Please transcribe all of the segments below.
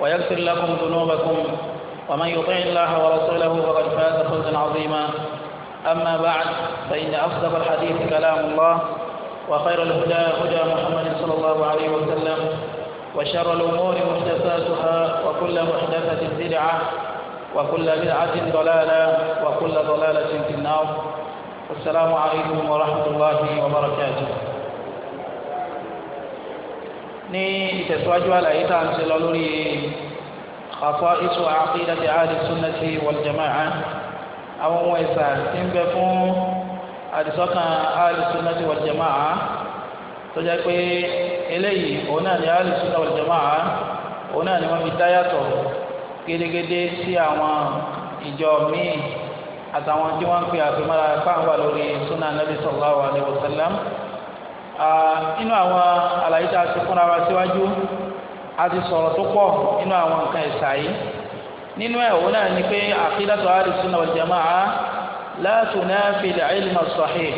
ويغفر لكم ذنوبكم ومن يطع الله ورسوله فقد فاز فوزا عظيما أما بعد فإن أصدق الحديث كلام الله وخير الهدى هدى محمد صلى الله عليه وسلم وشر الأمور محدثاتها وكل محدثة بدعة وكل بدعة ضلالة وكل ضلالة في النار السلام عليكم ورحمة الله وبركاته ní ìtẹ̀síwájú àlàyé tá à ń ṣe lọ lórí khasa'isu aqidati ahli sunnati wal jamaa'ah àwọn ohun ẹ̀sà tí ń bẹ fún àdìsọ́kàn ahli sunnati wal jamaa'ah tó jẹ́ pé eléyìí òun náà ni ahli sunnati wal jamaa'ah òun náà ni wọ́n fi dá gédégédé sí àwọn ìjọ míì àtàwọn tí wọ́n ń pè àfimọ́ra fáwọn wà lórí sunnah nabi sallallahu alayhi wa sallam nínú àwọn àlàyé tá a ti fúnra wa síwájú a ti sọ̀rọ̀ tó pọ̀ nínú àwọn nǹkan ẹ̀sà yìí nínú ẹ̀ òun náà ni pé àkídàtọ̀ àdìsúnà wal jama'a la tunafil ilma sahih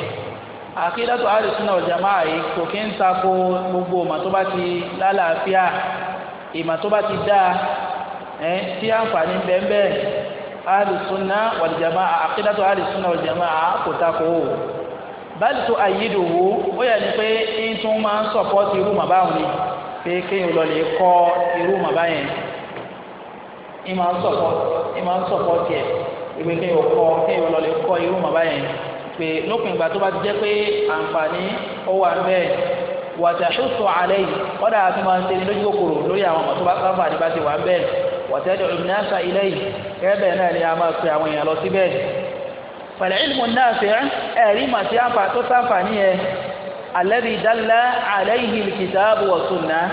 àkídàtọ̀ àdìsúnà wal jama'a yìí kò kí ń tako gbogbo ìmọ̀ tó bá ti lálàáfíà ìmọ̀ tó bá ti dáa ẹ̀ tí àǹfààní bẹ́ẹ̀ bẹ́ẹ̀ àdìsúnà wal jama'a àkídàtọ̀ àdìsúnà wal jama'a kò tako o báyìí tó àyídòwò ó yẹ ni pé ń tún máa ń sọ̀pọ́tì irú màbá òní pé kéèyàn lọ lè kọ́ irú màbá yẹn ń máa ń sọ̀pọ́tì ń máa ń sọ̀pọ́tì ẹ̀ ìwé kéèyàn kọ́ kéèyàn lọ lè kọ́ irú màbá yẹn pé lópin ìgbà tó bá ti jẹ́ pé àǹfààní ó wà bẹ́ẹ̀ wàtàṣùsù alẹ́ yìí ọ̀dà àti máa ń ṣe ní lójú kòkòrò lórí àwọn ọmọ tó bá sáfà ní bá ti wà bẹ́ẹ̀ wàtẹ́dọ̀ ìmìnira ilẹ̀ yìí kẹ́bẹ̀ẹ́ náà ni a máa pe àwọn èèyàn pẹ̀lẹ́ ilmu nafi' ẹ̀rí mà sí àǹfà tó sáǹfààní ẹ̀ alladhi dalla alayhi al-kitabu wa sunnah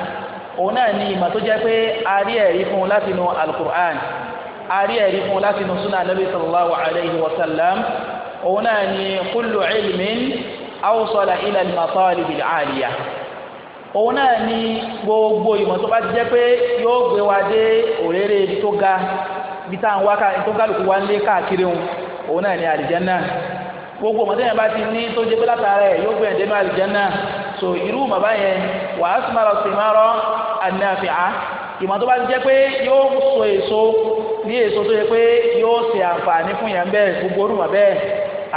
òun náà ni ìmọ̀ tó jẹ́ pé a rí ẹ̀rí fún látinú al-Qur'an a rí ẹ̀rí fún látinú sunna nabi sallallahu alayhi wa sallam òun náà ni kullu ilmin awsala ila al-matalib al òun náà ni gbogbo ìmọ̀ tó bá ti jẹ́ pé yóò gbé wa dé òréré ibi tó ga ibi táwọn wákàtí tó wa ń lé káàkiri wọn òun náà ní àlìjánná gbogbo ọmọdé yẹn bá ti ní tó jẹ́ pé látara ẹ̀ yóò gbìyànjú ní àlìjánná so irú màbá yẹn wàá sùmọ́rọ̀ sùmọ́rọ̀ ànáfíà ìmọ̀ tó bá ti jẹ́ pé yóò so èso ní èso tó yẹ pé yóò ṣe àǹfààní fún yẹn bẹ́ẹ̀ gbogbo orúmọ̀ bẹ́ẹ̀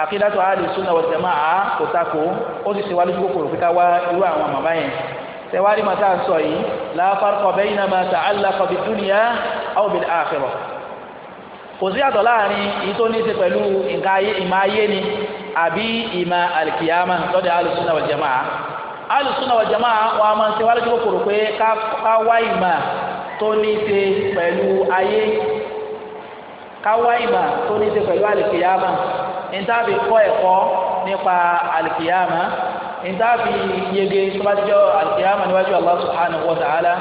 àkídàtọ̀ àlùsùnà wal jamaa kò takò ó sì ṣe wá lójú kòkòrò pé ká wá irú àwọn màmá yẹn tẹwárí màtá sọ yìí la farqa bayna ma ta'allaqa bid dunya aw bil akhirah kò sí yàtọ̀ láàrin èyí tó ní í ṣe pẹ̀lú ìmọ̀ ayé ni àbí ìmọ̀ àlìkìyàmà lọ́dọ̀ alùsùnà wal jamaa alùsùnà wal jamaa wọn a máa ń ṣe wálé kíkó kòrò pé ká wá ìmọ̀ tó ní í pẹ̀lú ayé ká wá ìmọ̀ tó ní í pẹ̀lú àlìkìyàmà nítàbí kọ́ ẹ̀kọ́ nípa àlìkìyàmà nítàbí yege tó bá jọ àlìkìyàmà níwájú Allah subhanahu wa ta'ala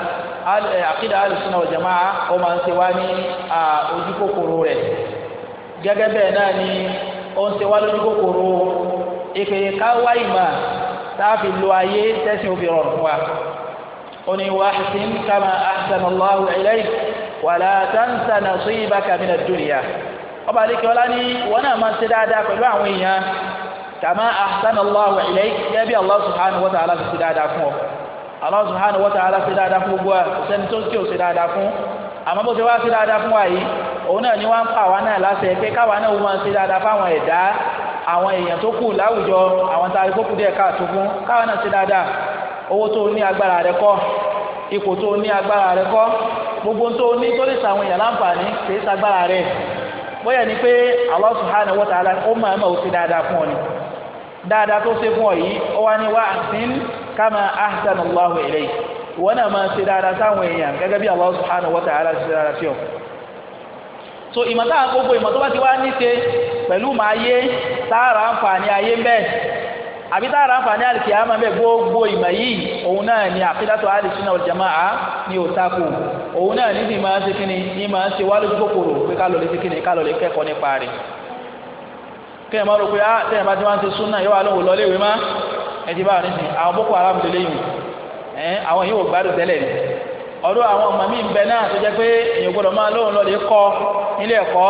àkídà eh, alùsùnà wal jamaa ó máa ń ṣe wá ní ojú kòkòrò rẹ̀ gẹ́gẹ́ bẹ́ẹ̀ náà ni ó ń ṣe wá lójú kòkòrò ìpè káwá ìmọ̀ tá a fi lo ayé tẹ́sí òfin rọrùn fún wa ó ní wahsin kama ahsana Allahu ilayk wala tansa nasibaka minad dunya ọba àdékè ọlá ní wọn náà máa ṣe dáadáa pẹ̀lú àwọn èèyàn kama ahsana Allahu ilayk gẹ́gẹ́ Allah subhanahu wa ta'ala ti ṣe dáadáa fún ọ. Allah subhanahu wa ta'ala ṣe dáadáa fún gbogbo ẹ̀ sẹ́ni tó kí o ṣe dáadáa fún àmọ́ bó ṣe wá ṣe dáadáa fún wa yìí òun náà ni wọ́n ń pa àwa náà láṣẹ pé káwa náà wọ́n ṣe dáadáa fáwọn ẹ̀dá àwọn èèyàn tó kù láwùjọ àwọn tá a kó kù díẹ̀ káàtó fún káwa náà ṣe dáadáa owó tó ní agbára rẹ kọ́ ipò tó ní agbára rẹ kọ́ gbogbo tó ní tó lè sàwọn èèyàn láǹfààní kì í sagbára rẹ bóyá ni pé Allah subhanahu wa ta'ala ó máa ń mọ̀ ó ṣe dáadáa fún ọ ni. dáadáa tó ṣe fún ọ yìí ó wá ní wá àǹtín kama ahsan allahu ilayk ìwọ náà máa ṣe dáadáa sáwọn èèyàn gẹ́gẹ́ bí allah subhanahu wa ta'ala ṣe dáadáa sí ọ so ìmọ̀ táwọn gbogbo ìmọ̀ tó bá ti wá ní ṣe pẹ̀lú màá yé tààrà àǹfààní ayé ń bẹ́ẹ̀ àbí tààrà àǹfààní àlìkìyàmà ń bẹ́ẹ̀ gbogbo ìmọ̀ yìí òun náà ni àfidàtọ̀ àlìsínà wal ni ò takò òun náà ní máa ṣe kíni ní máa ṣe pé kéèyàn máa rò pé ah téèyàn bá ti máa ń ṣe súnà yóò wá lóhùn lọ léèwé má ẹ ti bá wọn nísìnyí àwọn boko haram lè léyìn ẹ àwọn yìí wò gbádùn tẹ́lẹ̀ ni ọ̀dọ̀ àwọn ọmọ mi ń bẹ náà tó jẹ́ pé èèyàn gbọ́dọ̀ máa lóhùn lọ lè kọ́ nílé ẹ̀kọ́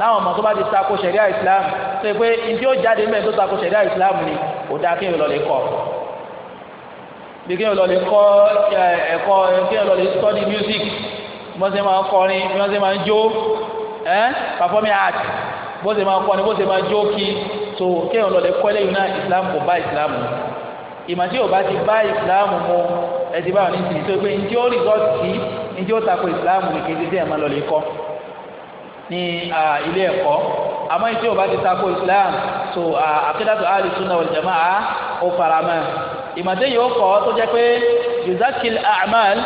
láwọn ọmọ tó bá ti tako ṣẹ̀ríà islam tó yẹ pé ibi ó jáde ń bẹ̀ tó tako ṣẹ̀ríà islam ni kò dáa kéèyàn lọ lè kọ́ bí kéèyàn lọ lè kọ́ ẹ̀kọ́ study music bí wọ́n ṣe máa ń kọrin bí wọ́n ṣe art bó ṣe máa kọ́ ni bó ṣe máa jó kí so kéèyàn lọ lè kọ́ lẹ́yìn náà islam kò bá islam mu ìmọ̀ tí ò bá ti bá islam mu ẹ ti bá wọn ní sìn tó pé njẹ́ ó rí gọ́ọ̀tì sí njẹ́ ó tako islam kékeré tí ẹ̀ máa lọ lè kọ́ ní ilé ẹ̀kọ́ àmọ́ njẹ́ ò bá ti tako islam so akidatu ahli sunnah wal jamaa ó fara mọ́ ìmọ̀ tí yóò kọ́ tó jẹ́ pé yuzakil a'mal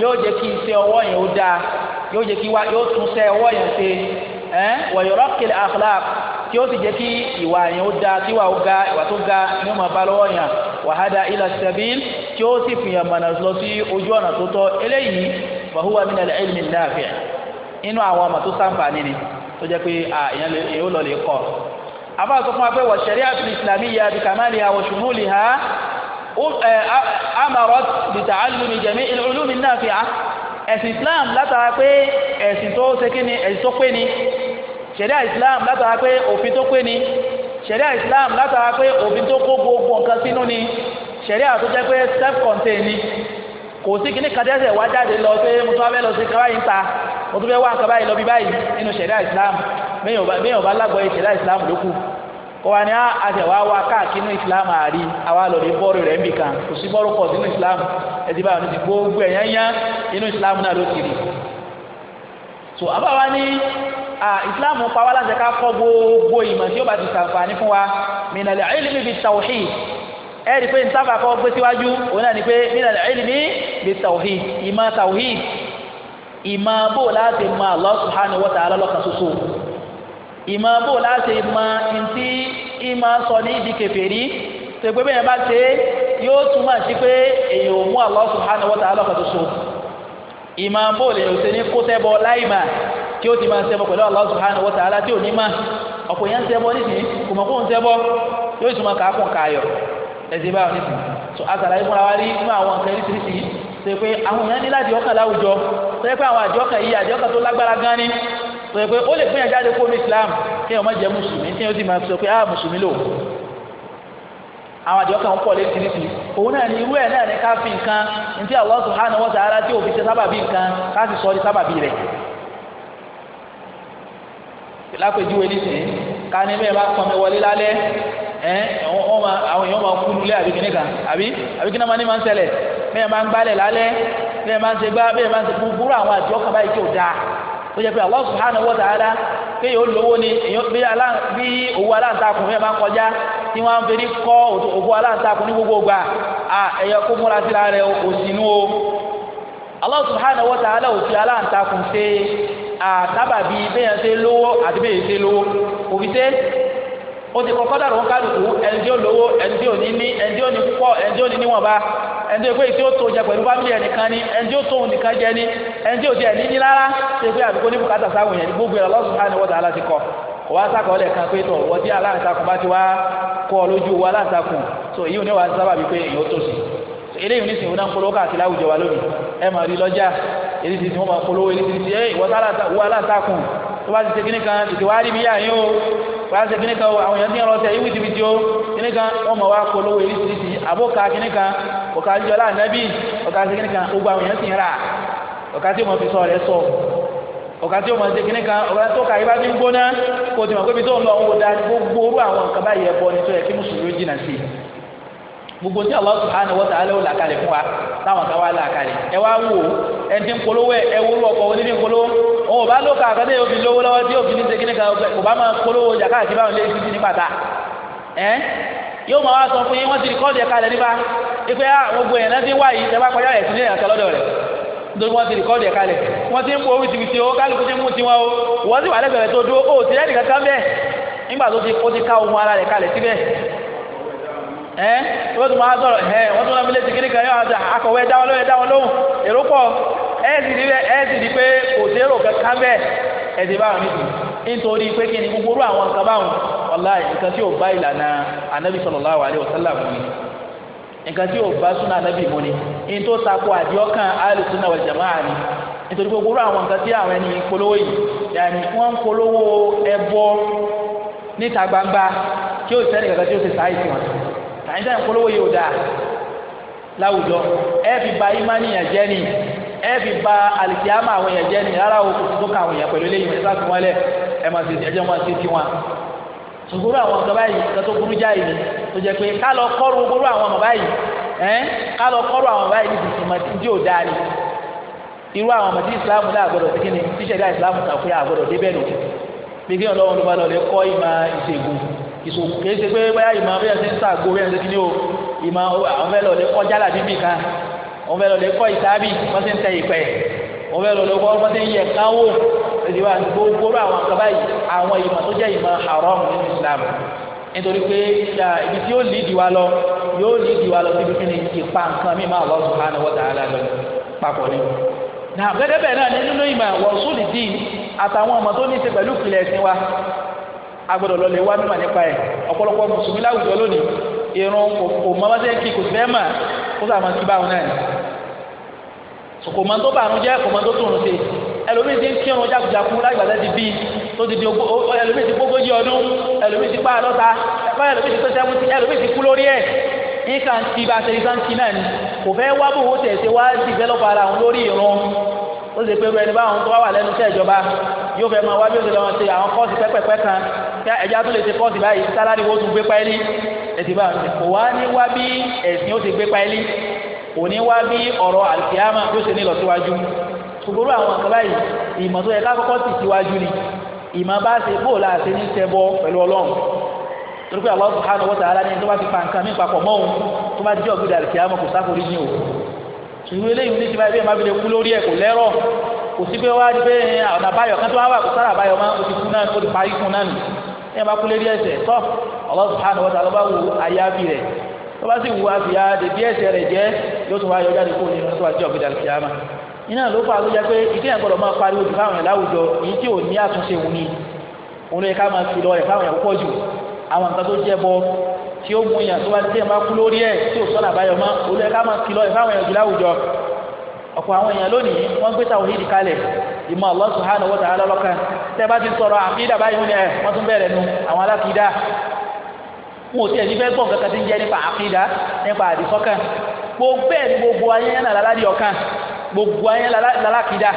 yóò jẹ́ kí iṣẹ́ ọwọ́ yẹn ó dáa yóò jẹ́ kí wá yóò tún iṣẹ́ ọwọ́ yẹn ṣe ẹ́ wọ̀yọ̀rọ̀ kele akhlaq tí ó sì jẹ́ kí ìwà yẹn ó da tí ìwà ó ga ìwà tó ga ni ó máa bá lọ́wọ́ yàn wàhádà ilà sabil tí ó sì fìyàn mọ̀nà lọ sí ojú ọ̀nà tó tọ́ eléyìí fahuwa min al-ilmi an inú àwọn ọmọ tó sàǹfààní ni tó jẹ́ pé èèyàn ó lọ lè kọ́ àbá sọ fún wa pé wọ́n shari'atu al-islamiyya bi kamaliha wa shumuliha amarat bi ta'allumi jami'il ulumi an-nafi'ah ẹ̀sìn islam látara pé ẹ̀sìn tó ṣe kí ni ẹ̀sìn tó pé ni ṣẹ̀ríà islam látara pé òfin tó pé ni ṣẹ̀ríà islam látara pé òfin tó kó gbogbo nǹkan sínú ni ṣẹ̀ríà tó jẹ́ pé self-contained ni kò sí kí ní kàdẹ́sẹ̀ wá jáde lọ pé mo tún wá fẹ́ lọ sí kaba yìí ń ta mo tún fẹ́ wá kaba yìí lọ bí báyìí nínú ṣẹ̀ríà islam bẹ́ẹ̀ ò bá lágbọ́ yìí islam lókù kọ́ wa ni a àti àwa wa káàkiri ní ìsìlámù àárí àwa lọ rí bọ́ọ̀rù rẹ̀ níbì kan kò sí bọ́ọ̀rù pọ̀ sínú ìsìlámù ẹtì báwọn ti gbogbo ẹ̀yán yán inú ìsìlámù náà ló ti rí so àbáwa ní ìsìlámù pa wá láti ká kọ́ gbogbo ìmọ̀ tí ó bá ti sàǹfààní fún wa minal ilmi bit tawhid ẹ̀rí pé nsáfà kọ́ gbé síwájú òun náà ni pé minal ilmi bit tawhid ìmọ̀ tawhid Allah subhanahu wa ta'ala ìmọ̀ bó láti mọ ntí ìmọ̀ sọ ní ìdí kèfèrí tẹ̀gbẹ́ bẹ́ẹ̀ bá ṣe yóò túmọ̀ sí pé èyàn ò mú Allah subhanahu wa ta'ala kan ṣoṣo ìmọ̀ bó lè ṣe ní kó tẹ́bọ láìmà kí ó ti máa ṣẹbọ pẹ̀lú Allah subhanahu wa ta'ala tí ò ní mà ọ̀pọ̀ èèyàn ṣẹbọ nísìnyí kò mọ̀ kó ṣẹbọ yóò túmọ̀ kàákùn kààyọ̀ ẹ̀sìn báwọn nísìnyí so àtàlà ìmúra wa rí nínú àwọn nǹkan eréṣiríṣi ṣe pé àwọn èèyàn ní láti ọkàn láwùjọ ṣe pé àwọn àjọkàn yìí àjọkàn tó lágbára gan ni tó yẹ pé ó lè fún yàn jáde kó islam kí yàn má jẹ mùsùlùmí kí yàn ó sì máa sọ pé ah mùsùlùmí lò àwọn àdìọ́ kan ń pọ̀ létí nítì òun náà ní irú ẹ̀ náà ní ká fi nǹkan ntí Allah subhanahu wa ta'ala tí òfin ṣe sábàbí nǹkan ká sì sọ di sábàbí rẹ̀ lápèjúwe nísìnyí ká ní bẹ́ẹ̀ bá pọn mi wọlé lálẹ́ ẹ̀ àwọn èèyàn máa kú nulẹ̀ àbí kìnìkan àbí àbí kìnìkan ní máa ń ṣẹlẹ̀ bẹ́ẹ̀ máa ń gbálẹ̀ lálẹ́ bẹ́ẹ̀ máa ń ṣe gbá bẹ́ẹ̀ máa ń ṣe gbúgbúrú àwọn àdìọ́ kan báyìí tí dáa ó pé Allah subhanahu wa ta'ala pé yóò lówó ni bí owó aláǹtakùn yẹn máa ń kọjá tí wọ́n á ń fi kọ́ òkú aláǹtakùn ní gbogbo gbà ẹ̀yọ kó múra sí ara rẹ̀ òsínú o Allah subhanahu wa ta'ala ò fi aláǹtakùn ṣe àtàbàbí bẹ́yẹn ṣe lówó àti bẹ́yẹn ṣe lówó òfin ṣe ó ti dàrú wọn kálukú ẹni tí lówó ẹni ò ní ní ẹni ò ní pọ̀ ẹni ò ní níwọ̀nba ẹni tó yẹ pé tí ó tó jẹ pẹ̀lú fámìlì ẹnìkan ni ẹni tí ó tó òun nìkan jẹ ni ẹni tí ò tiẹ̀ níní rárá tó yẹ pé àbíkó ní bùkátà sáwọn èèyàn ní gbogbo ẹ̀ Allah subhanahu wa ta'ala ti kọ kò wá sákọ̀ lẹ̀ kan pé tó wọ́n tí aláǹtakùn bá ti wá kọ́ ọ lójú wa aláǹtakùn tó èyí ò ní wà á sábà bíi pé èèyàn ó tó sí eléyìí ní sìn wọn náà ń polówó káàkiri àwùjọ wa lónìí ẹ máa rí lọ́jà eléyìí tí wọ́n máa polówó eléyìí tí ẹ ìwọ́n wọ aláǹtakùn tó bá ti ṣe kíní kan ìdìwọ́ á rí bí yáyín o wọ́n ṣe kíní kan àwọn èèyàn ti ń rọ ọtí ẹ̀yìn o kíní kan wọ́n máa wá polówó eléyìí tí àbókà kíní kan ọ̀ka ń jọlá ànábì ọ̀ka ṣe kíni kan gbogbo àwọn èèyàn sì ń rà tí fi sọ rẹ̀ sọ ọ̀ka tí wọ́n ṣe kíni kan tó ka ibà ti ń gbóná kó o ti ma pé ibi tó ń lọ ń wo gbogbo orú àwọn nǹkan báyìí ẹ̀bọ ni tó yẹ kí mùsùlùmí jìnnà sí gbogbo tí Allah subhanahu wa ta'ala ó là kalẹ̀ fún wa táwọn kan wá là ẹ wá wò ẹni ẹ wúlò òun ò bá lóka àkàtà yóò fi lówó tí yóò fi ní kò yóò máa wá sọ fún yín wọ́n ti rìkọ́ọ̀dù ẹ̀ka rẹ̀ nípa ipe ah, gbogbo èèyàn náà wá yìí tẹ́ bá kọjá ní ìrìnàṣẹ́ lọ́dọ̀ rẹ̀ nítorí wọ́n ti rìkọ́ọ̀dù ẹ̀ka rẹ̀ wọ́n ti ń po wìtìwìtì o kálukú ti ń mú tiwọn o wọ́n sì wà lẹ́gbẹ̀rẹ̀ tó dúró o ti rẹ́ẹ̀dì kankan bẹ́ẹ̀ nígbà tó ti ó ti ká ohun ara rẹ̀ kalẹ̀ síbẹ̀ nítorí pé kí ni gbogbo orú àwọn nǹkan báwọn wàláhì nǹkan tí ò bá ìlànà anabi sallallahu alaihi wasallam ni nǹkan tí ò bá súnà anabi mu ni ní tó takò àdìọ́kàn ahlu sunna wal jamaa ni nítorí gbogbo orú àwọn nǹkan tí àwọn ẹni polówó yìí yàní wọ́n ń polówó ẹbọ níta gbangba kí ó sẹ́ni kankan tí ó ti sáà ìsìn wọn àyíká ìpolówó yìí ò dáa láwùjọ ẹ fi ba ìmánìyàn jẹ́ nìyí ẹ fi ba alikiyama àwọn èèyàn jẹ ní rárá o kò tó ká àwọn èèyàn pẹ̀lú eléyìí fi ẹ máa ti máa ti àwọn ọ̀gá báyìí tó burú jáì ni tó jẹ pé ká lọ kọ́rù gbogbo àwọn ọmọ báyìí ẹ ká lọ kọ́rù àwọn ọmọ báyìí ti tìmọ̀ tí yóò dáa ni. irú àwọn ọmọ tí ìsìlámù náà gbọdọ̀ sí kíni tíṣẹ̀dá ìsìlámù tàkùn yà gbọdọ̀ o òun bẹ́ẹ̀ lọ lè kọ́ ìsábì wọ́n ti ń tẹ ìpẹ́ òun bẹ́ẹ̀ lọ lè kọ́ wọ́n ti ń yẹ kánwó ìdíwà gbogbo àwọn akaba yìí àwọn ìmọ̀ tó jẹ́ ìmọ̀ haram nínú Islam nítorí pé ibi tí yóò lé ìdíwà lọ yóò lé ìdíwà lọ síbi kíni ìpa nǹkan mímọ́ Allah subhanahu wa ta'ala lọ papọ̀ ni. gẹ́gẹ́ bẹ́ẹ̀ náà nínú ìmọ̀ wọ̀sùn ìdí àtàwọn ọmọ tó ní í ṣe pẹ̀lú ìpìlẹ̀ ẹ̀sìn wa agbọ́dọ̀ lọ lè wá mímọ̀ nípa ẹ̀ ọ̀pọ̀lọpọ̀ mùsùlùmí láwùjọ lónìí irun kò mọ́ bá ṣe kí kò sí fẹ́ mà kó sàmọ́ sí báwọn náà kò mọ tó bàrún jẹ́ kò mọ tó tòrùn ṣe ẹlòmíì ti ń kírun jákujàku lágbàdá ti bí tó ti di ẹlòmíì ti gbógójì ọdún ẹlòmíì ti pààdọ́ta ẹlòmíì ti tó sẹ́wọ́ntì ẹlòmíì ti kú lórí ẹ̀ nǹkan ti bá ṣe nǹkan ti náà ni kò fẹ́ wá bò wó tẹ̀ ṣe wá dìvẹ́lọ́pù ara òun lórí ìrun ó sì pé ẹni báwọn tó wà lẹ́nu iṣẹ́ ìjọba yóò fẹ́ máa wá bí ó ti lọ́wọ́ ṣe àwọn kọ́ọ̀sì pẹ́pẹ́pẹ́ kan ẹja tó lè ṣe kọ́ọ̀sì báyìí sálárì wo tún gbé pẹ́ẹ́lí ẹ̀sìn báwọn kò wá ní wá bí ẹ̀sìn ó ti gbé pẹ́ẹ́lí kò ní wá bí ọ̀rọ̀ àlùkìyàmà yóò ṣe ní lọ síwájú ṣùgbọ́n àwọn nǹkan báyìí ìmọ̀ tó yẹ ká kọ́kọ́ tì síwájú ni ìmọ̀ bá ṣe bó la ṣe ní ṣẹbọ pẹ̀lú ọlọ́run torí pé Allah subhanahu wa ta'ala ní tó bá ti pa nǹkan mí papọ̀ mọ́ òun tó bá jẹ́ ọ̀gbìn àlùkìyàmà kò sáforí ní o ṣùgbọ́n eléyìí ní síbáyé bí ẹ má fi lè kú lórí ẹ̀ kò lẹ́rọ̀ kò sí pé wá di pé eh, ọ̀nà àbáyọ kan tó wá wà kó sára àbáyọ máa ó ti subhanahu wa ta'ala bá wo ayé á tó bá sì wù àfìyà dèbí ẹ̀ṣẹ̀ rẹ̀ jẹ́ yóò tún wá yọjá ní kóòlì ìrántí wájú ọ̀gbìn dàlùkìyàmà iná ló fà ló jẹ́ pé ìdí ẹ̀gbọ́dọ̀ máa pariwo jù fáwọn ìláwùjọ èyí tí ò ní àtúnṣe òun ni òun lè ká máa fi lọ rẹ̀ fáwọn ìyàwó pọ̀ jù àwọn nǹkan tó jẹ́ bọ tí ó mú yàn tó bá dé máa kú lórí ẹ̀ tí ò sọ́nà àbáyọ mọ́ òun lè ká máa fi lọ rẹ̀ fáwọn ìyàwó láwùjọ ọ̀pọ̀ àwọn èèyàn lónìí wọ́n gbé tàwọn ìdí kalẹ̀ ìmọ̀ Allah subhanahu wa ta'ala lọ́kàn tẹ́ bá ti sọ̀rọ̀ àkídà báyìí ní ẹ̀ wọ́n tún bẹ̀rẹ̀ nu àwọn alákìídà wọn ò sí ẹni fẹ́ gbọ́ nǹkan kan tí ń jẹ́ nípa àkídà nípa àdìsọ́kàn gbogbo ẹ̀ ní gbogbo ayé yẹn lálàdì ọ̀kan gbogbo ayé yẹn lálàkídà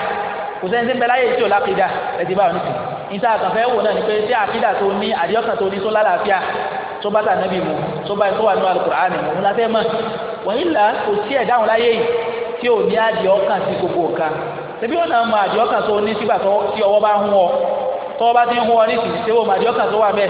kò sẹ́ni tí ń bẹ láyé tí ò lákídà ẹ̀ ti bá wọn nìkan níta àkànfẹ́ wò náà ni pé tí àkídà tó ní àdìọ́kàn tó ní tó lálàáfíà tó bá tà nábì mu tó bá tó wà ní alukur'ani mu wọn láfẹ́ mọ̀ wàyí là kò sí ẹ̀ dáhùn láyé yìí tí ò ní àdìọ́kàn sí gbogbo nǹkan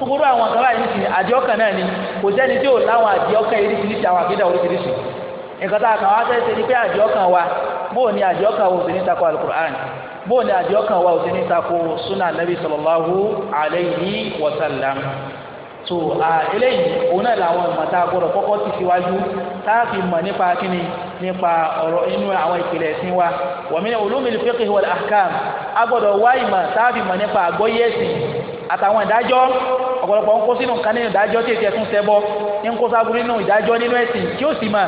gbogbo àwọn àgbà báyìí nìsín àdìọ́kàn náà ni kò sẹ́ni tí ò láwọn àdìọ́kàn eréṣiríṣi àwọn àgbéda oríṣiríṣi nǹkan tá a kàn wá fẹ́ ni pé àdìọ́kàn wa bóò ni àdìọ́kàn wa ò sí ní tako alukur'an bóò ni àdìọ́kàn wa ò sí ní tako sunna nabi sallallahu alayhi wa sallam so eléyìí òun náà làwọn ìmọ̀ta gbọ́dọ̀ kọ́kọ́ ti síwájú táàfì mọ̀ nípa kíni nípa ọ̀rọ̀ inú àwọn ìpìlẹ̀ ẹ̀sìn wa wọ̀mí ulumil fiqh wal ahkam a gbọ́dọ̀ wá ìmọ̀ táàfì mọ̀ nípa àgbọ́yé ẹ̀sìn àtàwọn ìdájọ́ ọ̀pọ̀lọpọ̀ ń kó sínú nǹkan nínú ìdájọ́ tí èsì ẹ̀sùn sẹ́bọ́ ní ń kó sábúrú nínú ìdájọ́ nínú ẹ̀sìn kí ó sì mà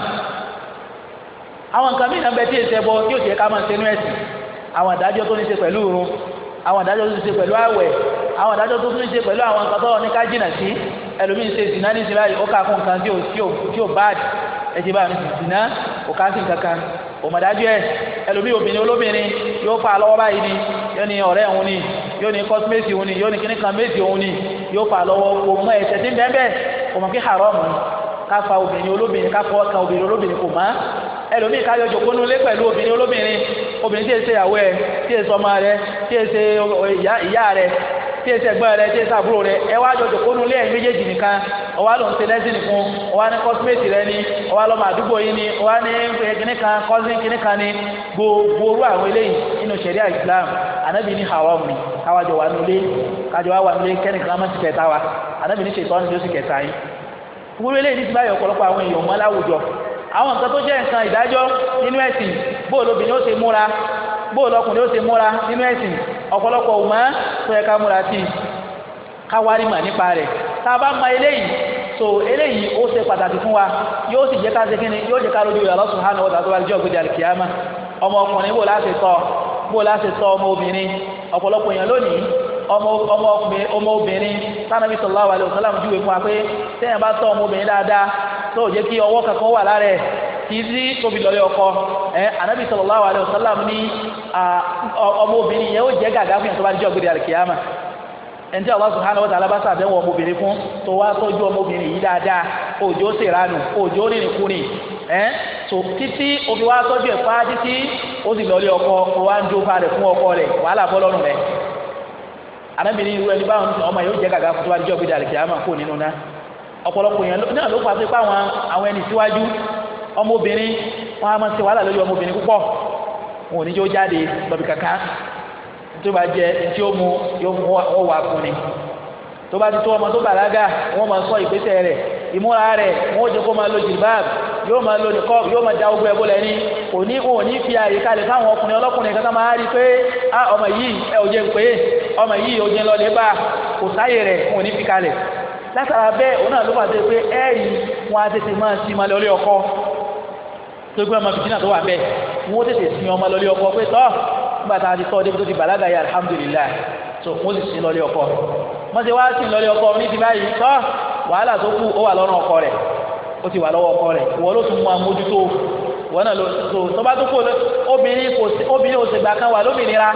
àwọn nǹkan mìíràn bẹ tí èsì ẹ̀bọ tí ó sì ká máa sínú ẹ̀sìn àwọn ìdájọ́ tó ní ṣe pẹ̀lú irun àwọn ìdájọ́ tó ní ṣe pẹ̀lú àwẹ̀ àwọn ìdájọ́ tó ní ṣe pẹ̀lú àwọn nǹkan tó ní ká jìnà sí ẹlòmíín ṣe zìnà ní ìsinmi láyé ó kà fún nǹkan tí ò bá ẹtì bá mi zìnà ò ká sí nǹkan òmòdájú ẹ ẹlòmíín obìnrin olóbìnrin yóò fà lọ́wọ́ báyìí ni yóò ọ̀rẹ́ òun ni yóò ní kọ́sí méjì òun ni yóò ní kíní kan méjì òun ni yóò fà lọ́wọ́ kò mọ ẹ̀ṣẹ̀ tí ń bẹ́ẹ̀ bẹ́ẹ̀ kò mọ̀ kí haram ká fa obìnrin olóbìnrin ká fọ ọkàn obìnrin olóbìnrin kò má ẹlòmíì ká yọjọ kónú lé pẹ̀lú obìnrin olóbìnrin obìnrin tí èsè ìyàwó ẹ tí èsè ọmọ rẹ tí èsè ìyá rẹ tí èsè ẹ̀gbọ́n rẹ tí èsè àbúrò rẹ ẹ wá yọjọ kónú lé ẹ̀yin méjèèjì nìkan ọwá ló ń ṣe lẹ́sìn fún ọwá ní kọ́símẹ́tì rẹ ni ọwá lọ́mọ àdúgbò yìí ni ọwá ní kíní kan kọ́sìn kíní kan ni gbogbo orú àwọn eléyìí nínú ṣẹ̀ríà Islam anábì ní haram ni káwájọ wà nílé kájọ wà wà nílé kẹ́nìkan má ti kẹta wa anábì ní ṣètọ́ ni ó sì kẹta yìí gbogbo eléyìí ní ti báyọ̀ ọ̀pọ̀lọpọ̀ àwọn èèyàn mọ́ láwùjọ àwọn nǹkan tó jẹ́ nǹkan ìdájọ́ nínú ẹ̀sìn bóòlù obìnrin ó ṣe múra bóòlù ọkùnrin ó ṣe múra nínú ẹ̀sìn ọ̀pọ̀lọpọ̀ òmá tó yẹ ká múra sí i ká wá mà nípa rẹ̀ tá ma bá eleyi so eléyìí ó se pàtàkì fún wa yóò sì jẹ́ ká ṣe kíni yóò jẹ́ ká lójú Allah subhanahu wa ta'ala tó bá jẹ́ ògbéjà kìámà ọmọ ọkùnrin bó láti tọ́ bó láti tọ́ ọmọ ọ̀pọ̀lọpọ̀ èèyàn lónìí sanabi sallallahu alaihi wasallam júwe fún wa pé sẹ́yìn bá tọ́ ọmọ obìnrin dáadáa tó jẹ́ kí ọwọ́ kankan wà lára ọkọ anabi yẹn ó gàgà fún bá ẹni tí Allah subhanahu wa ta'ala bá sàbẹ̀wò ọmọbìnrin fún tó wá tọ́jú ọmọbìnrin yìí dáadáa òjò ṣèrànù òjò rìnrìnkùnrin ẹ́ tó títí òfin wá tọ́jú ẹ̀ fá títí ó sì lọ́lé ọkọ wá ń jófa rẹ̀ fún ọkọ rẹ̀ wàhálà bọ́ lọ́rùn rẹ̀ arábìnrin irú ẹni báwọn ọmọ yóò jẹ́ gàgà fún tó bá jọ́ gbé dàlẹ́ nínú náà ọ̀pọ̀lọpọ̀ yẹn náà ló fà tó bá jẹ tí ó mu yóò wà fún ni tó bá ti tó ọmọ tó bàlágà máa sọ ìgbésẹ̀ rẹ̀ ìmúra rẹ̀ wọ́n jẹ́ kó máa lo jìlbáàbù yóò máa lo nìkọ́ yóò máa da ogun ẹ̀bọ́ lẹ́ni òní òní fi àyè fáwọn ọkùnrin kan tó máa rí pé a ọmọ yìí ẹ ò jẹ́ ń pé ọmọ yìí ò jẹ́ ń lọlé bá kò sáyè fi látara òun náà ló bá dé pé nígbà tá a ti tọ́ tó ti bàlágà yìí alhamdulillah tó sì ọkọ wọ́n ti wá sí ọkọ ní ti báyìí tọ́ wàhálà tó kù ó wà ọkọ rẹ ti wà lọ́wọ́ ọkọ wọ́n ló tún mú amójútó wọ́n náà ló tó tó obìnrin kò sí obìnrin ò sì gbà kan wà lómìnira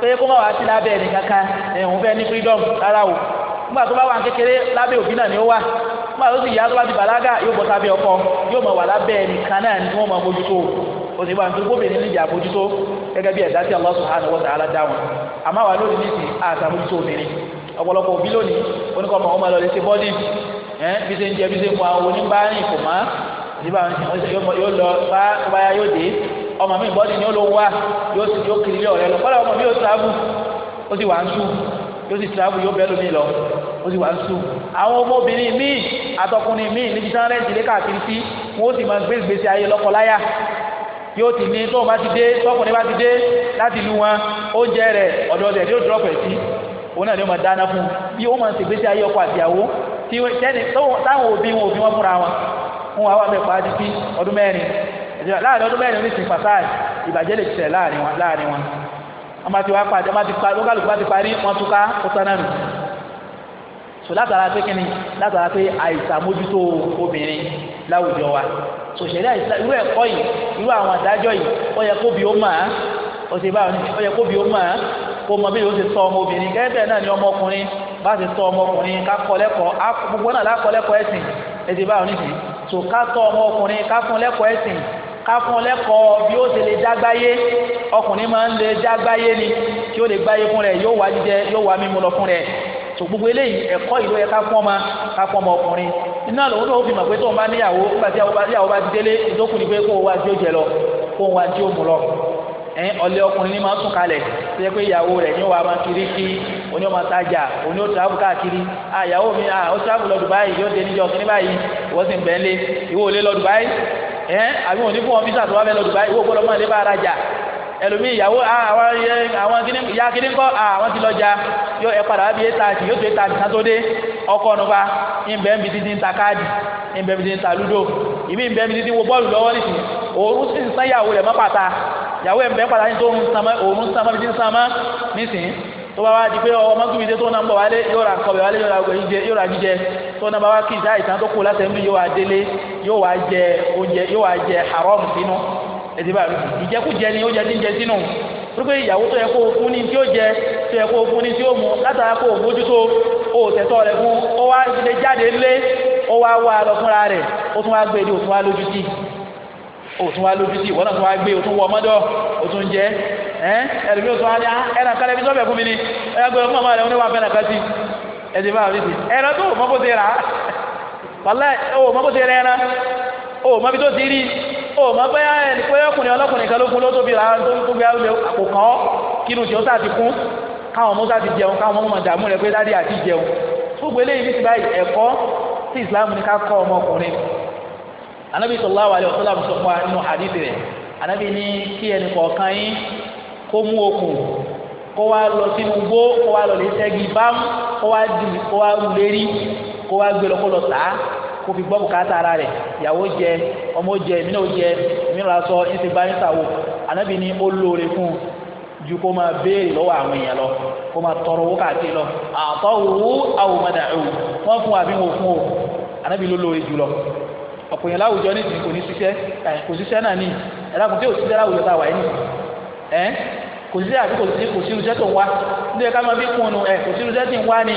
pé kó má o nígbà tó bá wà kékeré lábẹ́ òbí náà ni ó wà nígbà tó sì yá tó bá ti bàlágà yóò ọkọ yóò mọ̀ wà lábẹ́ ó ti bá ń tó gómìnà níjà àbójútó gẹ́gẹ́ bí ẹ̀dá tí Allah subhanahu wa ta'ala dá wọn àmọ́ wà lónìí nìsín àtàbójútó obìnrin ọ̀pọ̀lọpọ̀ òbí lónìí oníkọ́ ọmọ ọmọ lọ́ọ́ lè ṣe bọ́dì ẹ̀ bí ṣe ń jẹ bí ṣe ń fọ àwọn oníbàárìn kò má nígbà yóò lọ bá báyà yóò dé ọmọ mi bọ́dì ni ó ló wá yóò sì yóò kiri ilé ọ̀rẹ́ lọ kọ́lá ọmọ mi yóò tíráàbù ó sì wà ń sùn yóò sì tíráàbù yóò bẹ́ẹ̀ lómi lọ ó sì wà ń sùn àwọn ọmọbìnrin míì àtọkùnrin míì níbi tí wọ́n rẹ̀ ń tilé káàkiri sí wọ́n ó sì máa gbé ìgbésí ayé lọ́kọláya yóò ti ní tóun bá ti dé tọkùnrin bá ti dé láti ìlú wọn oúnjẹ rẹ̀ ọ̀dọ̀ rẹ̀ yóò dúró pẹ̀ sí òun náà ni wọ́n máa dáná fún bí wọ́n máa ń ṣègbésí ayé ọkọ àtìyàwó táwọn òbí wọn òbí wọn fúnra wọn fún wa wà mẹ́fà á ti fi ọdún mẹ́rin láàrin ọdún mẹ́rin oníṣìí pàtàkì ìbàjẹ́ lè tẹ̀ láàrin wọn wọ́n bá ti wá pàdé wọ́n bá ti parí wọ́n túká ó tán náà nù so látara pé kíni látara pé àìsàmójútó obìnrin láwùjọ wa so ṣẹlẹ̀ irú ẹ̀kọ́ yìí irú àwọn àdájọ́ yìí ó yẹ kóbi ó mà á ó ṣe báwọn ó yẹ kóbi ó mà á kó mọ bí yóò ṣe tọ́ ọmọ obìnrin gẹ́gẹ́ náà ni ọmọkùnrin bá ṣe tọ́ ọmọkùnrin ká kọ́ lẹ́kọ̀ọ́ gbogbo náà lákọ́ lẹ́kọ̀ọ́ ẹ̀sìn ẹ ṣe báwọn nìyí so ká tọ́ ọmọkùnrin ká fún lẹ́kọ̀ọ́ ẹ̀sìn ká fún lẹ́kọ̀ọ́ bí ó ṣe lè dágbáyé ọkùnrin máa ń lè dágbáyé ni kí ó lè gbáyé fún rẹ̀ yóò wá jíjẹ yóò wá mímu lọ fún rẹ̀ so gbogbo eléyìí ẹ̀kọ́ ìlú yẹ ká fún ọmọ ká fún ọmọ ọkùnrin iná lòun tó fi mọ̀ pé tóun bá níyàwó nígbà tí yàwó bá ti délé ìdókù ni pé kó o wá tí ó jẹ lọ kó o wá tí ó mú lọ ẹ ọ̀lẹ ọkùnrin ni máa ń sùn kalẹ̀ tó yẹ pé ìyàwó rẹ̀ ni ó wà máa kiri kí oní ọmọ tajà oní ó káàkiri àyàwó mi à ó travel lọ Dubai yóò dé níjọ kíní báyìí ìwọ sì ń bẹ́ẹ̀ ìwọ ò lọ Dubai ẹ àbí wọn ní fún ọ Dubai ìwọ gbọ́dọ̀ máa lé ẹlòmíì ìyàwó ah, àwọn àwọn ya kìíní kọ́ ah, àwọn ti lọ́jà yóò ẹ padà wábi éta àti yóò tó éta àti sátọ́dé ọkọ ọ̀nùfà ìbẹ̀ ń bi títí ń ta káàdì ìbẹ̀ ń bi ń ta lúdò ìbí ìbẹ̀ ń bi títí ń wo bọ́ọ̀lù lọ́wọ́ nìsín òórùn sì ń sán ìyàwó rẹ̀ ìyàwó ẹ̀ ń bẹ́ ní tó ń òórùn bí ti ń sanmọ́ nìsín tó bá wá di pé ọmọ tó fi ẹtì báyìí ìjẹkújẹ ni ó jẹ tí ń jẹ sínú rúgbé ìyàwó tó o fún ní tí ó jẹ o mu látara mójútó o tẹ̀tọ́ rẹ̀ fún ó wá ilé jáde lé ó wá wá lọ fúnra rẹ̀ ó tún wá gbé ní e òtún wá òtún wá náà tún wá gbé òtún e, wọ ọmọdọ́ òtún jẹ wọn o mọ̀ pé ah, ẹni pé ọkùnrin ọlọ́kùnrin kan ló kún ló tóbi ra tó gbé àwùjọ àpò kan ọ́ kí inú tiẹ̀ ó sáà ti kún káwọn ọmọ sáà ti jẹun káwọn ọmọ máa dààmú rẹ pé dádì àti jẹun gbogbo eléyìí ní ti báyìí ẹ̀kọ́ tí Islam ní ká kọ́ ọmọkùnrin anabi sallallahu alayhi wa sallam sọ nínú hadith rẹ̀ anabi ní kí ẹnì kọ̀ọ̀kan yín kó mú okùn kó wá lọ sínú gbó kó wá lọ lè tẹ́gi bám kó wá di kó wá lérí kó wá gbé lọ kó lọ tàá kó fi gbọ́ bùkátà ara rẹ̀ ìyàwó jẹ ọmọ jẹ èmi náà jẹ èmi náà sọ ń ti bá ń sàwò ànábì ni ó lóore fún ju kó máa béèrè lọ́wọ́ àwọn èèyàn lọ kó máa tọrọ owó káàkiri lọ àtọ́ wo àwòmọ̀dà ẹ̀wò wọ́n fún wa bí wọn fún o ànábì ló lóore jù lọ ọ̀pọ̀ èèyàn láwùjọ ní ìsìn kò ní ṣiṣẹ́ kò ṣiṣẹ́ náà ní ẹ̀dàkùn tí ò ṣiṣẹ́ láwùjọ tá a wà yín ẹ̀ kò ṣiṣẹ́ àbí kò sí tó ń wá nítorí ká máa bí kún un ẹ̀ kò sí irúṣẹ́ ń wá ní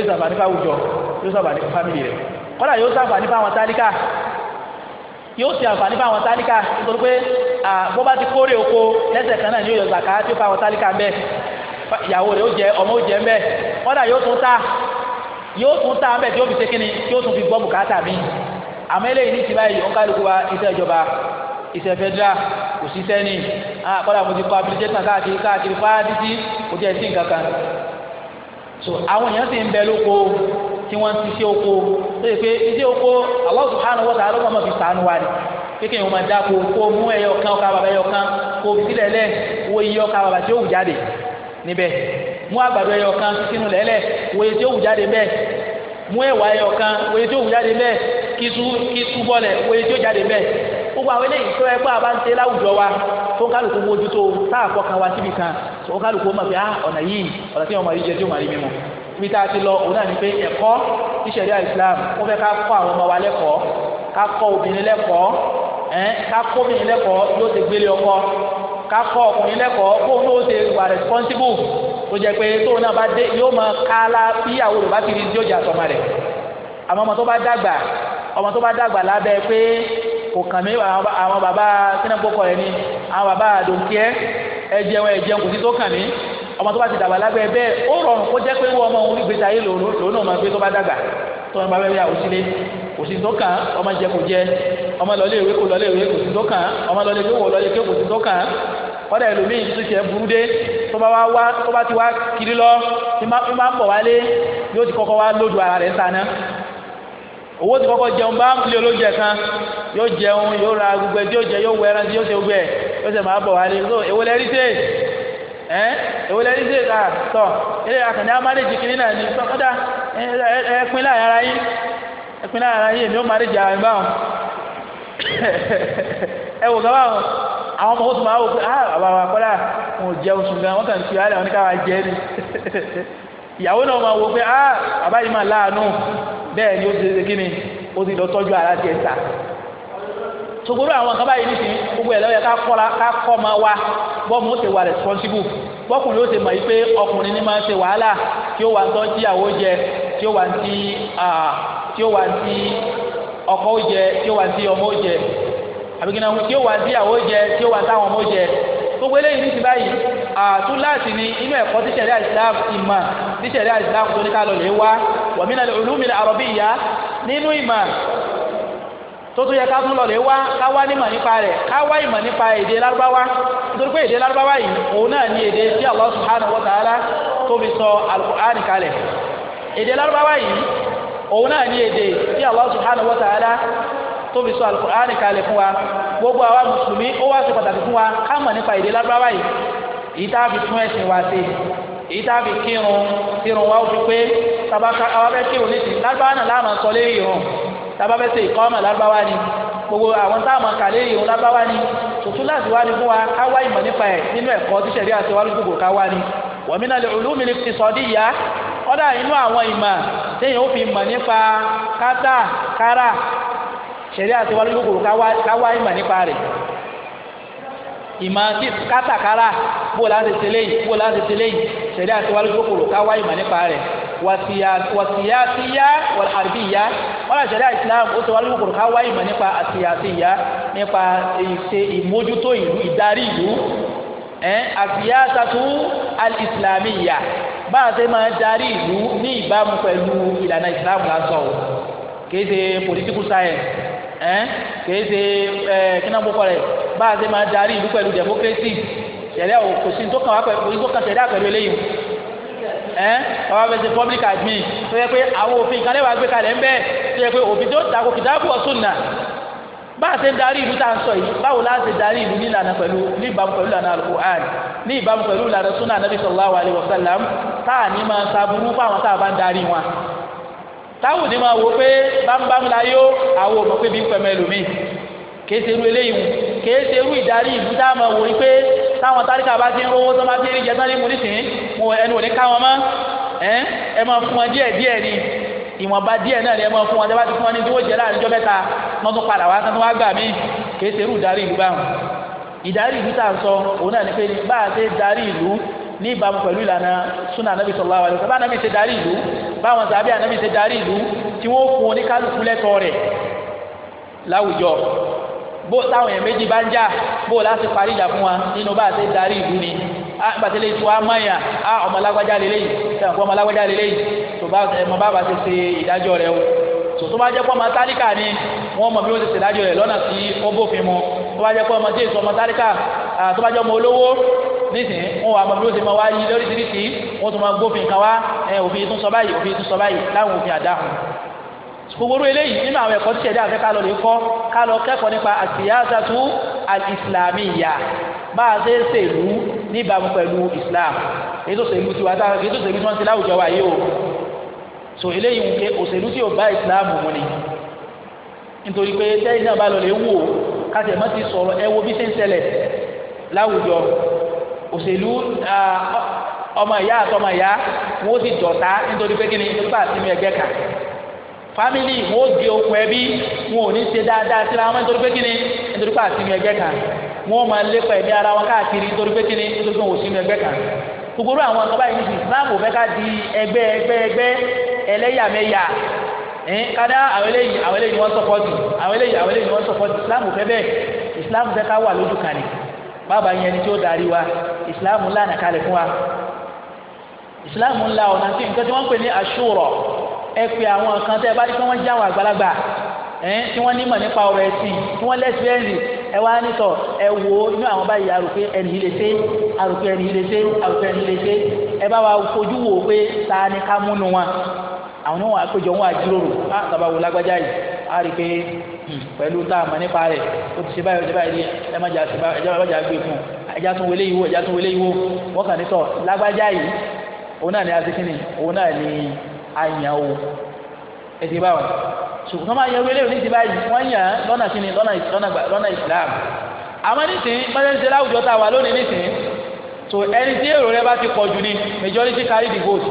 yóò sàǹfààní fáwùjọ yóò sàǹfààní fámìlì rẹ̀ kọ́dà yóò sàǹfààní fáwọn tálíkà yóò sì àǹfààní fáwọn tálíkà nítorí pé bó bá ti kórè oko lẹ́sẹ̀ kan náà ni yóò yọ zàká tí ó fáwọn tálíkà ń bẹ ìyàwó rẹ̀ ó jẹ ọmọ ó jẹ ń bẹ kọ́dà yóò tún ta yóò tún ta ń bẹ tí ó fi ṣe kíni tí ó tún fi gbọ́ bùkátà mi àmọ́ eléyìí ní ti báyìí ó wa iṣẹ́ ìjọba iṣẹ́ fẹ́dúrà kò sí sẹ́ni kọ́dà mo ti kọ́ abilijẹ́sán káàkiri káàkiri fáadìsí kò jẹ́ sí nǹkan kan so àwọn èèyàn sì ń bẹ lóko tí wọ́n ti ṣe oko tó yẹ pé iṣẹ́ oko Allah subhanahu wa ta'ala máa fi sànù wa ni kékeré wọn máa dáko kó mú ẹyọ kan ọkà bàbá ẹyọ kan kó fi sílẹ̀ lẹ̀ wo iye ọkà bàbá tí ó wù jáde níbẹ̀ mú àgbàdo ẹyọ kan sínú lẹ́lẹ̀ wo iye tí ó wù jáde bẹ́ẹ̀ mú ẹ̀wà ẹyọ kan wo iye tí ó wù jáde bẹ́ẹ̀ kí tú bọ́lẹ̀ wo iye tí ó jáde bẹ́ẹ̀ gbogbo àwọn eléyìí tó ẹgbẹ́ àbá ń ṣe láwùjọ wa tó ń kálukú mójú tó táàkọ́ kan wá síbi kan tó ń kálukú mọ̀ pé á ah, ọ̀nà yìí ọ̀nà tí wọ́n máa rí jẹ tí wọ́n máa rí mímu ibi tá a ti lọ òun náà ni pé ẹ̀kọ́ ìṣẹ̀ríà Islam wọ́n fẹ́ ká kọ́ àwọn ọmọ wa lẹ́kọ̀ọ́ ká kọ́ obìnrin lẹ́kọ̀ọ́ ẹ̀ ká kọ́ obìnrin lẹ́kọ̀ọ́ yóò ti gbélé ọkọ ká kọ́ ọkùnrin lẹ́kọ̀ọ́ kóun náà ó ti wà responsible tó jẹ́ pé tóun náà bá dé yóò máa kálá bí àwọn olùbá ti rí jójà àtọ̀mọ rẹ̀ àmọ́ ọmọ tó bá dàgbà ọmọ tó bá dàgbà lábẹ́ pé kò kàn mí àwọn bàbá sínú kókọ rẹ ni àwọn bàbá àdòǹkẹ́ ẹ jẹun ẹ jẹun kò sí tó kàn mí ọmọ tó bá ti dàgbà lábẹ́ bẹ́ẹ̀ ó rọrùn kó jẹ́ pé wọ́n ọmọ òun ìgbésí ayé lòun náà máa gbé tó bá dàgbà tó ń bá bẹ́ẹ̀ bí àwòsílẹ̀ kò sí tó kàn ọmọ jẹ kò jẹ ọmọ lọlé ìwé kò lọlé ìwé kò sí tó kàn ọmọ lọlé ìwé wò lọlé ìwé kò sí tó kàn kọ́dà ẹlòmíì tó tiẹ̀ burú dé tó bá wá tó bá ti wá kiri lọ ní máa ń bọ̀ wálé yóò ti kọ́kọ́ wá lójú ara rẹ̀ sáná owó ti kọ́kọ́ jẹun bá ń lé olóúnjẹ kan yóò jẹun yóò ra gbogbo ẹ̀ tí yóò jẹ yóò wẹ ẹran tí yóò ṣe gbogbo ẹ̀ yóò ṣe máa bọ̀ wá ní so èwo lẹ́rí tè ẹ́ èwo lẹ́rí tè ká tọ̀ eré akànnì amáréjì kìnínní náà ni kọ́dà ẹ pin láàyè ara yín ẹ pin láàyè ara yín èmi ó máa rí jà ẹ̀ báwọn ẹ wò gábà wọn àwọn ọmọ oṣù máa wò pé ah bàbá wa kọ́dà wọn ò jẹ oṣù gan wọn kàn fi wàhálà wọn ní káwá jẹ ni ìyàwó náà máa wò pé ah bàbá yìí máa láàánú bẹ́ẹ̀ ni ó ti ṣe kíni ó ti lọ tọ́jú ara tiẹ̀ ta sogoro àwọn nǹkan báyìí nísìnyí gbogbo ẹ̀ lọ́yẹ ká kọ́ ma wa bọ́ọ̀mù ó ti wà responsible bọ́ọ̀kùnrin ó ti mọ̀ yìí pé ọkùnrin ní máa ń ṣe wàhálà tí ó wà ń tọ́jú ìyàwó jẹ tí ó wà ń tí ó ó jẹ tí ó wà ń ti ọmọ ó jẹ àbíkínà tí ó wà ń ti ìyàwó jẹ tí ó wà ń táwọn ọmọ ó jẹ gbogbo eléyìí ní ti báyìí àtúláàtì ni inú ẹ̀kọ́ tí sẹ̀rí islam ìmọ̀ tí sẹ̀rí islam tó ní ká lọ lè wá wa min al-ulum al-arabiyya nínú ìmọ̀ tó tún yẹ ká tún lọ lè wá ká wá nímọ̀ nípa rẹ̀ ká wá ìmọ̀ nípa èdè lárúbáwá nítorí pé èdè lárúbáwá yìí òun náà ni èdè tí Allah subhanahu wa ta'ala tó fi sọ al kalẹ̀ èdè lárúbáwá yìí òun náà ni èdè tí Allah subhanahu wa ta'ala tó fi sọ alukur'ani kalẹ̀ fún wa gbogbo àwa mùsùlùmí ó wá sí pàtàkì fún wa ká mọ̀ nípa èdè lágbára yìí èyí tá a fi tún ẹ̀sìn wa ṣe èyí tá a fi kírun kírun wa ó fi pé tabaka àwa fẹ́ kírun ní ti lágbára náà láàmú sọ lé ìrùn tàbá fẹ́ ṣe ìkọ́mọ̀ lágbára ni gbogbo àwọn táwọn kàlẹ́ ìrùn lágbára ni tuntun láti wá ní fún wa ká wá ìmọ̀ nípa ẹ̀ nínú ẹ̀kọ́ tí sẹ̀rí àti wàlúù gbogbo ká wá ni wọ̀mínà lè olú mi lè fi sọ díyà kọ́dà inú àwọn ìmọ̀ téèyàn ó fi mọ̀ nípa kátà kárà ṣẹ̀rí àti wà lójú kòkòrò káwá ìmọ̀ nípa rẹ̀ ìmọ̀ kátàkárà bó láti tẹ̀lé yìí bó láti tẹ̀lé yìí ṣẹ̀rí àti wà lójú kòkòrò káwá ìmọ̀ nípa rẹ̀ wàsíyàsíyà wàlhàrbíyà wọn àṣẹrí Islam ó ti wà lóko ká wáyé mọ nípa àṣìyàsíyà nípa ìṣe ìmójútó ìlú ìdarí ìlú ẹ àṣìyàsàtú alìsìlámìyà bá a ṣe máa darí ìlú ní ìbámu pẹ̀lú ìlànà ìsìlámù lásán o kì í ṣe political science. ẹ kìí ṣe ẹ kíná gbókọ rẹ bá a ṣe máa darí ìlú pẹ̀lú democracy ṣẹlẹ̀ o kò sí tó kàn wá pẹ̀lú kò sí tó kàn ṣẹlẹ̀ pẹ̀lú eléyìí ẹ ọba fẹẹ ṣe public admin tó yẹ pé àwọn òfin kan lẹ́wàá gbé kalẹ̀ ń bẹ́ẹ̀ tó yẹ pé òfin tó tako bá a ṣe ń darí ìlú tá à ń sọ yìí báwo la ṣe darí ìlú ní ìlànà pẹ̀lú ní ìbámu pẹ̀lú ìlànà táwọn ní máa wò pé bámbám la yó àwọn òmò pé bí ń pẹ̀mẹ́ lómi kìí ṣe irú eléyìí kìí ṣe irú ìdarí ìlú tá a máa wò ni pé táwọn táríkà bá ti ń rówó tó máa ti rí jẹtán ní múnisìn mo ẹnu ò ní ká wọn mọ́ ẹ máa fún wọn díẹ̀ díẹ̀ ni ìwọ̀nba díẹ̀ náà ni ẹ máa fún wọn tẹ́ bá ti fún wọn ní tí wọ́n jẹ láàrin ọjọ́ mẹ́ta wọ́n tún padà wá tán wá gbà mí kìí ṣe irú ìdarí ìlú báwọn ìdarí ìlú tá à sọ òun náà ni pé bá a ṣe darí ìlú ní ìbámu pẹ̀lú ìlànà súnà anábì sallallahu alaihi wasallam anábì ṣe darí ìlú báwọn sàbí anábì ṣe darí ìlú tí wọ́n fún oníkálukú lẹ́tọ̀ọ́ rẹ̀ láwùjọ bó táwọn èèyàn méjì bá ń jà bó láti parí ìjà fún wa nínú bá a ṣe darí ìlú ni gbàtẹ́lẹ̀ ìtura mọ́yà ọmọ alágbájá lélẹ́yìn ọmọ alágbájá lélẹ́yìn tó bá ẹ̀ bá a ṣe ṣe ìdájọ́ rẹ̀ o tó bá jẹ́ pé ọmọ tálíkà ni wọ́n mọ̀ bí wọ́n ti ṣèdájọ́ rẹ̀ lọ́nà tí ó bófin mu tó bá jẹ́ pé ọmọ tí èso ọmọ tálíkà tó bá jẹ́ ọmọ olówó nísìnyí wọ́n wà mọ̀ bí wọ́n ti máa wá yí lóríṣiríṣi wọ́n tún máa gbófin kan wá òfin tún sọ báyìí òfin tún sọ báyìí láwọn òfin àdáhùn gbogbo eléyìí nínú àwọn ẹ̀kọ́ tíṣẹ̀dá àfẹ́ ká lọ lè kọ́ ká lọ kẹ́kọ̀ọ́ nípa àsìyásátú al-islamiyya bá a ṣe ń ṣèlú níbàámu pẹ̀lú islam ètò ìṣèlú tiwa táwọn ètò ìṣèlú tí wọ́n ti láwùjọ wa o so eléyìí wípé òṣèlú tí ò bá islam mu ni nítorí pé bá wò ti sọ̀rọ̀ wo bí láwùjọ ọmọ ìyá àtọmọ ìyá wọn ó sì nítorí pé kí ni nítorí àti mi ó di okùn ẹbí wọn ò ní ṣe dáadáa wọn nítorí pé kí ni àti mi máa lépa ẹ̀mí ara wọn káàkiri nítorí gbogbo àwọn nǹkan báyìí nìyí islam ò fẹ́ ká di ẹgbẹ́ ẹgbẹ́ ẹgbẹ́ ẹlẹ́yàmẹ̀yà ẹn kádà àwọn eléyìí àwọn eléyìí wọ́n sọ́pọ́tì àwọn eléyìí àwọn eléyìí wọ́n sọ́pọ́tì islam ò fẹ́ bẹ́ẹ̀ islam fẹ́ ká wà lójú kan ní bàbá yẹn ni tí ó darí wa islam lànà kalẹ̀ fún wa islam ńlá ọ̀nà tí nǹkan tí wọ́n pè ní àṣùrọ̀ ẹ pé àwọn kan tẹ́ ẹ bá rí pé wọ́n já àwọn àgbàlagbà ẹ tí wọ́n nímọ̀ nípa ọ̀rọ̀ ẹ̀sìn tí wọ́n lẹ́sìrẹ́ǹsì ẹ wá nítọ̀ ẹ wò ó inú àwọn báyìí àròpé ẹni yìí lè ṣe àròpé ẹni yìí lè ṣe àròpé ẹni yìí lè ṣe ẹ bá wa fojú wò ó pé ta ni ká múnu wọn àwọn oníwọ̀n àpéjọ wọn àjíròrò ah, á sábà wò lágbájá yìí á rí i pé hmm, pẹ̀lú tá a mọ̀ nípa rẹ̀ ó ti ṣe báyìí ó báyìí ẹ má jà ṣe báyìí ẹjá tún wọlé yìí wò ẹjá tún wọlé yìí wò wọ́n kàn ní lágbájá yìí òun náà ni a ti kí ni òun náà ni a yàn o ẹ̀sìn báwọn ṣùgbọ́n máa yẹ wílé òní ti báyìí wọ́n yàn án lọ́nà kíni lọ́nà Islam àmọ́ nísìnyí pẹ́sẹ́ntì láwùjọ tá a wà lónìí nísìnyí so ẹni tí èrò rẹ bá ti pọ̀ jù ni majority carry the vote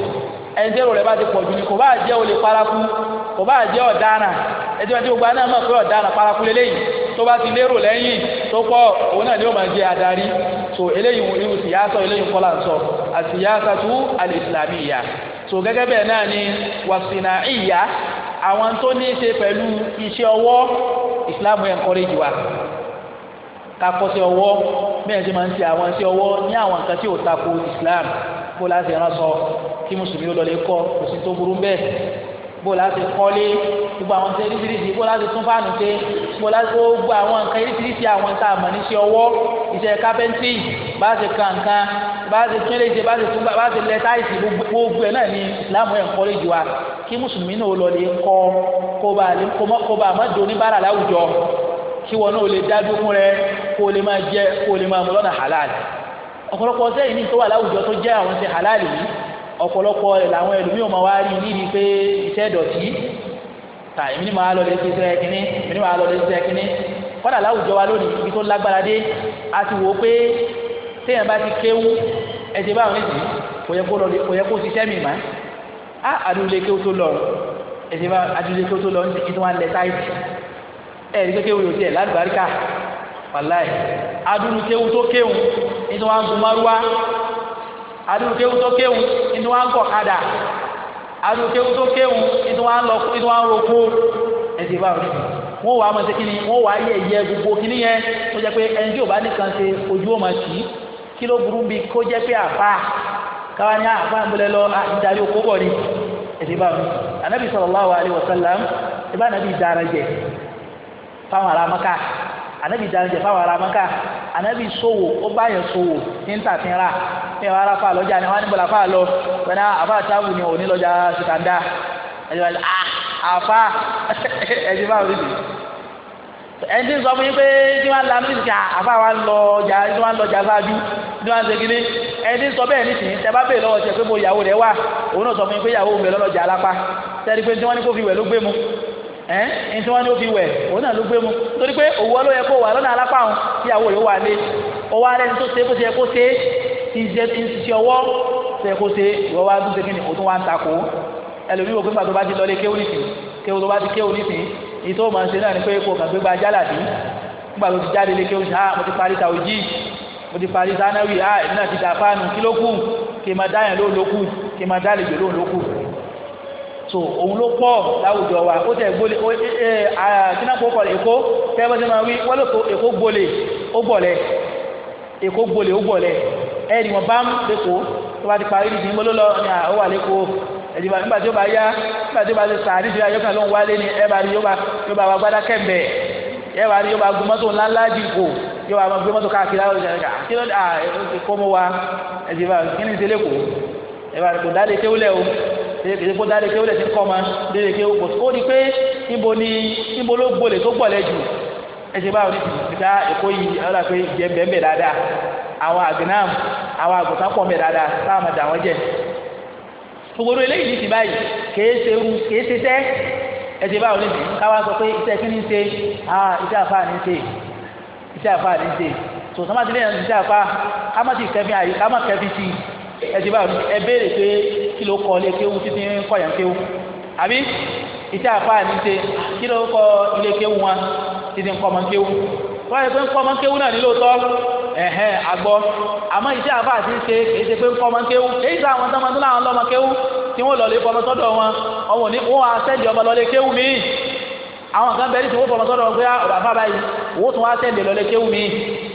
ẹni tí èrò rẹ bá ti pọ̀ jù ni kò bá jẹ́ olè paraku kò bá jẹ́ ọ̀daràn ẹtí wọn ti gbogbo aná mọ̀ pé ọ̀daràn paraku lélẹ́yìn tó bá ti lérò lẹ́yìn tó pọ̀ òun náà ni ó máa jẹ adarí so eléyìí irú sìyásọ eléyìí kọ́lá ń sọ àsìyásọ tú al-islamiyya so gẹ́gẹ́ bẹ́ẹ̀ náà ni wàsínà ìyá àwọn tó ní í ṣe pẹ̀lú iṣẹ́ ọwọ́ islam encourage wa kakọ́ sí ọwọ́ bẹ́ẹ̀ ṣe máa ń ṣe àwọn iṣẹ́ ọwọ́ ní àwọn nǹkan tí ò tako islam bó láti rán sọ kí mùsùlùmí ó lọ lè kọ́ kò sí tó burú bẹ́ẹ̀ bó láti kọ́lé gbogbo àwọn nǹkan irisirisi bó láti tún fáànù ṣe bó láti gbogbo àwọn nǹkan irisirisi àwọn tá a mọ̀ ní iṣẹ́ ọwọ́ bá ṣe kankan bá ti tún lè ṣe bá ti tún bá ti lẹ táìsì gbogbo ẹ̀ náà ni ìsìlámù ẹ̀ ń kọ́lé jù wa kí mùsùlùmí náà lọ lè kọ́ kóbá lè kọ́mọ́ kóbá má do oníbàárà láwùjọ kí wọn náà lè dá dúkún rẹ kó lè máa jẹ kó lè máa mú lọ́nà halal ọ̀pọ̀lọpọ̀ sẹ́yìn ní tó wà láwùjọ tó jẹ́ àwọn ti halal yìí ọ̀pọ̀lọpọ̀ rẹ̀ làwọn ẹlòmíràn máa wá rí téèyàn bá ti kéwú ẹsẹ̀ báwọn nìyí kò yẹ kó lọ kò yẹ kó ṣiṣẹ́ mi mà á àdúlé kéwú tó lọ ẹsẹ̀ bá àdúlé kéwú tó lọ ní ti wọn lẹ táyì ẹ ẹni kéwú yóò tiẹ̀ lálùbáríkà wàláì àdúlé kéwú tó kéwú ní ti wọn gun márúwá àdúlé kéwú tó kéwú ní ti wọn gọ̀ kadà àdúlé kéwú tó kéwú ní ti wọn lọ ní ti wọn roko ẹsẹ̀ báwọn nìyí wọn wà á máa ṣe kí ni wọn wà á yẹ ẹyẹ gbogbo kí ni yẹn tó jẹ pé ẹni tí ò bá nìkan ṣe ojú ó tì í kí ló burú bíi kó jẹ́ pé àfa káwa ní ah, àfa ń bọ̀lẹ̀ lọ àdarí ah, oko bọ̀ ni ẹ̀sìn bá mi anabi sallallahu alayhi wa sallam ẹ bá anabi dára jẹ fáwọn ará maka anabi dára jẹ fáwọn ará maka anabi sowo ó bá yẹn sowo ní ntàfínra ní ìwà aráfa lọ́jà ni wọ́n á ní bọ̀lá fa lọ ah, bẹ́ẹ̀ ni? àfa àtàwù ni òní lọ́jà sùkàndá ẹ̀sìn bá mi àfa ẹ̀sìn bá mi ẹni tí ń sọ fún yín pé tí wọ́n lanu ní ìsìkà àfa wa ń lọ ọjà tí wọ́n ń lọ ọjà ṣáájú tí wọ́n ń ṣe kíní ẹni tí ń sọ bẹ́ẹ̀ nísìnyí tẹ́ bá bèè lọ́wọ́ ṣe pé mo ìyàwó rẹ̀ wà òun náà sọ fún yín pé ìyàwó mi lọ́lọ́jà alápá tẹ́lí pé tí wọ́n ní kó fi wẹ̀ ló gbé mu ẹ́n ní tí wọ́n ní ó fi wẹ̀ òun náà ló gbé mu torí pé òwú ọlọ́yẹ kó wà lọ́nà alápá òun ìyàwó rẹ̀ wà lé ọwọ́ alẹ́ ní tó ṣe bó kó ṣe ìṣe ọwọ́ ṣe kó ṣe ìwọ́ ṣe kí ni òun tún èyí tó máa ń ṣe náà ni pé kó kàn gbégbá jálàbí nígbà tó ti jáde lé kí ó ṣe ah mo ti parí tàwọn jí mo ti parí sanawi ah èmi náà ti dà fáànù kí ló kù kí n máa dá yẹn lóun ló kù kí n máa dá àlejò lóun ló kù so òun ló pọ̀ láwùjọ wa ó tẹ̀ gbólé ó eh, eh, ah, ẹ ẹ kínákó kọ̀ èkó tẹ́wọ́n ti máa wí wọ́n ló tó èkó gbólé ó gbọ̀lẹ̀ èkó gbólé ó gbọ̀lẹ̀ ẹ̀ ni wọ́n bá ń lẹ́kọ̀ọ́ tó bá ti parí ìdí ẹ̀dìbà nígbà tí ó bá yá nígbà tí ó bá ti sàárì sí ayọ́kàn ló ń wálé ni ẹ bá rí yóò bá wa gbádá kẹ́mbẹ̀ ẹ bá rí yóò bá gun mọ́tò ńláńlá jìnkò yóò bá gbé mọ́tò káàkiri àwọn ìjàngà kí ló dé kó mọ́ wa ẹ̀dìbà kí ni ìṣẹ̀lẹ̀ kò ẹ bá rí kò dálé kéwúlẹ̀ o kéde kó dálé kéwúlẹ̀ ti kọ́ ma dédé kéwú kò ó ní pé níbo ni níbo ló gbolè tó gbọ̀lẹ̀ jù ẹ̀sìn báwo ni ìgbà gbogbo eléyìí ní ti báyìí kèé ṣe ru kèé ṣe tẹ́ ẹ ti báwọn níbi káwá sọ pé iṣẹ́ kí ni ṣe ah iṣẹ́ àfa ni ṣe iṣẹ́ àfa ni ṣe tó sọ́mà ti lẹ́yìn iṣẹ́ àfa a má ti kẹ́fín àyè ká má kẹ́fín sí ẹ ti báwọn ẹ béèrè pé kí ló kọ́ ilé kéwú títí ń kọ̀yàn kéwú àbí iṣẹ́ àfa ni ṣe kí ló kọ́ ilé kéwú wọn títí ń kọ́ ọmọ kéwú wọ́n yẹ pé ń kọ́ ọmọ kéwú náà ní lóòótọ́ ẹ̀hẹ́ agbọ́ àmọ́ iṣẹ́ àbá àti ṣe kì í ṣe pé ń ọmọ kéwú èyí sá àwọn tọmọdún láwọn lọ́mọ kéwú tí wọn ọmọ ní wọ́n ọmọ lọ́lé kéwú mi àwọn kan bẹ̀rẹ̀ tí wọ́n fọmọ wọn pé ọ̀bà fábà yìí owó tún wá mi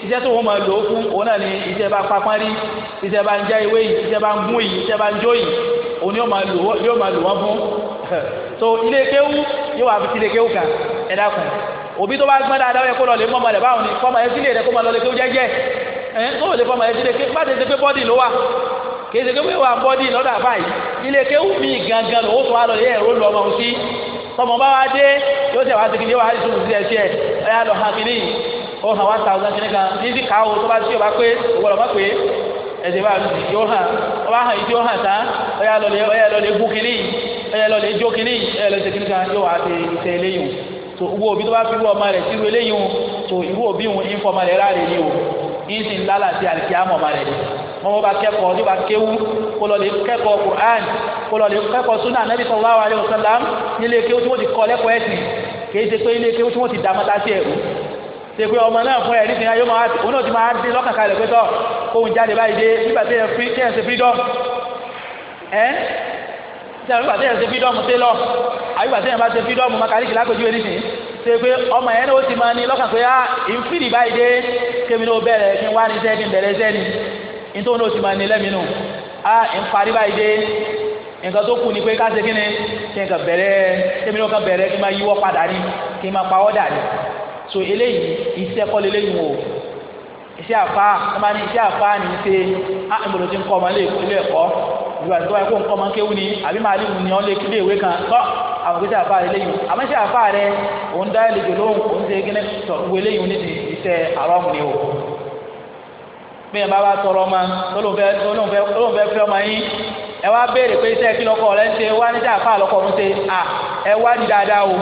iṣẹ́ tó òun náà ni bá pápá rí bá òbí tó bá gbọ́n dáadáa yẹ kó lọ lè mọ́ ọmọ rẹ̀ báwọn ni fọmọ ẹtí lè rẹ kó máa lọ lè kó jẹ́jẹ́ ẹ̀ ń kó lè fọmọ ẹtí lè ké bá tètè pé bọ́dì ló wà kéde kéwé wà bọ́dì lọ́dọ̀ àbáyé ilé kéwù mi gangan lòó tó wà lọ lè ẹ̀rọ lọ ọmọ òsì tọmọ bá wá dé yóò tẹ̀ wá sí kìnìún wà á sùn sí ẹsẹ̀ ẹ̀ á lọ hàn mí nìyí ó hàn one thousand kìnìún kan ní ti káwó tó bá tí o bá pé òwòrán bá pé ẹsẹ̀ bá yóò hàn ọba hàn yìí tí ó hàn tán ọ̀yà lọ lè gún kìnìún ọ̀yà lọ lè jó kìnìún ọ̀yà lọ lè kìnìún kan yóò wá ti ṣe eléyìí so owó òbí tó bá fi irú ọmọ rẹ̀ sírú eléyìí wọn so irú òbí wọn ń fọmọ rẹ̀ ni o ń sì ń lálà sí àlìkíyàmọ̀ ọmọ rẹ̀ ni wọn bá kẹ́kọ̀ọ́ nípa kéwú kó lọ lè kẹ́kọ̀ọ́ Qur'an kó lọ lè kẹ́kọ̀ọ́ sunnah nabi sallallahu alayhi wa sallam nílé kéwú tí wọ́n ti kọ́ lẹ́kọ̀ọ́ ẹ̀sìn kìí ṣe pé ilé kéwú tí wọ́n ti dá mọ́ta sí ẹ̀rú ṣe pé ọmọ náà fún ẹ̀rí fìyà yóò máa òun náà ti máa dé lọ́kàn kalẹ̀ pé tọ́ kóun jáde báyìí dé nígbà tí ẹ̀ fi kí ẹ̀ ṣe freedom ẹ̀ ṣe àbí bàtẹ́yìn ṣe fídọ́ọ̀mù télọ̀ àbí bàtẹ́yìn bá ṣe fídọ́ọ̀mù makaríkì lápèjúwe nísìnyí ṣe pé ọmọ yẹn ni ó ti máa ní lọ́kàn pé á ah, ìfìdí báyìí dé kémi ní o bẹ̀rẹ̀ kí n wá ní sẹ́ni bẹ̀rẹ̀ sẹ́ni nítorí ní o ti máa ní lẹ́mìínú á ah, ń parí báyìí dé nǹkan tó kù ni pé káṣe kí ni kí n kàn bẹ̀rẹ̀ kémi ní o kàn bẹ̀rẹ̀ kí n máa yíwọ́ padà ní kí n máa pa ọ́dà ní so eléyìí iṣẹ́ kọ́ leléyìí wò iṣẹ́ àfáà wọ́n máa ní iṣẹ́ àfáà ní í ṣe á ah, ìgbòdo ti ń kọ́ ọmọ ilé ẹ̀kọ́ ìwà tó wáyé kó nǹkan kéwú ni àbí máa límù ni ọ́n lè kílé ìwé kan tọ́ àwọn òkúta àfa rẹ lẹ́yìn àmọ́ sí àfa rẹ òun dá ẹlẹ́jọ lóhùn òun ṣe gíní tọ̀ wọ eléyìí ní ti iṣẹ́ àrọ́mù ni o. bẹ́ẹ̀ bá bá tọrọ ọmọ tọ́lóhùn fẹ́ fẹ́ ọmọ yín ẹ wá béèrè pé iṣẹ́ kí lọ́kọ rẹ ń ṣe wá níta àfa lọ́kọ ọ̀run ṣe ẹ wá di dáadáa o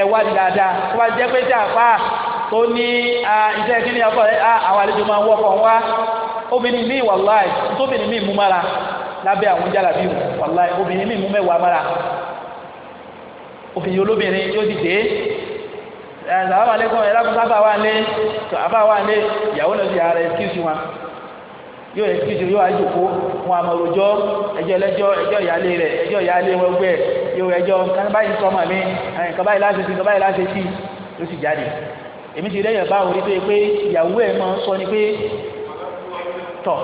ẹ wá di dáadáa tó bá jẹ́ pé iṣẹ́ àfa tó ní iṣẹ́ kí ni ọkọ rẹ àwọn àlejò máa wọ́kọ̀ wá obìnrin míì wà láì tóbìnrin míì mú mára lábẹ́ àwọn jálàbí wàláì obìnrin mímú mẹ́wàá mára obìnrin olóbìnrin yóò ti dé sàbàbà lẹ́kọ̀ọ́ ẹ̀rọ sábà wà lé sàbà wà lé ìyàwó náà ti ara ẹ̀kíùsì wọn yóò ẹ̀kíùsì yóò àjòkó wọn àmọ̀ òjò ẹjọ́ ẹlẹ́jọ́ ẹjọ́ ìyáálé rẹ̀ ẹjọ́ ìyáálé wọn gbẹ yóò ẹjọ́ kábàáyì sọmọ mi kábàáyì láti ti kábàáyì láti ti ló sì jáde èmi ti rẹ́yìn báwo rí pé ìyàwó ẹ̀ máa ń sọ ni pé tọ̀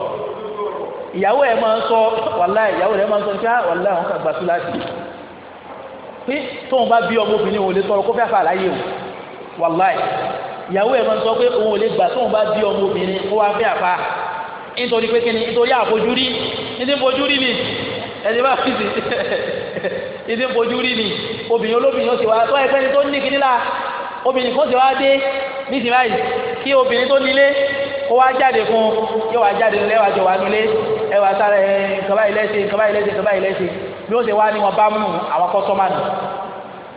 ìyàwó ẹ̀ máa ń sọ wàláì ìyàwó rẹ̀ máa ń sọ nípa ah, wàláì àwọn kan gbà tú láti pé tóun bá bí ọmọ obìnrin òun lè tọrọ kó fẹ́ fà láyé o wàláì ìyàwó ẹ̀ máa ń sọ pé òun ò lè gbà tóun bá bí ọmọ obìnrin kó wá fẹ́ àfa nítorí pé kíni nítorí àfojúrí nítorí fojúrí ni ẹni bá fi sí ìdí fojúrí ni obìnrin olóbìnrin ó ti wá tó ẹgbẹ́ni tó ní kíní la obìnrin kó ti wá dé nísìnyí báyìí kí obìnrin tó nílé kó wá jáde fún yóò wá jáde lẹ́wà jọ wà nílé ẹwà sára ẹ kaba ilé ṣe kaba ilé ṣe kaba ilé ṣe bí ó ṣe wá ní wọn bá mú àwọn kọ́sọ́mà nù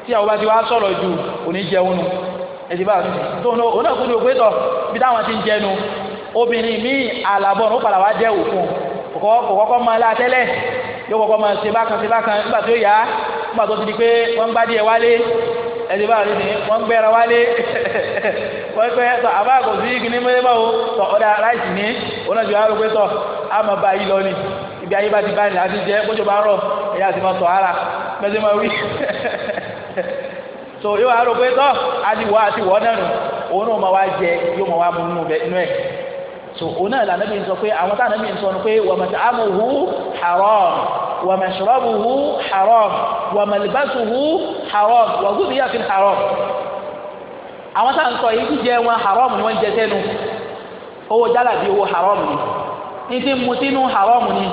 tí àwọn bá ti wá sọ̀rọ̀ ju òní jẹun nù ẹ̀sìn bá tó ní òun kú ní òpétọ̀ bí táwọn ti ń jẹnu obìnrin míì àlàbọ̀ ó padà wá jẹ́ òkú kọ̀kọ́kọ́ máa lá tẹ́lẹ̀ yóò kọ́kọ́ máa ṣe bákan ṣe bákan nígbà tó yá nígbà tó ti di pé wọ́n ń gbádìí wálé ẹ̀sìn bá wọ́n gbẹ́ra wálé pé tọ àbá kò sí kíní mẹ́lẹ́ báwo tọ ọ̀dà ráìsì ní òun náà ti wá rò pé tọ á máa ba yìí lọ ni ibi ayé bá ti bá ní àti jẹ kójú bá rọ ẹ̀yà ti máa tọ̀ ara mẹ́sẹ̀ máa wí so yóò wá rò pé àti wọ́ àti òun náà máa wá jẹ yóò máa wá mú nínú ẹ̀ so òun náà lànà bí sọ pé àwọn táwọn bí sọ ni pé wa mat'amuhu haram wa mashrabuhu àwọn tá à ń sọ yìí jíjẹ wọn haram ni wọ́n jẹ sẹ́nu owó jálàbí owó haram ni ní ti mu sínú haram ni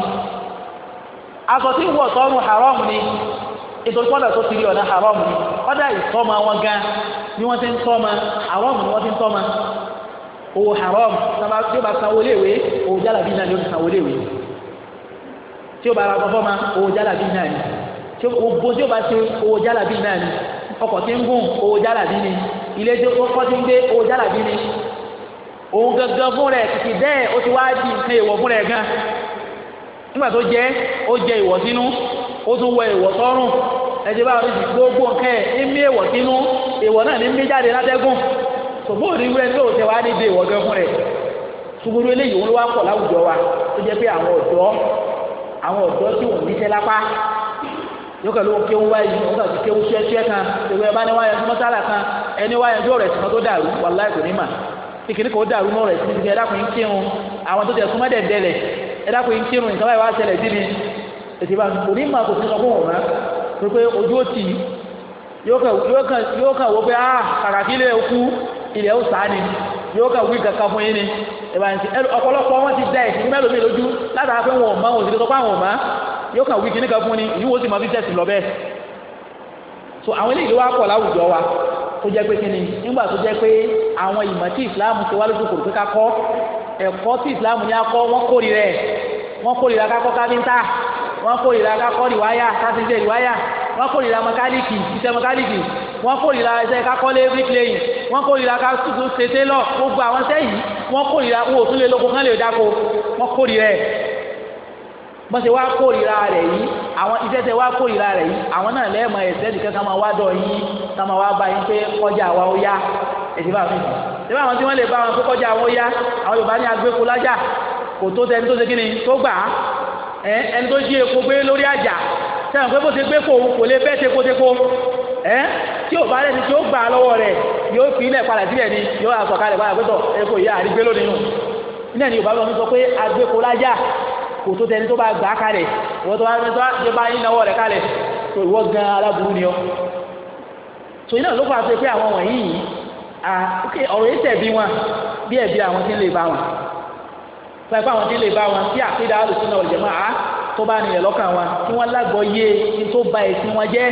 aṣọ tí wọ̀ sọ́nu haram ni ètò ìpọ́nà tó ti rí ọ̀nà haram ni ọ̀dà ìtọ́mọ wọn gan ni wọ́n ti ń tọ́mọ haram ni wọ́n ti ń tọ́mọ owó haram tí ó bá sanwó léwe owó jálàbí náà ló ń sanwó léwe tí ó bá ra fọ́fọ́ ma owó jálàbí náà ni tí ó bó tí ó bá ṣe owó jálàbí náà ni ọkọ̀ tí ń gùn owó jálàbí ni ilé tí ó kọ́ ti ń gbé owó jálàbí ni òun gangan fún rẹ̀ títí bẹ́ẹ̀ ó ti wá di nǹkan èèwọ̀ fún rẹ̀ gan nígbà tó jẹ́ ó jẹ ìwọ̀ sínú ó tún wọ ìwọ̀ sọ́rùn ẹ̀jẹ̀ bá rí gbogbo nǹkan ẹ̀ ń mí ìwọ̀ sínú ìwọ̀ náà ní ń mí jáde látẹ́gùn ṣùgbọ́n òní wúrẹ́ ní òòtẹ́ wá ní ibi ìwọ̀ gan fún rẹ̀ ṣùgbọ́n eléyìí òun ló wá pọ̀ láwùjọ wa tó jẹ́ pé àwọn ọ̀dọ́ àwọn ọ̀dọ́ tí wọ́n níṣẹ́ lápá yóò kẹ́ ló ń kéwú wáyé òun kà ti kéwú tíẹ́tíẹ́ kan ìwé ẹ̀ bá ní wáyé mọ́sálà kan ẹni wáyé ojú ọ̀rẹ́ sìnkàn tó dàrú wàláì kò ní mà ìkíní kò dàrú mọ́ ọ̀rẹ́ sìnkàn ẹ̀dá kò ń kírun àwọn tó tẹ̀ súnmọ́ dẹ̀ndẹ̀lẹ̀ ẹ̀dá kò ń kírun ìtàn báyìí wá ṣẹlẹ̀ sí mi ètò ìbá kò ní mà kò sí ọkọ̀ wọn rẹ pé ojú ó tì yóò kàn wó pé ah kàkàkí ilé okú ilẹ̀ ó sàá ni yóò kàn wí kankan fún yín ni ọ̀pọ̀lọpọ̀ wọn ti dá ẹ̀sìn mẹ́lòmí lójú látàá pé wọn ò mọ òsì yóò kàn wí kíní kan fún ni ìyíwò sì máa fi tẹ̀sí lọ bẹ́ẹ̀ so àwọn eléyìí wá pọ̀ láwùjọ wa tó jẹ́ pé kíni nígbà tó jẹ́ pé àwọn ìmọ̀ tí ìsìláàmù ti wá lójú kòrò pé ká kọ́ ẹ̀kọ́ tí ìsìláàmù ní akọ́ wọ́n kórìíra ẹ̀ wọ́n kórìíra kákọ́ káfíńtà wọ́n kórìíra kákọ́ rìwáyà sásìndé rìwáyà wọ́n kórìíra mẹkáníìkì iṣẹ́ mẹkáníìkì wọ́n kórìíra iṣẹ́ kákọ́lé bíríkìlẹ́yìn wọ́n kórìíra kásùkú ṣètẹ́lọ̀ gbogbo àwọn iṣẹ́ yìí wọ́n kórìíra owó òtúnlélógún kan lè dáko wọ́n kórìíra ẹ̀ bọ́n ṣe wá kórìíra rẹ̀ yìí àwọn iṣẹ́ tẹ wá kórìíra rẹ̀ yìí àwọn náà lẹ́ẹ̀mọ̀ ẹ̀sẹ̀ nìkan ká máa wá dọ̀ yín ká máa wá bá yín pé kọjá wa ó yá ẹ̀sìn bá mi ṣe bá àwọn tí wọ́n lè bá wọn pé kọjá wa ó yá àwọn Yorùbá ní agbéko lájà kò tó tẹni tó ṣe kí ni tó gbà á ẹni tó ṣí epo gbé lórí àjà sẹ́wọ̀n pé bó ṣe gbé kò ni tí ó gbà á lọ́wọ́ rẹ̀ yóò fi ni yóò àsọ̀kalẹ̀ padà pẹ́tọ̀ epo kò tó tẹni tó bá gbà kalẹ̀ wọ́n tó bá ní tó ṣe bá yín náwó rẹ̀ kalẹ̀ tó ìwọ gan aláburú ni ọ. tó iná ló fàá pé pé àwọn wọ̀nyí yìí à ókè ọ̀rọ̀ yìí tẹ̀ bí wọn bí ẹ̀bí àwọn tí ń lè bá wọn. pẹ̀lú àwọn tí ń lè bá wọn tí àkídà alùsùnà ọ̀jẹ̀mọ́ àá tó bá nílẹ̀ lọ́kàn wọn kí wọ́n lágbọ́ yé ní tó ba ẹ̀sìn wọn jẹ́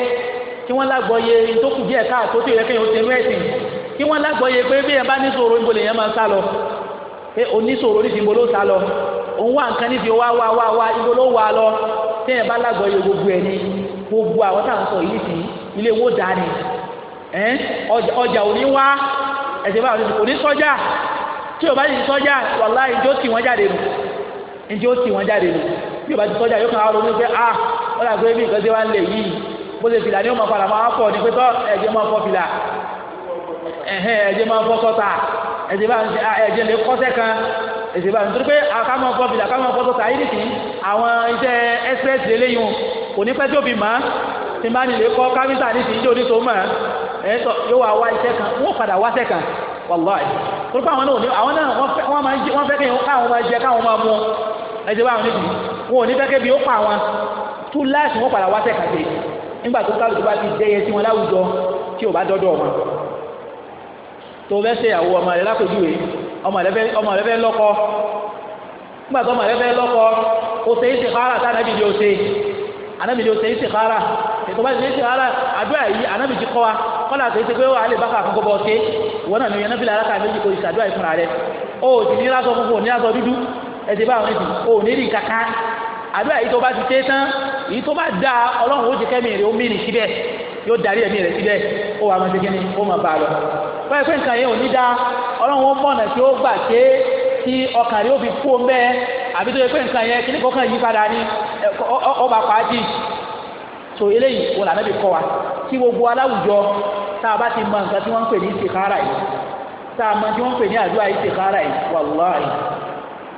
kí wọ́n lágbọ́ yé ní tó kù díẹ̀ káàtó tó yẹ kéèyàn ó ṣe inú ẹ̀sìn kí wọ́n lágbọ́ yé pé bí ẹ bá níṣòro níbo lèèyàn máa sá lọ pé oníṣòro níṣìbo ló sá lọ òun wá nǹkan níbi wá wá wá wá ibo ló wà lọ téèyàn bá lágọọ iye gbogbo ẹ ní gbogbo àwọn táwọn sọ yìí sí ilé wo dáa ni ọjà òní wá ẹsẹ báwọn ní òní sọjà tí o bá ti sọjà wàláhì ìjọ tì wọn jáde nù ìjọ tì wọn jáde nù bí o bá ti sọjà yóò kàn án ronú pé a ah, wọn là gbé bí nǹkan tí wọn lè yí bó ṣe fìlà ní o máa fọ àlàmọ àwọn afọ ní pé tọ ẹjẹ máa fọ fìlà ẹjẹ máa fọ sọta ẹsẹ báwọn ah, ẹjẹ lè kọsẹ̀ kan èsì báyìí nítorí pé àkàmọ́ fọ́ bìlà àkàmọ́ fọ́ tó ta yìí nìsín àwọn iṣẹ́ express lélẹ́yìn kò ní pẹ́ tó fi mọ́ tí bá nílé kọ́ káfíńtà nìsín ìjọ ní tó mọ́ ẹ̀ tọ́ yóò wá wá iṣẹ́ kan wọ́n padà wá iṣẹ́ kan wàláì torí pé àwọn náà ní àwọn náà wọ́n máa wọ́n fẹ́ kí káwọn máa jẹ káwọn máa mú ẹ̀sìn báyìí nìsín wọn ò ní fẹ́ kébi ó pa àwọn tú láàṣì wọ́n padà wá iṣẹ́ kan dé nígbà tó kálukú bá ti dẹ́yẹ sí wọn láwùjọ tí ò bá dọ́dọ̀ wọn tó fẹ́ ṣe ìyàwó ọmọ rẹ lápèjúwe ọmọ rẹ fẹ́ lọ́kọ nígbà tó ọmọ rẹ fẹ́ lọ́kọ o ṣe istikhara tá anábì ni o ṣe anábì ni o ṣe istikhara ètò bá ṣe istikhara àdúrà yìí anábì ti kọ́ wa kọ́lá àti ìṣe pé wà á lè bákà fún kọ́bọ̀ ṣe ìwọ́n náà ni yẹn náfìlà alákà méjì kò ìṣàdúrà ìfúnra rẹ o ò sì ní lásọ funfun ò ní lásọ dúdú ẹsẹ̀ bá àwọn ẹ̀sìn o ò ní rí kankan àdúrà yìí tó bá ti ṣe tán èyí tó bá dáa ọlọ́run ó ti kẹ́mi rè ó mí nì síbẹ̀ yóò darí ẹ̀mí rẹ̀ síbẹ̀ ó wà máa ṣe kí ni ó máa bá a lọ. báyìí pé nǹkan yẹn ò ní dá ọlọ́run ó mọ̀nà tí ó gbà ṣe é tí ọkàn rẹ̀ ó fi kú ọmọ ẹ̀ àbí tó yẹ pé nǹkan yẹn kíní kọ́kàn yí padà ní ọba pàájì. tó eléyìí wọn làná bí kọ́ wa tí gbogbo aláwùjọ tá a bá ti mọ nǹkan tí wọ́n ń pè ní ìsìkára yìí tá a mọ tí wọ́n ń pè ní àdúrà ìsìkára yìí wàlúwàá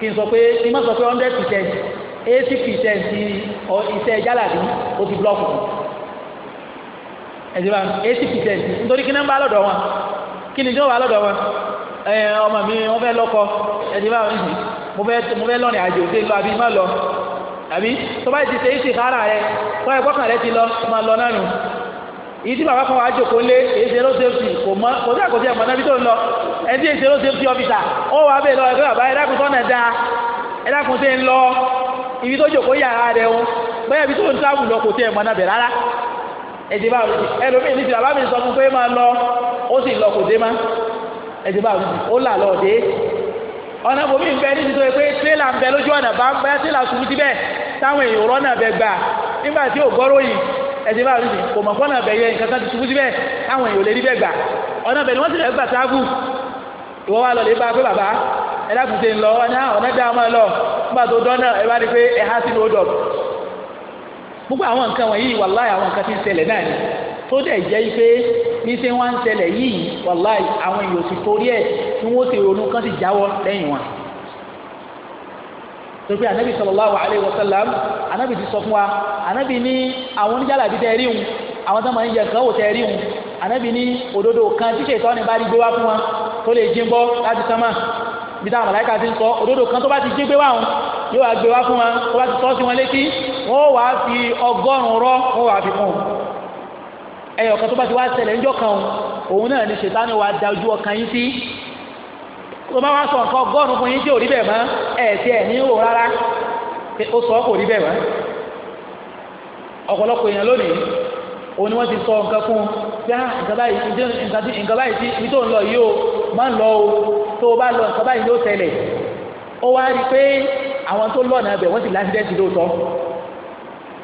yìí ẹ̀jẹ̀ bá eighty percent nítorí kí náà ń bá lọ́dọ̀ wọn kí ni tí wọ́n bá lọ́dọ̀ wọn ẹ ọmọ mi wọ́n fẹ́ lọ́kọ ẹ̀jẹ̀ bá wọn yìí mo fẹ́ mo fẹ́ lọ́rìn àjò dé lọ àbí má lọ àbí tó bá ti ṣe ìṣe kára rẹ wọ́n ẹ̀kọ́ kan rẹ ti lọ má lọ náà nù yìí tí bàbá kan wàá jòkó lé èsè ló sèfì kò mọ kò sí àkòtí ẹ̀mọ́ nábí tó ń lọ ẹtí èsè ló sèfì ọ́fíìsà ó wàá bẹ̀ lọ ẹ̀kọ́ bàbá ẹ̀dákun tọ́nà dáa ẹ̀dákun tẹ́ ń lọ ibi tó jòkó yàrá rẹ o bẹ́ẹ̀ ibi tó ń tábù lọ kò tẹ́ ẹ̀mọ́ náà rárá ẹ̀dẹ̀ báwo ni ẹlòmíì ní ti bàbá sọ fún pé máa lọ ó sì lọ kò dé má ó là lọ dé ọ̀nà bòmí tó yẹ pé lójú ọ̀nà bá sùn ti táwọn èèyàn rọ́nà bẹ gbà nígbà tí gbọ́rọ̀ yìí kò mọ̀ fọ́nà bẹ yẹ ti sùn ti táwọn èèyàn lè rí bẹ gbà ọ̀nà ni wọ́n ti gbà wa lọ lè bá pé gbogbo àwọn nǹkan wọ̀nyí wàláì àwọn nǹkan tí ń ṣẹlẹ̀ náà ni tó dẹ̀ jẹ́ pé ní ṣe wọ́n ń ṣẹlẹ̀ yìí wàláì àwọn èèyàn sì torí ẹ̀ tí wọ́n ti ronú kán sì jáwọ́ lẹ́yìn wọn. tó anabi sallallahu alayhi wa sallam anabi ti sọ fún wa anabi ní àwọn oníjàlábí tẹ rí wọn àwọn tó máa ń yẹ nǹkan wò tẹ rí wọn anabi ní òdodo kan tíṣe ìtọ́ni bá rí gbé wá fún wọn tó lè jí ń bọ́ láti sánmà bí ti ń sọ òdodo kan tó bá ti jí gbé wá wọn yóò wá gbé wá fún wọn tó bá ti sọ sí wọn létí wọ́n wàá fi ọgọ́rùn-ún rọ́ wọ́n wàá fi kún un ẹyọ kan tó bá ti wá ṣẹlẹ̀ ńjọ́ kan òun náà ni ṣètánì wa da ojú ọkàn yín sí tó bá wá sọ nǹkan ọgọ́rùn-ún fún yín tí ò rí bẹ́ẹ̀ mọ́ ẹ̀ tí ẹ̀ ní wò rárá ó sọ kò rí bẹ́ẹ̀ mọ́ ọ̀pọ̀lọpọ̀ èèyàn lónìí òun ni wọ́n ti sọ nǹkan fún un ah, bí nǹkan báyìí tí ibi tó ń lọ yìí o má ń lọ o tó o bá lọ nǹkan báyìí ló ṣẹlẹ̀ ó wá rí i pé àwọn tó lọ́ọ̀nà ẹbẹ̀ wọ́n ti láti dẹ́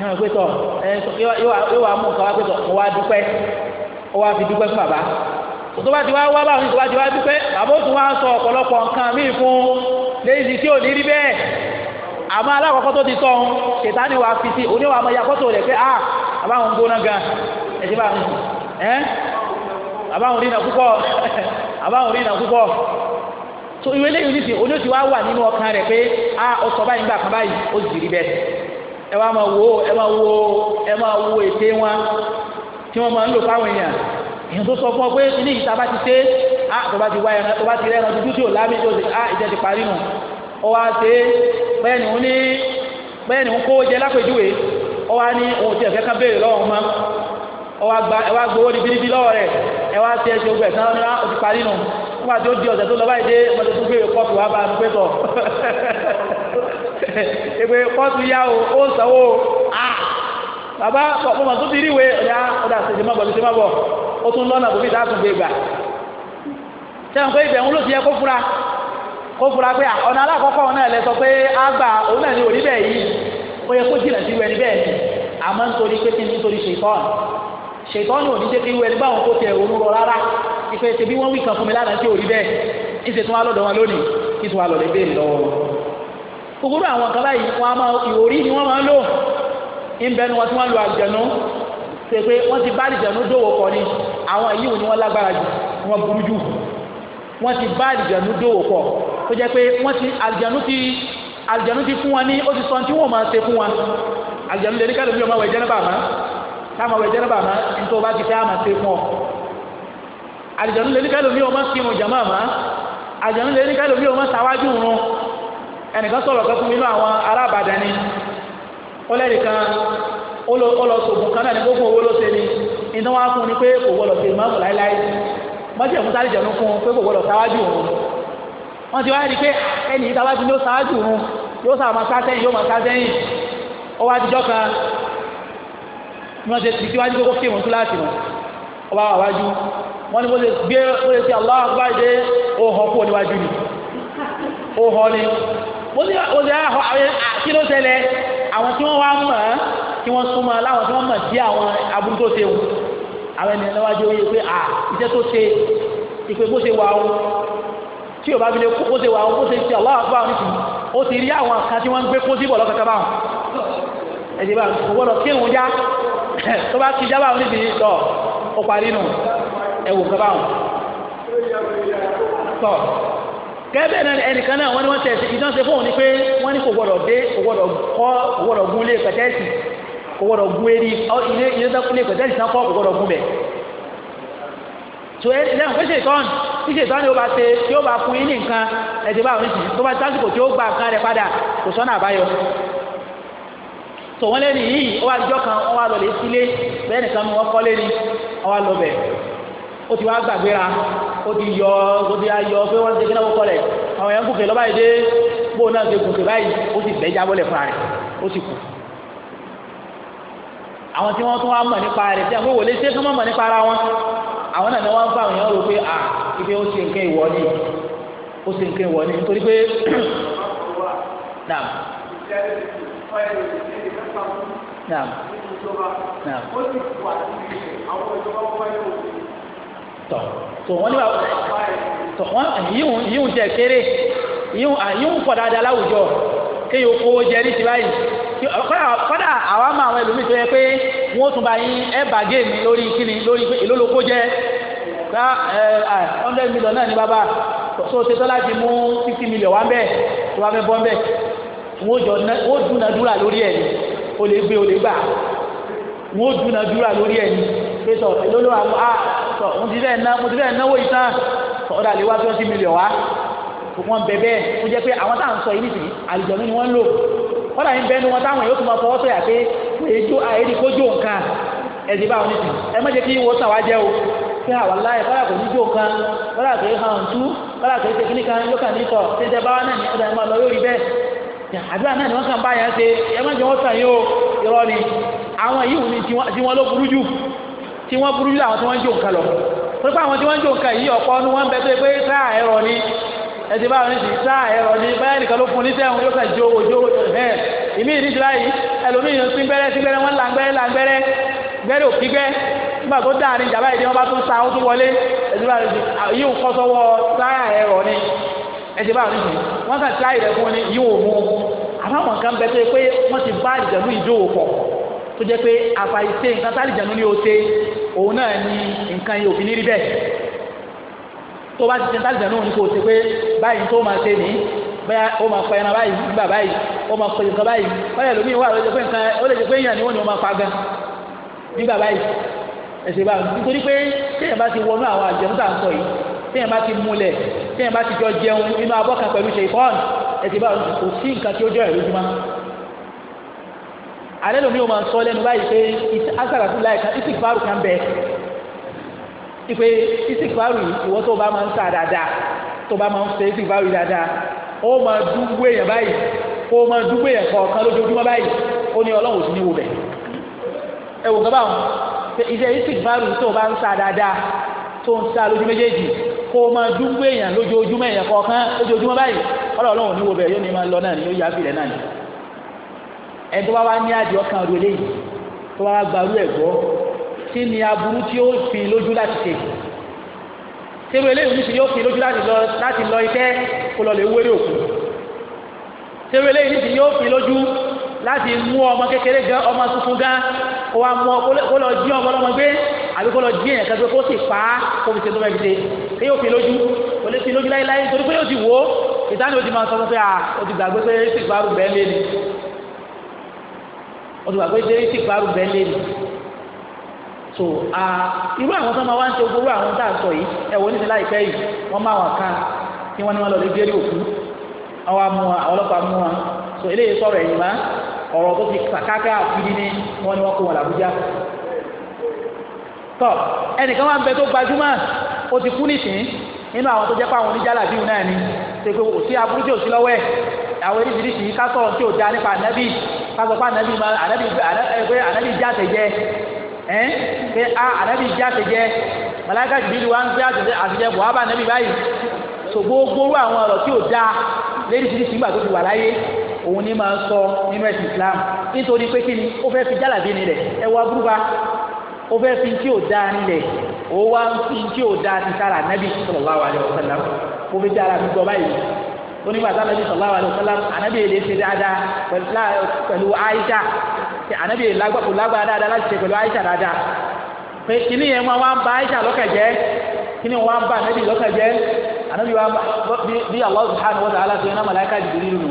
haa pẹ́tọ̀ ẹ̀ yóò wá mú nǹkan wá pẹ́tọ̀ mo wá dúpẹ́ fi fún bàbá tó bá ti bàbá ó tún sọ ọ̀pọ̀lọpọ̀ nǹkan míì fún tí ò ní rí bẹ́ẹ̀ àmọ́ alákọ̀ọ́kọ́ tó ti ń fi sí oníwà àmọ́ rẹ̀ pé ah, gbóná gan ẹ̀ ti bá ń púpọ̀ ẹ wá máa wo ẹ máa wo ẹ máa wo ète wọn tí wọ́n máa ń lò fáwọn èèyàn èèyàn tó sọ fún ọ pé ilé ìta bá ti ṣe á ah, tó bá ti wá ẹran tó bá ti rẹ ẹran dúdú tí ò lámì tó ṣe á ah, ìjẹ́ ti parí nù ọ wá ṣe bẹ́ẹ̀ ni wọ́n ní bẹ́ẹ̀ ni wọ́n kó jẹ lápèjúwe ọ wá ní ohun tí ẹ̀fẹ́ kan béèrè lọ́wọ́ wọn ọ wá gba ẹ wá gbowó ní bíríbí lọ́wọ́ rẹ̀ ẹ wá ṣe ẹṣin ogun ẹ̀sán ní ah, ó ti parí nù wọ́n àti ó di ọ̀sẹ̀ tó lọ báyìí dé mọ́tò tó gbé kọ́ọ̀pù wá bá a pẹ́ tọ̀ èpè kóòtù ya o ó ń ah a bàbá mo mọ̀ tó ti rí ìwé ọ̀dà ọ̀dà ṣèṣe má bọ̀ ṣèṣe má bọ̀ ó tún lọ́nà bòmí ìdáàtún gbé gbà sẹ́wọ̀n pé ibẹ̀ ń ló ti yẹ kó fura kó fura pé ọ̀nà alákọ̀ọ́kọ́ ọ̀nà ẹ̀ pé á gbà òun náà ní bẹ́ẹ̀ yìí ó yẹ kó jìnà ni àmọ́ nítorí pé kí n nítorí ṣètọ́n ṣètọ́n ní jẹ́ kí wẹni báwọn kó òun rọ rárá ìfẹ́ bí wọ́n wí kan fún mi lánàá kúkúrú àwọn kan báyìí wọn a máa ìwòrí ni wọn máa ń lò ìbẹnu wọn tí wọn lo àjẹnú ṣe pé wọn ti bá àjẹnú dòwò pọ̀ ni àwọn yìí ni wọn lágbára jù wọn burú jù wọn ti bá àjẹnú dòwò pọ̀ tó jẹ pé wọn ti àjẹnú ti àjẹnú ti fún wọn ní ó ti sọ tí wọn máa ṣe fún wọn àjẹnú lè ní káàdùn bí wọn máa wẹ̀ jẹ́ náà táwọn ọmọ ìjẹ́ náà ní tó bá ti fẹ́ àmà ṣe fún ọ àjẹnú lè ní káàdùn bí wọn máa ṣe ẹnìkan sọ̀rọ̀ kan fún mi àwọn arábàdàn ni ó lẹ́nìkan kan náà ní gbogbo owó ló ṣe ni iná wá fún ni pé kò sáré jẹ̀nu fún pé kò gbọdọ̀ sáwájú òun wọ́n ti wá rí pé ẹnì yìí táwájú ló sáwájú òun yóò sáà máa yóò máa ó wá kan ni wọ́n ti ti síwájú kókó kí mo ní oṣù àwọn kí ló ṣẹlẹ̀ àwọn tí wọ́n wá mọ̀ ẹ́ kí wọ́n súnmọ́ láwọn tí wọ́n mọ̀ sí àwọn aburú tó ṣe wù àwọn ènìyàn lọ́wọ́ jẹ́ oyè pé à iṣẹ́ tó ṣe ìpè bó ṣe wà ó tí o bá fi lè kó bó ṣe wà ó bó ṣe ṣe aláwọ̀ àgbà wọn nìkan ó ti rí àwọn kan tí wọ́n ń gbé kó síbọ̀ lọ́kàtà báwọn ẹ̀jẹ̀ bá kò gbọ́dọ̀ kí òun já tó bá ti já báwọn níbi tọ̀ ó parí nù ẹ̀wò kan báwọn tọ̀. gẹ́gẹ́ náà ẹnìkan náà wọ́n ní wọ́n tẹ̀sí ìdán ṣe fóun ní pé wọ́n ní kò gbọ́dọ̀ dé kò gbọ́dọ̀ kọ́ kò gbọ́dọ̀ gún ilé pẹ̀tẹ́ẹ̀sì kò gbọ́dọ̀ gún eré ilé ilé dákúlé pẹ̀tẹ́ẹ̀sì náà gún bẹ̀. tó ẹ lẹ́yìn pé ṣètọ́n ni ó bá gba ó ti yọ ó ti yọ pé wọ́n ti kí náà wọ́n kọ́lẹ̀ àwọn èèyàn gòkè lọ́ba ìdè bó náà ti gòkè báyìí ó ti bẹ́ẹ̀ jábọ́lẹ̀ fúnra rẹ̀ ó ti kù. àwọn tí wọ́n tún wá mọ̀ nípa rẹ̀ tí àwọn ìwòlé ṣé kí wọ́n mọ̀ nípa ara wọn àwọn náà ni wọ́n ń fa àwọn èèyàn rò pé à ibi ó ṣe nǹkan ìwọ ni ó ṣe nǹkan ìwọ ni nítorí pé naam naam naam tọ̀ tó wọ́n ní tọ̀ wọ́n yíhun yíhun jẹ kéré yíhun àyíhun pọ̀ dáadáa láwùjọ kéèyàn kówó jẹ ní ti báyìí kọ́dà àwa máa àwọn ẹlòmíì tó yẹ pé wọ́n tún bá yín ẹ bà géèmì lórí kíni lórí ìlólókó jẹ ká ẹ hundred million náà ní bàbá so ṣe tọ́lá ti mú fifty million wá bẹ́ẹ̀ tó wá fẹ́ bọ́ bẹ́ẹ̀ wọ́n dúnadúrà lórí ẹ̀ o lè gbé o lè gbà wọ́n dúnadúrà lórí ẹ̀ ní pẹ̀tọ̀ lọ́lọ́ àwọn tọ̀ mo ti fẹ́ ná mo ti fẹ́ náwó yìí tán ọ̀dà lè wá twenty million wá wọn bẹ bẹ́ẹ̀ ó jẹ́ pé àwọn táwọn sọ yìí nìsín àlùjọ̀nú ni wọ́n ń lò kọ́dà yín bẹ́ẹ̀ ni wọ́n táwọn yóò tún máa fọwọ́ sọ̀yà pé èjò àìrí kójó nǹkan ẹ̀sìn báwọn nìsín ẹ má jẹ́ kí wọ́n tàn wá jẹ́ o pé àwọn láyé kọ́dà kò ní jó nǹkan kọ́dà kò ní hàn tú kọ́dà kò ní ṣe kíní kan yóò kàn ní sọ tẹ́tẹ́ báwa náà ní ọ̀dà ẹ̀ máa lọ rí bẹ́ẹ̀ àdúrà náà ni wọ́n kàn bá yẹn ṣe ẹ má jẹ́ wọ́n tàn yín o irọ́ ni àwọn yìí wù ní tiwọn ló burú jù tí wọ́n burú jù àwọn tí wọ́n ń jó nǹkan lọ pé pé àwọn tí wọ́n ń jó nǹkan yìí ọ̀pọ̀ ọdún wọn ń bẹ tó pé sáà ẹ̀rọ ni ẹtì báwọn ní ti sáà ẹ̀rọ ni báyà nìkan ló fún ní sẹ́wọ̀n yóò kàn jó òjò ẹ̀ ìmí ìdí ti báyìí ẹlòmíì ń pín gbẹ́rẹ́ sí gbẹ́rẹ́ wọ́n ń la gbẹ́rẹ́ la gbẹ́rẹ́ gbẹ́rẹ́ òkí gbẹ́ nígbà tó dáa ni ìjàmbá ìdí wọn bá tún sa ó tún wọlé ẹtì báwọn ní ti yíò ah, kọ́ sọ́wọ́ tó jẹ́ pé àfàìsẹ́ nǹkan tá àlìjànú ní ose òun náà ni nǹkan yìí òfin rí bẹ́ẹ̀ tó bá ti ṣe tá àlìjànú ní kò ṣe pé báyìí tó máa ṣe nìyí bẹ́ẹ̀ ó máa pa ẹran báyìí nígbà báyìí ó máa pè nǹkan báyìí báyìí lómi wà ló lè jẹ́ pé èèyàn ni wọ́n ni wọ́n máa pa gan nígbà báyìí ẹ̀sẹ̀ báyìí nítorí ó jọ ẹ̀rú alẹ́ lomi o máa sọ lẹ́nu báyìí pé asàràtú láìka istikfaru kan bẹ ipe istikfaru yìí ìwọ tó o bá máa ń sà dáadáa tó o bá máa ń ṣe istikfaru yìí dáadáa ó máa dúgbò èèyàn báyìí kó o máa dúgbò èèyàn kọ̀ọ̀kan lójoojúmọ́ báyìí ó ní ọlọ́run òsì ní wo bẹ̀ ẹ wò gbọ́dọ̀ iṣẹ́ istikfaru yìí tó o bá ń sà dáadáa tó ń sà lójú méjèèjì kó o máa dúgbò èèyàn lójoojúmọ́ èèyàn kọ̀ọ̀kan lójoojúmọ́ báyìí ọlọ́run òní wo bẹ̀ yóò ní máa lọ náà ni yóò yá ẹni tó bá wá ní àdìẹ ọkàn rò lẹ́yìn tó bá wá gbarú ẹ̀ gbọ́ kí ni aburú tí ó fi lójú láti ṣe ṣé wọ́n eléyìí oníṣìí yóò fi lójú láti lọ iṣẹ́ kó lọ lè wéré òkú ṣé wọ́n eléyìí oníṣìí yóò fi lójú láti mú ọmọ kékeré gan ọmọ tuntun gan kó wá mú kó lọ jí ọmọ ọlọ́mọ gbé àbí kó lọ jí ẹ̀yàn kan gbé kó sì pa á kó fi ṣe tó mẹ́bi ṣe yóò fi lójú kò fi lójú láéláé nítorí pé yóò ti wò ó ìdáni ó ti máa sọ fún pé à ó ti gbàgbé pé ó ti gbàgbé bẹ́ẹ̀ lé ni olùwà pé dé sí parú bẹ́ẹ̀ lé mi so irú àwọn tó máa wá ń ṣe gbogbo àwọn tá à ń sọ yìí ẹ̀wọ̀n níṣẹ́ láìpẹ́ yìí wọ́n máa wọ̀n kan kí wọ́n ní wọ́n lọ lè gbérí òkú àwọn amú wa àwọn ọlọ́pàá mú wa so eléyìí sọ̀rọ̀ ẹ̀yìn má ọ̀rọ̀ tó ti kàkàkà àfidí ni wọ́n ní wọ́n kó wọn làbújá tọ ẹnìkan wà ń bẹ tó gbajúmọ̀ ó ti kú nìsín nínú àwọn tó jẹ́ pàwọn oníjàlábíù náà ni ṣe pé kò sí aburú tí ò sí lọ́wọ́ ẹ̀ àwọn eréṣiríṣi ká sọ̀rọ̀ tí ò dá nípa ànábì kásọ pé anabi ma anabi pé anabi já àtẹjẹ ẹ pé a anabi já àtẹjẹ màláíkà Jibril wa ń gbé àtẹjẹ àtẹjẹ bọ̀ wá bá anabi báyìí so gbogbo ru àwọn ọ̀rọ̀ tí o da lẹ́yìn tí ìgbà tó ti wà láyé òun ni máa ń sọ nínú ẹ̀sìn Islam nítorí pé kí ni ó fẹ́ fi jálàbí nílẹ̀ ẹ wá burúkú ó fẹ́ fi tí o da nílẹ̀ ó wá fi tí ò da ti sára anabi sallallahu alaihi wasallam ó fi dára gbígbọ́ báyìí onígbà tá anabi sallallahu alaihi wasallam anabi èlé ṣe dáadáa pẹ̀lú aisha anabi èlé kò dáadáa láti ṣe pẹ̀lú aisha dáadáa pé kíní yẹn wọn wá ń ba aisha kíní wọn wá ń ba anabi lọ́kàn jẹ́ bí allah subhanahu wa ta'ala ṣe ń ná jìbìrì nù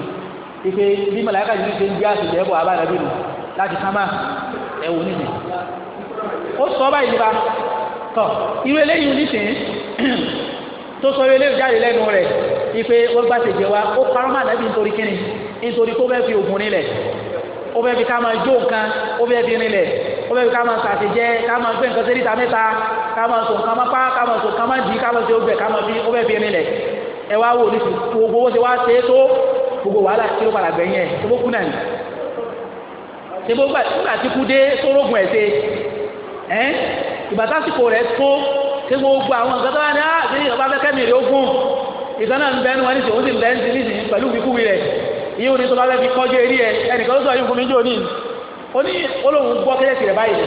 ipe bí malaika jìbìrì ṣe ń gbé àṣìṣe ẹ̀bùn àbá anabi nù láti ipe wọ́n gbà tẹ̀jẹ̀ wa ó parọ́ mọ́ ànábì nítorí kíni nítorí kó fẹ́ fi ògùn nílẹ̀ ó fẹ́ fi ká máa jó nǹkan ó fẹ́ fi nílẹ̀ ó fẹ́ fi ká máa sàtẹ̀jẹ́ ká máa gbé nǹkan sẹ́ríta mẹ́ta ká máa sọ nǹkan máa pa ká máa sọ nǹkan máa dì ká máa ṣe ọgbẹ́ ká máa fi ó fẹ́ fi nílẹ̀ ẹ wá wò ní gbogbo owó ṣe wá ṣe é tó gbogbo wàhálà tí ó padà gbẹ̀yìn ẹ̀ tó bó kú náà ni ṣe gbogbo ìgbà tí kú dé sórógùn ẹ̀ ṣe ẹ́ ìgbà rẹ̀ tó ṣe gbogbo àwọn nǹkan tó wà ní àbí ah, ìjọba fẹ́kẹ́ mìíràn ó gùn ìtàn náà ń bẹ́ẹ̀ ní wọn ní sèwọ́n sì ń bẹ́ẹ̀ ń sin nísìnyí pẹ̀lú wíkúwí rẹ̀ iye òní tó bá fẹ́ fi kọ́jú eré ẹ ẹnìkan ló sọ yìí fún mi jò ní o ní olóhùn gbọ́ kẹ́yẹ̀sì rẹ̀ báyìí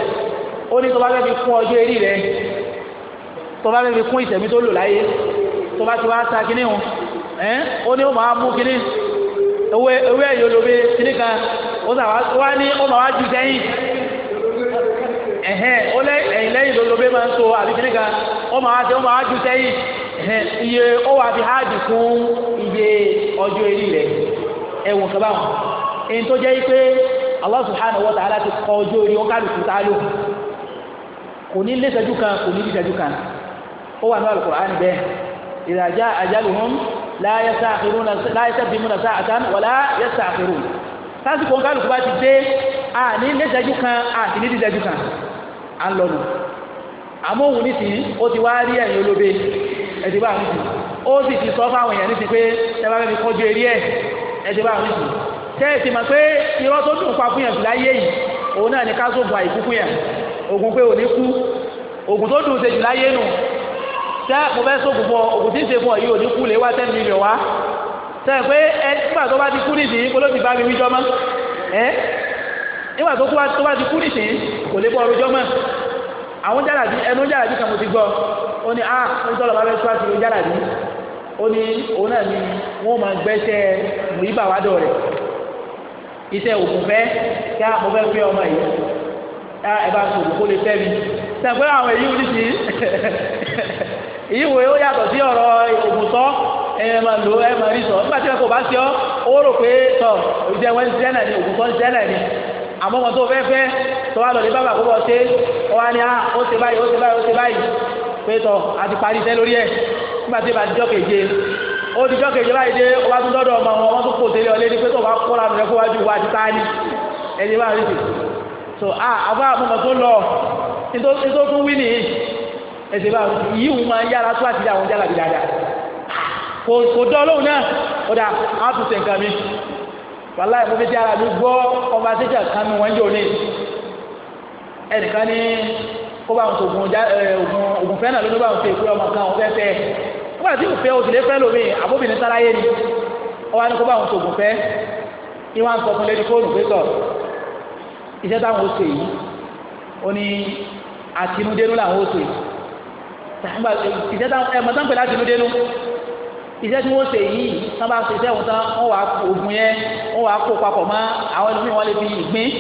ó ní tó bá fẹ́ fi kún ọjọ́ eré rẹ̀ tó bá fẹ́ fi kún ìṣẹ̀mí tó lò láyé tó bá ti wá ta kíní o ẹ́ o ní o máa mú kíní ewé ewé ẹ̀yọ́ lóbi kíní kan o sà wá ní o máa wá ju sẹ́yìn ẹ̀hẹ́n o lẹ́yìn lóbi máa ń so àbí kíní kan ó máa wá ju sẹ́yìn iye ó wà fi háàdì fún iye ọjọ́ eré rẹ̀ ẹ̀wọ̀n kaba wọn èyí tó jẹ́ pé Allah subhanahu wa ta'ala ti kọ ọjọ́ orí wọn kálukú tá a lò kò ní lẹ́sẹ̀jú kan kò ní lẹ́sẹ̀jú kan ó wà ní Al-Qur'an bẹ́ẹ̀ idha ja'a ajaluhum la yastaqdimuna sa'atan wala yasta'khirun lásìkò kálukú bá ti dé a ní lẹ́sẹ̀jú kan a sì ní lẹ́sẹ̀jú kan à ń lọ nù àmọ́ òun ó ti wá rí ẹ̀yìn olóbe ẹtì bá mi sùn ó sì ti sọ fáwọn èèyàn nísìnyí pé tẹ́lá bẹ́ẹ̀ mi kọjú eré ẹ̀ ẹtì bá mi sùn tẹ́ẹ̀sì mọ̀ pé irọ́ tó dùn pa fún yàn láyé yìí òun náà ní ká sóògùn àìkú fún yàn ògùn pé ò ní kú ògùn tó dùn ṣe jù láyé nù tẹ́ mo fẹ́ sóògùn fún ọ ògùn tí ń ṣe fún ọ yìí ò ní kú lè wá ten million wá tẹ́ẹ̀ pé ẹ nígbà tó bá ti kú nìsín kó ló ti bá mi wíjọ́ mọ́ ẹ nígbà tó bá ti kú nìsín kò lè bọ́ ọrọ̀ jọ́ àwọn jàdàbí ẹnu jàdàbí kan mo ti gbọ́ ó ní ah ó tọ́lọ̀ bá fẹ́ tó àṣírí ojú àlàbí ó ní òun náà ni wọ́n máa gbẹ́sẹ̀ mùíbà wádọ̀ rẹ̀ iṣẹ́ òkun fẹ́ kí a mo fẹ́ fẹ́ ọmọ yìí ká ah, ẹ bá sọ̀rọ̀ kó lè fẹ́ mi sẹ́gbẹ́ àwọn èyí wọ́n ti èyí wo ó yàtọ̀ sí ọ̀rọ̀ òkun tọ́ ẹ máa lò ẹ máa rí sọ nígbà tí wọn kò bá sí ọ ó rò pé tọ ìjẹ wọn ń sẹ́nà ni òkun tọ́ ń sẹ́nà ni àmọ́ wọn tó fẹ́ fẹ́ tọ́wá lọ ní bàbá àkókò ṣe wọn ni ó ṣe báyìí ó ṣe báyìí ó ṣe báyìí pé tọ́ a ti parí iṣẹ́ lórí ẹ̀ nígbà tí ìbá dijọ́ keje ó dijọ́ keje báyìí dé ó bá tún dọ́dọ̀ ọmọ wọn wọ́n tún kò tẹ́lẹ̀ ọlé ní pé tọ́ bá kọ́ra mi lẹ́kọ́ wájú wa ti ta ni ẹni bá rí so a àbá àmọ́ tó lọ nítorí tó tún wí nìyí ẹsẹ̀ bá yìí wù máa yára tó àti àwọn jálàbí dáadáa kò kò dán lóhùn náà ó dà á tún ṣe nǹkan mi wàhálà ìfún mi ti ara mi gbọ́ ọba tẹ́jà kan mi wọ́n jò ní ẹnìkan kó bá wọn sọ ogun ogun fẹ́ náà ló ní bá wọn fẹ́ ìkúrẹ́ ọmọ kan òun fẹ́ fẹ́ nígbà tí òfẹ́ òsèlè fẹ́ lómi àbóbìnrin sáráyé ni ọwọ́ ni kó bá wọn sọ ogun fẹ́ ni wọ́n á sọ fún lẹ́ni fóònù pé tọ̀ iṣẹ́ táwọn ó ṣe yìí ó ní àtinúdénú làwọn ó ṣe iṣẹ́ táwọn ẹ̀mọ́ tán pẹ̀lú àtinúdénú iṣẹ́ tí wọ́n ṣe yìí tán bá ṣe iṣẹ́ wọn tán wọ́n wàá ogun yẹn wọ́n wàá kó papọ̀ mọ́ àwọn ẹlòmíì wọ́n lè fi ìgbín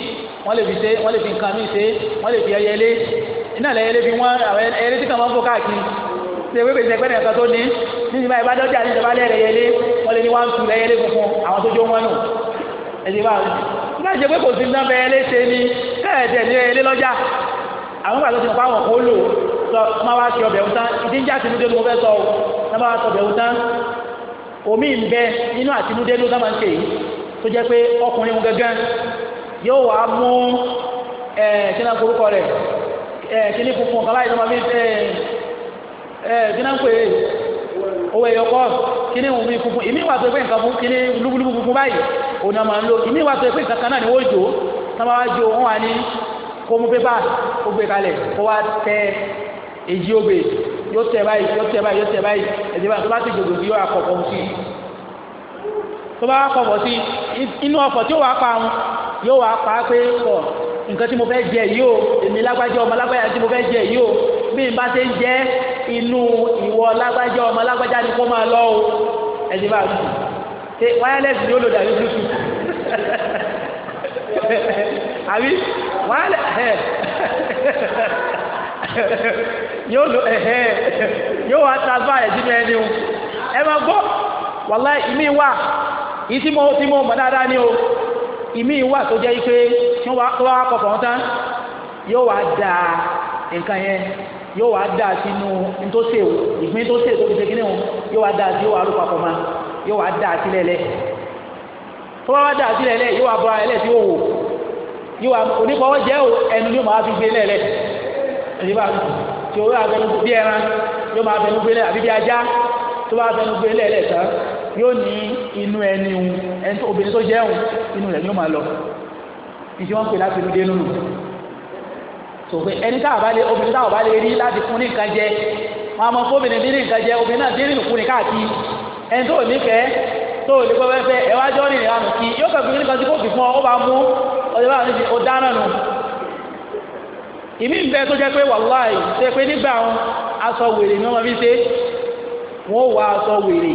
wọ́n lè fi ṣe wọ́n lè fi nǹkan míì ṣe wọ́n lè fi ẹyẹlé iná lẹ́yìn lébi wọn àwọn ẹyẹlé tí kàn máa ń fò káàkiri ṣe wípé ìṣẹ̀pẹ́ nìkan tó ní níbi báyìí bá dọ́jà ní ìjọba lẹ́rẹ̀ yẹlé wọ́n lé ní wọ́n ń tu ẹyẹlé funfun àwọn tó jó wọn nù ẹ̀sìn bá wọn. nígbà tí kò sí náà bẹ́ẹ̀ lé ṣe ni kẹ́ẹ̀dẹ̀ ní ẹyẹlé lọ́jà àwọn ìgbà tó ti mọ̀ fáwọn kò lò sọ máa wá ṣe ọbẹ̀ òtán ìdíjà tìmúdé ló fẹ́ sọ ọ máa wá sọ ọbẹ̀ òtán omi ń bẹ nínú àtìmúdé ló sábà ń ṣe yìí tó jẹ́ pé ọkùnrin wọn gangan yóò wá mú ẹ̀ ṣẹ́nà forúkọ rẹ̀ ẹ eh, kíní funfun kaba yìí ló máa fi ẹ ẹ kíní pé owó ẹyọ kọ kíní wù mí funfun ìmí wà tó pé nǹkan fún kíní lúbúlúbú funfun báyìí òun náà máa ń lò ìmí wà tó pé nǹkan kan náà ni wọ́n jò sábà wá jò wọ́n wà ní kó mú pépà ó gbé kalẹ̀ kó wá tẹ èyí ó gbé yóò tẹ báyìí yóò tẹ báyìí yóò tẹ báyìí ẹ̀jẹ̀ báyìí tó bá ti gbogbo nǹkan tí mo fẹ́ jẹ yìí o èmi lágbájá ọmọ lágbájá tí mo fẹ́ jẹ yìí o bí n bá ṣe ń jẹ inú ìwọ lágbájá ọmọ lágbájá ni kó máa lọ o ẹ̀sìn bá mi ṣe wireless ni ó lò dàbí bluetooth àbí wireless yóò lò yóò wá transfer ẹ̀ sínú ẹni o ẹ máa gbọ́ wàláì ìmí wà ìtí mo mọ̀ dáadáa ni o ìmí wà tó jẹ́ pé tó wá kọ̀ọ̀kọ̀ wọn tán yóò wá da nǹkan yẹn yóò wá da sínú ntòsè o ìpín ntòsè tó fi ṣe kíní o yóò wá da sí yóò wá ló papọ̀ ma yóò wá da sílẹ̀ lẹ̀ tó bá wá da sílẹ̀ lẹ̀ yóò wá bọ́ ẹ lẹ́sí òwò yóò wá onífọwọ́ jẹ́ o ẹnu yóò máa fi gbé lẹ̀ lẹ̀ bá tí o yóò wá fẹnu bí ẹran yóò máa fẹnu gbé lẹ̀ àbí bí ajá tó bá fẹnu gbé lẹ̀ tán yóò ní inú ẹni òun ẹni tó obìnrin tó jẹ́ òun inú rẹ̀ yóò máa lọ ìdí wọn pè láti inú dé lónìí sòfin ẹni táwọn bá lé obìnrin táwọn bá lé rí láti fún ní nǹkan jẹ wọn a mọ fún obìnrin ní nǹkan jẹ obìnrin náà dé nínú kú ní káàkiri ẹni tó ní fẹ́ tó lè pẹ́ pẹ́ ẹ wá jọ́ nìyẹn àmì kí yóò kẹ́ fi nǹkan tí kò fi fún ọ ó bá mú ọjọ́ bá wọn ní o dáná nù ìmí ń tó jẹ́ pé wàláì tó yẹ pé nígbà wọn aṣọ wèrè ni wọ́n fi ṣe wọ́n wọ aṣọ wèrè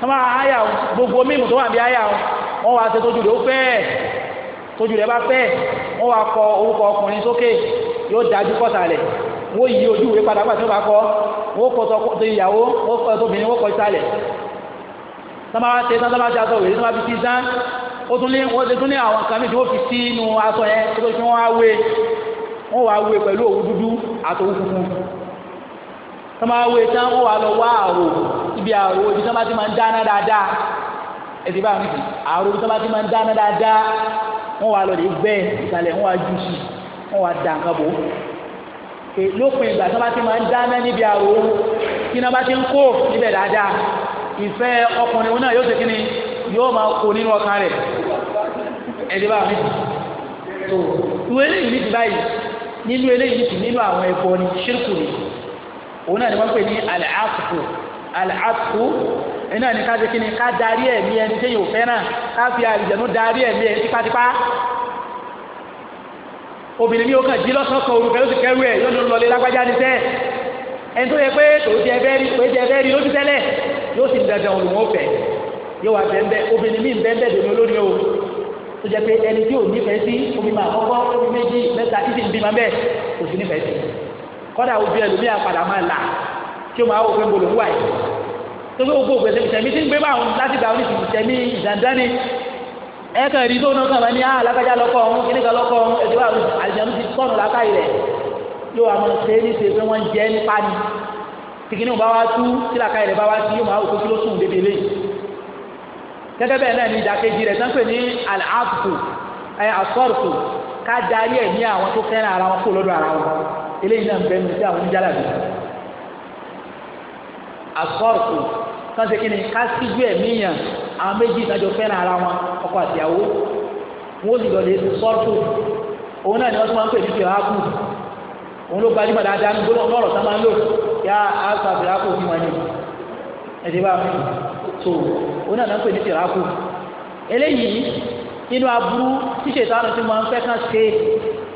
sọ́mọ́ àyà gbogbo mímu tó wà bí àyà wọn wá ṣe tójú rẹ̀ ó fẹ́ tójú rẹ̀ bá fẹ́ wọn wá kọ orúkọ ọkùnrin sókè yóò dájú kọ́sàlẹ̀ wọ́n yí ojú rẹ̀ padà pàtó bá kọ́ wọ́n kọ́ tó ìyàwó wọ́n kọ́ tóbìnrin wọ́n kọ́ ìsàlẹ̀ sọ́mọ́ wá ṣe sọ́mọ́ àti aṣọ òwèrè sọ́mọ́ àti ti dán ó tún lé wọ́n ti tún lé àwọn kan méjì wọ́n fi sí inú aṣọ yẹn tó tó fi wọ́n wá wé wọ́n wá wé pẹ̀lú òwú dúdú àtòwú funfun tó máa wé tán wọ́n wà lọ wá àrò ibi àrò ibi tó máa ti máa ń dáná dáadáa ẹ̀sìn báwọn nìyí àrò ibi tó máa ti máa ń dáná dáadáa wọ́n wà lọ lè gbẹ́ ìsàlẹ̀ wọ́n wà ju sí wọ́n wà dà nǹkan bò ó lópin ìgbà tó máa ti máa ń dáná níbi àrò kí náà bá ti ń kó níbẹ̀ dáadáa ìfẹ́ ọkùnrin wọn náà yóò ṣe kí ni yóò máa kó nínú ọkàn rẹ̀ ẹ̀sìn báwọn nìyí ìwé eléyìí òun náà ni wọ́n pè ní àlàáfù àlàáfù iná ní ká ṣe kí ni ká darí ẹ̀mí ẹni tí yóò fẹ́ràn ká fi àlùjànnú darí ẹ̀mí ẹni tipátipá obìnrin ní o kàn jí lọ́sàn kan orúkọ yóò ti kẹrù ẹ̀ yóò lọlé lágbájá ní sẹ́ ẹni tó yẹ pé tòótì ẹ̀fẹ́ rí tòótì ẹ̀fẹ́ rí lójú tẹ́lẹ̀ yóò sì dandan olùwọ́n fẹ́ tó jẹ́ pé ẹni tí ò nífẹ̀ẹ́ sí omi máa kọ́kọ́ omi méjì mẹ́ta títí ń bímọ bẹ́ẹ̀ kò sí nífẹ̀ẹ́ sí kọ́dà ojú ẹlòmí àpàdà máa là kí o máa wò pé mo lò wúwa yìí tó fẹ́ gbogbo ògbẹ́sẹ̀ ìṣẹ̀mí tí ń gbé báwọn láti gbà oníṣì ìṣẹ̀mí ìdàndáni ẹ̀ẹ́kan ìdí tó náà kàn wá ní alágbájá ah, lọ́kọ̀ ọ̀hún kíní kan lọ́kọ̀ ọ̀hún ẹ̀dí wà àlìjánu ti tọ́nu látàrí rẹ̀ yóò wà máa ṣe é ní ṣe pé wọ́n ń ni tìkínní bá wá tú sílàkàyè rẹ̀ bá wá sí yóò máa wò pé ló sùn bébè gẹ́gẹ́ bẹ́ẹ̀ náà ni ìdàkejì rẹ̀ sánpẹ̀ ní àlàáfù ẹ̀ àsọ́ọ̀tù ká darí ẹ̀mí àwọn tó fẹ́ràn ara wọn kó lọ́dọ̀ ara wọn eléyìí náà bẹnu sí àwọn oníjàlábì asọ́ọ̀tù kan kí ni ká síjú ẹ̀mí yàn àwọn méjì ìtajà fẹ́ràn ara wọn ọkọ àtìyàwó wọn ó sì lọ lè sọ́ọ̀tù òun náà ni wọ́n tún máa ń pè ní fìràkù òun ló gbajúmọ̀ dáadáa ní gbólóhùn lọ́rọ̀ sábà ń lò yá àṣà fìràkù fún wọn ni ẹ̀sìn bá mi tó òun náà ń pè ní fìràkù eléyìí inú aburú tíṣe ìtàn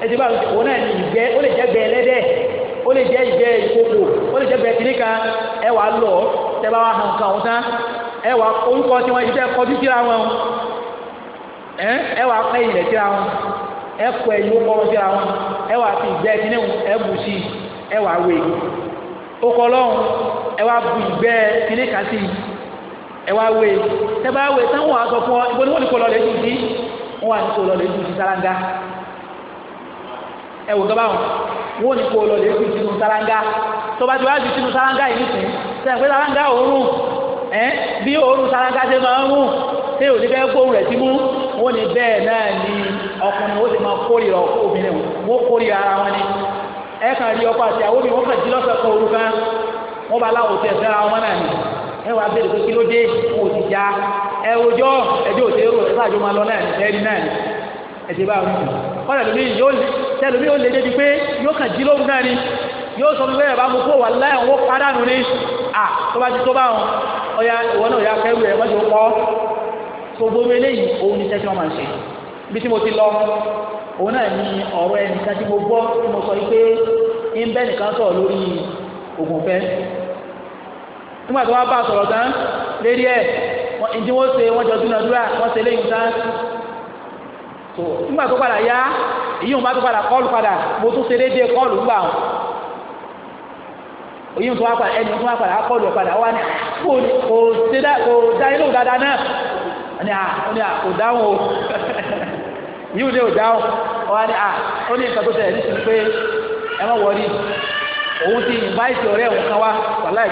ẹtì bá òun náà ní ìgbẹ́ ó lè jẹ́ gbẹ́ ẹlẹ́dẹ̀ ó lè jẹ́ ìgbẹ́ ìkókò ó lè jẹ́ gbẹ́ kìnnì kan ẹ wà lọ tẹ bá wà hàn kan òun tán ẹ wà orúkọ tí wọ́n ti tẹ́ kọjú síra wọn ẹ wà pẹ́ ilẹ̀ síra wọn ẹ kọ ẹ̀yìn ó kọ́rọ́ síra wọn ẹ wà fi ìgbẹ́ kìnnì ẹ bù sí ẹ wà wé ó kọ́ lọ́hùn ẹ wà bu ìgbẹ́ kìnnì kan sí ẹ wà wé tẹ bá wé táwọn àgọ́ fún ọ ìbọn ni wọ́n ti kọ́ lọ lẹ́jọ́ sí wọ́n wà ní kọ́ lọ lẹ́jọ́ sí sálángá ẹ̀wò tó bá wọ́n ní kó tó bá ti wá yìí pé òórùn bí òórùn ṣe máa ń rùn ṣé fẹ́ gbóhùn rẹ̀ mú wọ́n ní bẹ́ẹ̀ náà ni ọkùnrin ó sì máa kórìíra ọkọ obìnrin wọ́n kórìíra ara wọn ni ẹ kàn rí ọkọ àti àwọn obìnrin kàn jí kan kan wọ́n kọ́lẹ̀ lómi yóò tẹ́ lómi yóò lè débi pé yóò kàn jí lóhùn náà ni yóò sọ fífẹ́ ẹ̀bá mú kó wà láì wọ́n pàdánù ní à tó bá ti tó bá wọn ọya ìwọ náà ya kẹrù ẹ̀ mọ́jọ pọ́ tó gbómi eléyìí òun ni tẹ́tí wọn máa ń ṣe bí tí mo ti lọ òun náà ni ọ̀rọ̀ ẹnìkan tí mo gbọ́ tí mo sọ pé ń bẹ́ nìkan sọ̀rọ̀ lórí ògùnfẹ́ nígbà tó wá bá sọ̀rọ̀ tán lérí ẹ̀ ìdí wọ́n ṣe wọ́n jọ tó nígbà tó padà yá èyí wọn bá tó padà padà mo tún ṣe déédéé kọ́ọ̀lù gbà wọn èyí wọn tó wá padà ẹni tó wá padà padà wá ní kò ṣe dá kò dá dáadáa náà ni à à kò dáhùn o yìí ni ò dáhùn wọn ni à wọn ni nǹkan tó tẹ̀lé ní pé ẹ ti ọ̀rẹ́ kan wá òun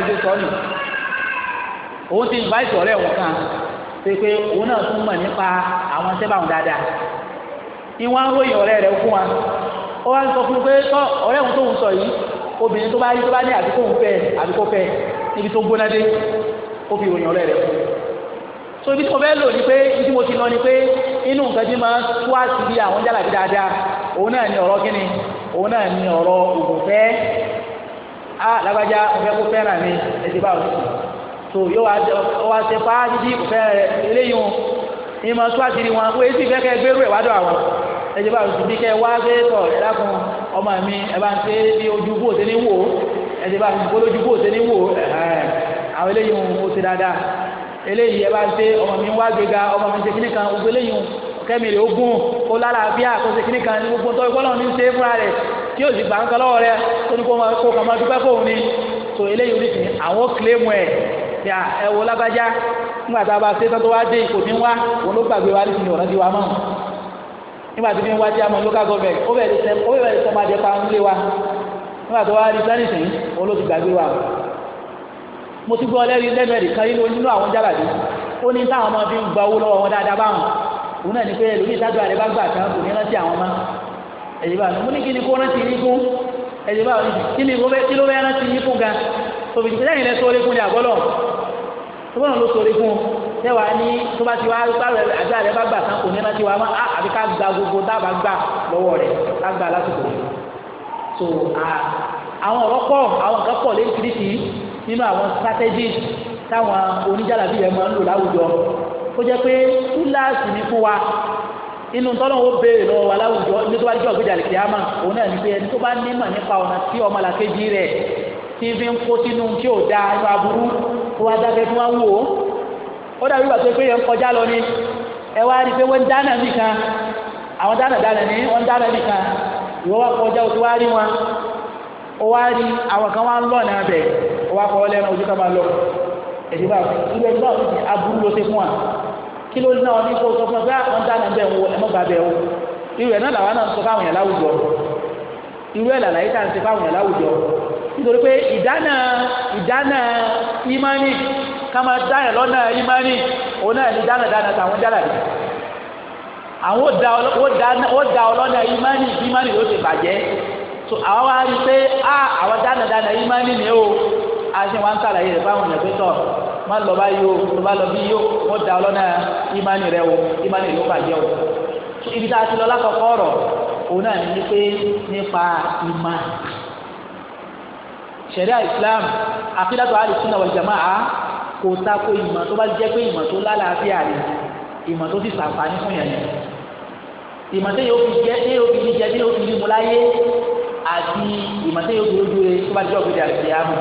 ti ọ̀rẹ́ kan pé pé òun náà tún mọ̀ nípa àwọn ni wọ́n á ròyìn ọ̀rẹ́ rẹ̀ fún wa ó wá ń sọ fún pé tọ́ ọ̀rẹ́ òun tóun sọ yìí obìnrin tó bá yí tó bá ní àbíkó òun fẹ́ àbíkó fẹ́ níbi tó gbóná dé ó fi ròyìn ọ̀rẹ́ rẹ̀ fún so ibi tí mo fẹ́ lò ni pé ibi mo ti lọ ni pé inú nǹkan tí máa ń tú àṣírí àwọn jálàbí dáadáa òun náà ni ọ̀rọ̀ kíni òun náà ni ọ̀rọ̀ ògùn fẹ́ á lágbájá ọ̀fẹ́ kó fẹ́ràn mi ẹ̀sìn báwo so yóò wá ṣe fáá títí ìfẹ́ rẹ̀ eléyìí wọn ni mo tú àṣírí wọn pé èsì fẹ́ kẹ́ gbérú ẹ̀ wá àwọn ẹjẹ bá rùsùn bí kẹ wá gbé tọ ẹ dákun ọmọ mi ẹ bá ń ṣe bí ojú bó ṣe ní wò ẹjẹ bá rùsùn bó lójú bó ṣe ní wò àwọn eléyìí ń kó ṣe dáadáa eléyìí ẹ bá ń ṣe ọmọ mi wá gbéga ọmọ mi ṣe kíní kan gbogbo eléyìí kẹmìrì ogun kó lálàáfíà kó ṣe kíní kan ní gbogbo tó ìkọlọ ní ṣe fúnra rẹ tí yóò sì gbà ń kan lọ́wọ́ rẹ tó ní kó kàn máa dúpẹ́ fóun ni tó eléyìí oríṣi àwọn kílẹ̀mù ẹ̀ tí ẹ wo lágbájá nígbà tá a bá ṣe tán tó wá dé ipò ní wá òun ló gbàgbé wa ní ọ̀rọ̀ ti wá mọ́ nígbà tó fi ń wá tí a mọ local government ó bẹ̀rẹ̀ sẹ́ ó bẹ̀rẹ̀ sẹ́ máa jẹ pa nílé wa nígbà tó wá rí sẹ́nìsìn olóòtú gbàgbé wa mo ti gbọ́ lẹ́rìí lẹ́nu ẹ̀rí kan nínú nínú àwọn jàlàdé ó ní táwọn ọmọ fi ń gba owó lọ́wọ́ wọn dáadáa báwọn òun náà ní pé lórí ìtajà rẹ bá gbà kan kò ní rántí àwọn ọmọ ẹ̀yìn bá mo ní kí ni kó rántí ní kún ẹ̀yìn bá kí ni kí ló fẹ́ rántí ní fún ni àgọ́lọ̀ tẹ́wà ní tó bá ti wá gbàrọ̀ àti àrẹ bá gbà sáńkò ní láti wá mọ́ á ah, àbí ká gba gbogbo dábàá gbà lọ́wọ́ rẹ̀ ká gba lásìkò rẹ̀ so àwọn ọ̀rọ̀ pọ̀ àwọn nǹkan pọ̀ léṣiríṣi nínú àwọn strategies táwọn oníjàlábí yẹn máa ń lò láwùjọ ó jẹ́ pé kíláàsì ní fún wa inú tọ́lọ́wọ́ béèrè lọ́wọ́ wa láwùjọ ní tó bá jẹ́ ọ̀gbẹ́jà lè kíámà òun náà ní pé ẹni tó bá nímọ̀ nípa ọ̀nà tí ọmọ làkejì rẹ̀ tí fi ń kó sínú tí ò dáa inú aburú tó wá dákẹ́ tí wò ó ó dàbí ìgbà tó pé yẹn ń kọjá lọ ni ẹ wá rí i pé wọ́n ń dáná bì kan àwọn dáná dáná ni wọ́n ń dáná bì kan ìwọ wá kọjá o ti wá rí wọn o wá rí àwọn kan wá ń lọ náà bẹ̀ o wá kọ́ lẹ́nu ojú ká máa lọ ẹ̀sìn bá irú ẹni bá fi aburú ló ṣe fún wa kí ló náà ní kó sọ fún ọ pé àwọn ah, dáná bẹ̀ wo ẹ mọ́ gbà bẹ̀ o irú ẹ̀ náà làwọn náà ń sọ fáwọn yẹn láwùjọ irú ẹ̀ làlàyé tá à ń ṣe fáwọn yẹn láwùjọ nítorí pé ìdáná ìdáná ìmánì ká máa dáyàn lọ́nà ìmánì òun náà dana dáná dáná tàwọn jálàbí àwọn ó da ọlọ́nà ìmánì bí ìmánì ló ti bàjẹ́ so àwọn wá rí i pé a àwọn dáná dáná ìmánì ni o a ṣe wá ń sàlàyé rẹ̀ fáwọn èèyàn pé tọ̀ má lọ bá yí o tó bá lọ bí yí o ó da ọlọ́nà ìmánì rẹ o ìmánì ló bàjẹ́ o ibi tá a ti lọ lákọ̀ọ́kọ́ ọ̀rọ̀ òun náà ní pé nípa ìmá ṣẹ̀ríà Islam àkídàtọ̀ àlùsùnnà wal jàmáà kò tako ìmọ̀ tó bá jẹ́ pé ìmọ̀ tó lálàáfíà rẹ̀ ìmọ̀ tó ti sàǹfààní fún yẹn ìmọ̀ tó yóò fi jẹ́ tó yóò fi jẹ́ tó yóò fi mú láyé àti ìmọ̀ tó yóò fi lójú rẹ̀ tó bá jẹ́ òkúta àti àmọ̀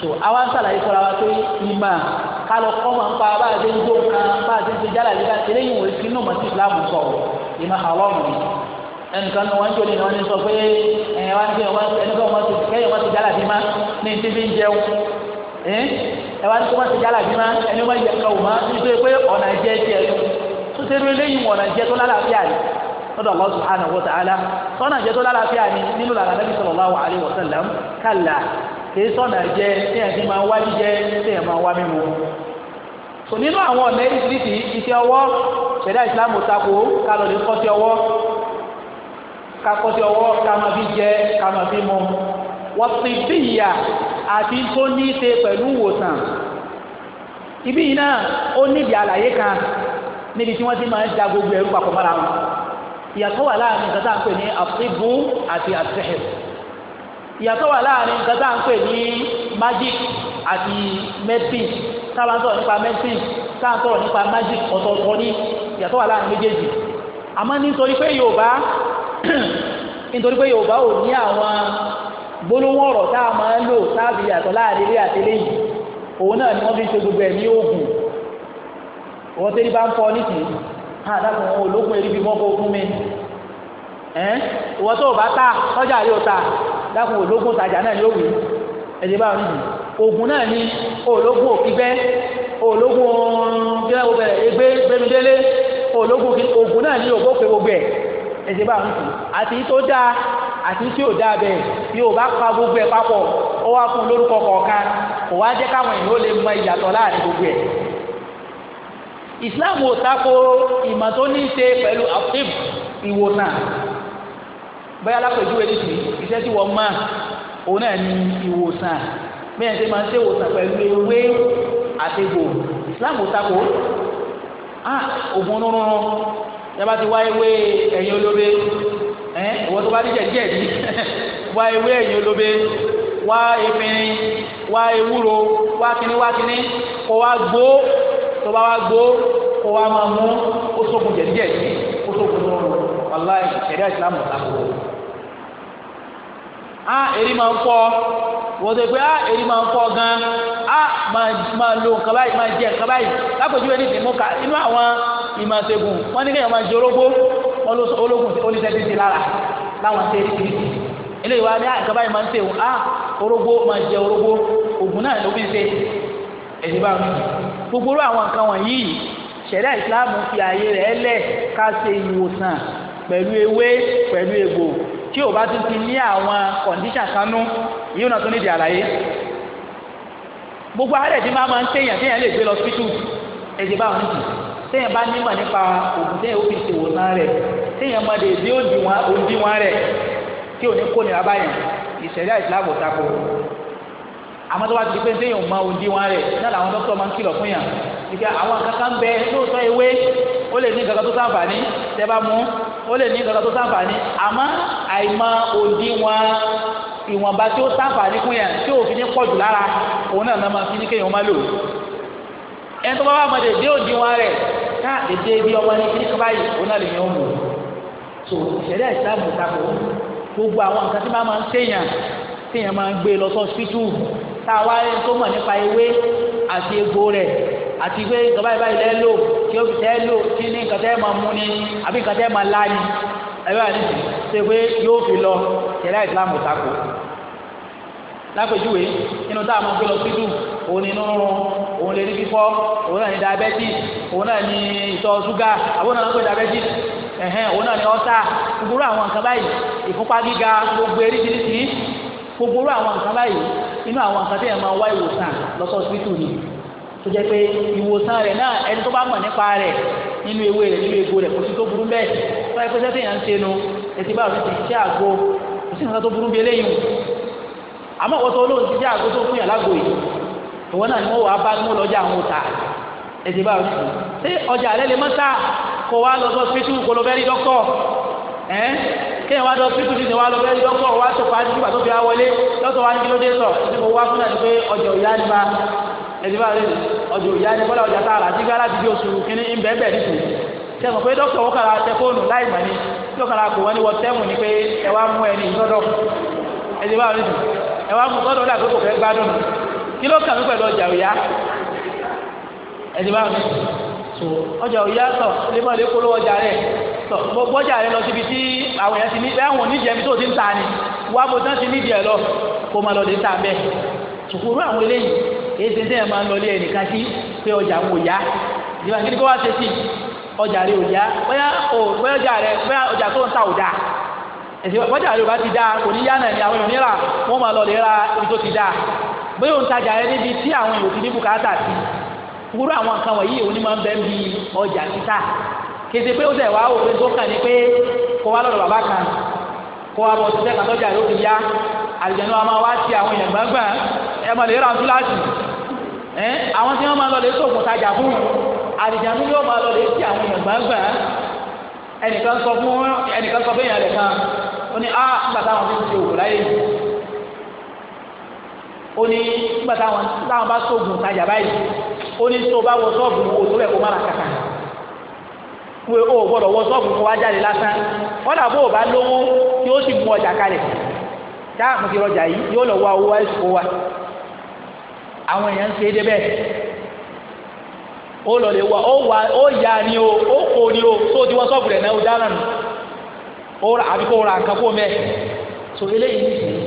so àwa ń sàlàyé fúnra wa pé ìmọ̀ kálọ̀ kọ́mọ̀ ń pa bá a ṣe ń jó kan bá a ṣe ń ṣe jálà nígbà tí eléyìí wò sí nùmọ̀ sí ìsìlámù sọ ìmọ̀ àlọ́mù ni ẹnìkan ní wọ́n ń jó ní wọ́n ń pé ẹ̀yìn wá ń gbé ẹnìkan wọ́n ti kẹ́yìn wọ́n ti jálà bí má ní ti fi ń jẹun ẹ wá ní kó má ti jálà bí má ẹni wá yẹ ká o má nítorí pé ọ̀nà jẹ́ tiẹ̀ tó ṣe ní eléyìí mọ̀ ọ̀nà jẹ́ tó lálàáfíà ni lọ́dọ̀ Allah subhanahu wa ta'ala sọ́nà jẹ́ tó lálàáfíà ni nínú làlá nàbí sallallahu alaihi wa sallam kàlà kìí sọ́nà jẹ́ téèyàn ti máa wá jíjẹ téèyàn máa wá mímu. tò nínú àwọn ọ̀nà ìsìlìsì iṣẹ́ ọwọ́ ṣẹ̀dá ìsìlámù tako kálọ̀ lè kọ́ sí ọwọ́ ká kọ́ sí ọwọ́ ká máa fi jẹ ká máa fi mu wọ́n ti bí ìyà àti tó ní ṣe pẹ̀lú ìwòsàn ibi yìí náà ó níbi àlàyé kan níbi tí wọ́n ti máa ń da gbogbo ẹ̀rú papọ̀ mọ́ra wọn ìyàtọ̀ wà láàrin nǹkan tá à ń pè ní àfíbù àti àtẹ̀hẹ̀ ìyàtọ̀ wà láàrin nǹkan tá à ń pè ní magic àti medicine táwa ń sọ̀rọ̀ nípa medicine táwa ń sọ̀rọ̀ nípa magic ọ̀tọ̀ọ̀tọ̀ ní ìyàtọ̀ wà láàrin méjèèjì àmọ́ nítorí pé Yorùbá nítorí pé Yorùbá ò ní àwọn gbólóhùn ọ̀rọ̀ tá a máa ń lò táàbì yàtọ̀ láàrin ilé àti eléyìí òun náà ni wọ́n fi ń ṣe gbogbo ẹ̀ ní oògùn wọ́n tẹ́lẹ̀ bá ń fọ́ nísìnyí hàn dákun òun ológun èrìbí mọ́kọ́ fún mi ẹ́n ìwọ́n tó o bá ta ọjà yóò ta dákun ológun tajà náà yóò wí ẹ̀jẹ̀ báwọn níbi oògùn náà ni ológun òkígbẹ́ ológun ẹgbẹ́ gbẹmídélé ológun ògùn náà ni ògbó pé gbogbo ẹ̀ ẹ̀jẹ̀ báwọn níbi àti tó dáa àti tí ò dáa bẹ́ẹ̀ yóò bá pa gbogbo ẹ̀ papọ̀ ó wá fún lórúkọ kọ̀ọ̀kan kò wá jẹ́ káwọn èèyàn ó lè mọ ìyàtọ̀ láàrin gbogbo ẹ̀. Islam ò tako ìmọ̀ tó ní í ṣe pẹ̀lú àfíìm ìwòsàn bẹ́ẹ̀ alápèjúwe ní sìn iṣẹ́ tí wọ́n mọ̀ òun náà ní ìwòsàn bẹ́ẹ̀ ṣe máa ń ṣe ìwòsàn pẹ̀lú ewé àtegbò Islam ò tako ah ògùn rúnrún yàrá ti wá ewé ẹ̀yìn olóore bá ní jẹ̀díjẹ̀ ní wá ewé ẹ̀yìn olóbe wá efinrin wá ewúro wá kíní wá kíní kó wá gbó tó bá wá gbó kó wá máa mú ó sókun jẹ̀díjẹ̀ ní ó sókun tó rọrùn wàláì ṣẹ̀dá ìsìlámù làkòó. a èrí máa ń fọ́ wọ́n ti pé a èrí máa ń fọ́ gan a máa lo nǹkan báyìí máa jẹ nǹkan báyìí lápèjúwe ní tìmú ka inú àwọn ìmọ̀ ṣègùn wọ́n ní kéèyàn máa jẹ ológbó ológun oníṣẹ́ ti ti lára láwọn ṣe é sí eléyìí wá ní àìkọ́ báyìí máa ń sèwọ̀n á ah, orógbó máa jẹ orógbó ògùn náà ló fi ń ṣe ẹ̀sìn bá wọn gbogbo àwọn nǹkan wọ̀nyí ṣẹ̀ríà ìsìláàmù fi ààyè rẹ̀ lẹ̀ ká ṣe ìwòsàn pẹ̀lú ewé pẹ̀lú egbò tí o bá tún ti ní àwọn kọ̀ǹdíṣàn kan nú yóò náà tún nídìí àlàyé gbogbo àárẹ̀ tí máa máa ń téèyàn téèyàn lè gbé lọ síbítù ẹ̀sìn bá wọn nìyí téèyàn bá nímọ̀ nípa ògùn téèyàn ó fi ṣèwòsàn rẹ̀ téèyàn máa dé dé òdiwọ̀n rẹ̀ tí ò ní kó nira báyìí ìṣẹ̀lẹ̀ ìsìlámù tako àmọ́ tó bá ti di pé téèyàn máa òdiwọ̀n rẹ̀ náà làwọn dókítà máa ń kìlọ̀ fún yàn ìgbà àwọn kankan bẹ lóòótọ́ ewé ó lè ní kankan tó ṣàǹfààní tẹ́ bá mú ó lè ní kankan tó ṣàǹfààní àmọ́ àìmọ̀ òdiwọ̀n ìwọ̀nba tí ó ṣàǹfààní fún yàn tí òfin ní pọ̀jù lára òun náà máa fi ní kéèyàn máa lò ẹni tó bá wà mọ̀ dé dé òdiwọ̀n rẹ̀ ká èdè ibi ọmọ ní kíkọ́ báyìí òun náà lè yàn ó mú un so ìṣẹ̀lẹ̀ ìsìlámù tako gbogbo àwọn nǹkan tí máa máa ń téèyàn téèyàn máa ń gbé lọ sọ́sítù tá a wá tó mọ̀ nípa ewé àti egbò rẹ̀ àti pé nǹkan báyìí báyìí lẹ́ lò tí ó fi tẹ́ lò tí ní nǹkan tẹ́ máa mú ni àbí nǹkan tẹ́ máa lá ni ẹ̀rọ àti ṣe pé yóò fi lọ ìṣẹ̀lẹ̀ ìsìlámù tako lápèjúwe inú tá a máa gbé lọ sọ́sítù òun ni nínú òun lè ní fífọ́ òun náà ní diabetes òun náà ní ìtọ̀ ṣúgà àwọn náà ń pè diabetes ẹ̀hẹ́n òun náà ni ọ́sà gbogbo àwọn nǹkan báyìí ìfúnpá gíga gbogbo gbogbo àwọn nǹkan báyìí inú àwọn nǹkan tí yẹn máa wá ìwòsàn lọ́sọ̀ọ́sìbítù ni tó jẹ́ pé ìwòsàn rẹ̀ náà ẹni tó bá mọ̀ nípa rẹ̀ nínú ewé rẹ̀ nínú egbò rẹ̀ kò sí tó burú bẹ́ẹ̀ tó yẹ pé sẹ́sẹ̀ yẹn ń ṣe nu etí ti ṣe àgbo kò sí nǹkan tó burú ọjà alẹ́ lè kò wá lọ sọ sípítù kò lọ bẹ́ẹ̀ rí dọ́kọ̀ ẹ́ kéèyàn wá lọ sípítù ní wá lọ bẹ́ẹ̀ rí dọ́kọ̀ wá tó pa nígbà tó fi wá wọlé lọ́tọ̀ wá ní kí ló dé sọ ẹni mo wá fún náà ni pé ọjà òyà ni ma ẹni bá rí ọjà òyà ni bọ́lá ọjà tààrà àti gárá ti di oṣù kínní ń bẹ́ẹ̀ bẹ́ẹ̀ nìkú sẹ́gun pé dọ́kítọ̀ wọ́n kàrà tẹ fóònù láì mọ̀ ni lọ́kàrà kò wọ́n ní wọ́n tẹ́wọ̀n ni pé ẹ wá mú ẹni ìtọ́dọ̀ ẹni bá rí ẹ wá mú tọ́dọ̀ dà pé so ọjà òyà tọ̀ lẹ́mọ̀ lè kó lọ́wọ́ ọjà rẹ̀ tọ̀ gbogbo ọjà rẹ̀ lọ síbi tí àwọn èèyàn ti ní bẹ́ẹ̀ wọn nídìí tó ti ń ta ni wá bó tán ti nídìí ẹ lọ kó máa lọ lè ta bẹ́ẹ̀ sùkúrú àwọn eléyìí èyí ṣe tẹ́yẹ̀ máa ń lọ lé ẹnìkan sí pé ọjà wò yá ìgbà kí ni kó wá ṣe sí ọjà rẹ̀ ò yá bóyá ọjà rẹ̀ bóyá ọjà tó ń ta ò dáa ẹ̀sìn ọjà rẹ̀ bá ti dáa kò ní yá náà ni àwọn èèyàn níra wọ́n máa lọ lè ra ibi tó ti dáa bóyá òǹtajà rẹ̀ níbi tí àwọn èèyàn ti ní bùkátà sí wúrú àwọn nǹkan wọ̀nyí òun ni máa ń bẹ́ẹ̀ bí ọjà títà kété pé ó sẹ̀ wá òfin tó kàn ní pé kó wá lọ́dọ̀ bàbá kan kó wá bọ̀ síbẹ̀ kan tọ́jà yóò fi yá àlùjẹ̀nu wa máa wá sí àwọn èèyàn gbọ̀ngbọ̀n ẹ mọ̀ lè ra àwọn ẹ àwọn tí wọ́n máa lọ lè sóògùn tajà fún àlùjẹ̀nu yóò máa lọ lè sí àwọn èèyàn gbọ̀ngbọ̀n ẹnìkan sọ fún ẹnìkan sọ fún èèyàn rẹ̀ kan ó ní á ah, nígbà táwọn fi ń ṣe òkú láyé yìí ó ní nígbà táwọn táwọn bá sóògùn tajà báyìí ó tó bá wọ sọ́ọ̀bù wo tó bẹ̀ kó má ra kàkà pé ó gbọ́dọ̀ wọ sọ́ọ̀bù kó wá jáde lásán wọ́n dà bó o bá lówó tí ó sì mú ọjà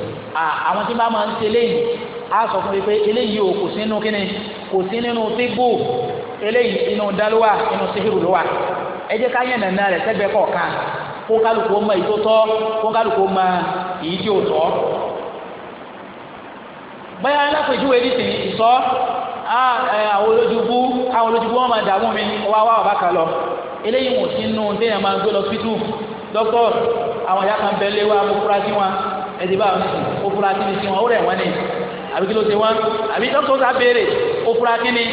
wa o kò á sọ fún mi pé eléyìí o kò sínú kíni kò sí nínú tígbò eléyìí inú dálówà inú síhìrù lówà ẹ jẹ́ ká yẹn nàná rẹ̀ sẹ́gbẹ́ kọ̀ọ̀kan kó kálukú ó mọ èyí tó tọ́ kó kálukú ó mọ èyí tí ò tọ́ báyà alápèjúwe ní sìn ìsọ́ àwọn olójúbú àwọn olójúbú wọn máa dààmú mi wá wá ọ̀bá kan lọ eléyìí wọn ò sí nù déèyàn máa gbé lọ síbítù dókítọ̀ àwọn ìyá kan bẹ́ẹ̀ lé wa mo fura sí wọn ẹ̀dí báwọn mo fura sí mi sí wọn ó rẹ̀ wọ́n ní àbí kí ló ṣe wá àbí dókítà ó sá béèrè ó fura kí ni